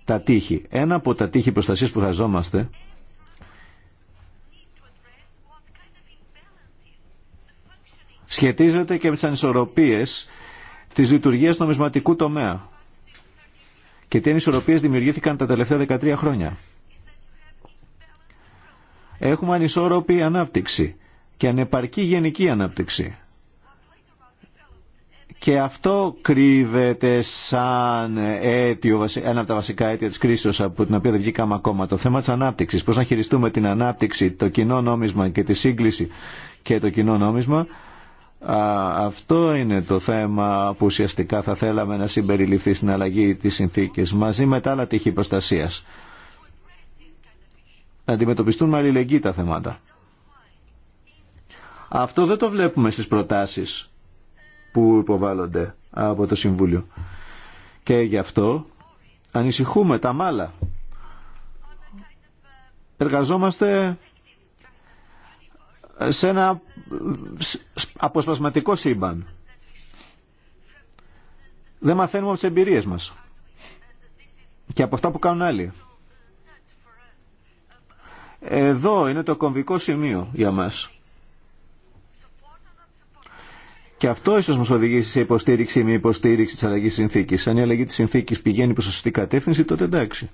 τα τείχη. Ένα από τα τείχη προστασία που χρειαζόμαστε σχετίζεται και με τις ανισορροπίες της λειτουργίας νομισματικού τομέα και τι ανισορροπίες δημιουργήθηκαν τα τελευταία 13 χρόνια. Έχουμε ανισόρροπη ανάπτυξη και ανεπαρκή γενική ανάπτυξη. Και αυτό κρύβεται σαν αίτιο, ένα από τα βασικά αίτια της κρίσης από την οποία δεν βγήκαμε ακόμα. Το θέμα της ανάπτυξης, πώς να χειριστούμε την ανάπτυξη, το κοινό νόμισμα και τη σύγκληση και το κοινό νόμισμα αυτό είναι το θέμα που ουσιαστικά θα θέλαμε να συμπεριληφθεί στην αλλαγή της συνθήκης μαζί με τα άλλα τυχή προστασία. Να αντιμετωπιστούν με αλληλεγγύη τα θέματα. Αυτό δεν το βλέπουμε στις προτάσεις που υποβάλλονται από το Συμβούλιο. Και γι' αυτό ανησυχούμε τα μάλα. Εργαζόμαστε σε ένα αποσπασματικό σύμπαν. Δεν μαθαίνουμε από τις εμπειρίες μας και από αυτά που κάνουν άλλοι. Εδώ είναι το κομβικό σημείο για μας. Και αυτό ίσως μας οδηγήσει σε υποστήριξη ή μη υποστήριξη της αλλαγής συνθήκης. Αν η αλλαγή της συνθήκης πηγαίνει προς σωστή κατεύθυνση, τότε εντάξει.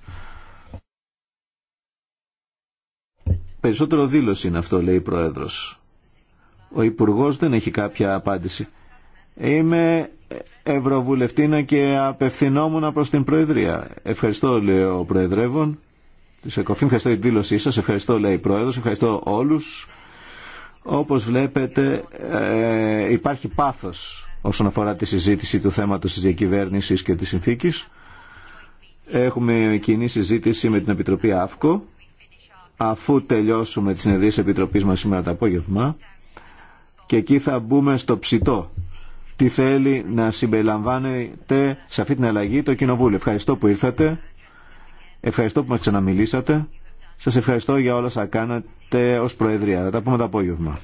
Περισσότερο δήλωση είναι αυτό, λέει η Πρόεδρος. Ο υπουργό δεν έχει κάποια απάντηση. Είμαι Ευρωβουλευτήνα και απευθυνόμουν προ την Προεδρία. Ευχαριστώ, λέει ο Προεδρεύων. Της Εκοφή, ευχαριστώ την δήλωσή σα, Ευχαριστώ, λέει η Πρόεδρο. Ευχαριστώ όλου. Όπω βλέπετε ε, υπάρχει πάθο όσον αφορά τη συζήτηση του θέματο τη διακυβέρνηση και τη συνθήκη. Έχουμε κοινή συζήτηση με την Επιτροπή ΑΦΚΟ αφού τελειώσουμε τι συνεδρίε τη Επιτροπής μας σήμερα το απόγευμα και εκεί θα μπούμε στο ψητό. Τι θέλει να συμπεριλαμβάνεται σε αυτή την αλλαγή το Κοινοβούλιο. Ευχαριστώ που ήρθατε. Ευχαριστώ που μας ξαναμιλήσατε. Σας ευχαριστώ για όλα σα κάνατε ως Προεδρία. Θα τα πούμε το απόγευμα.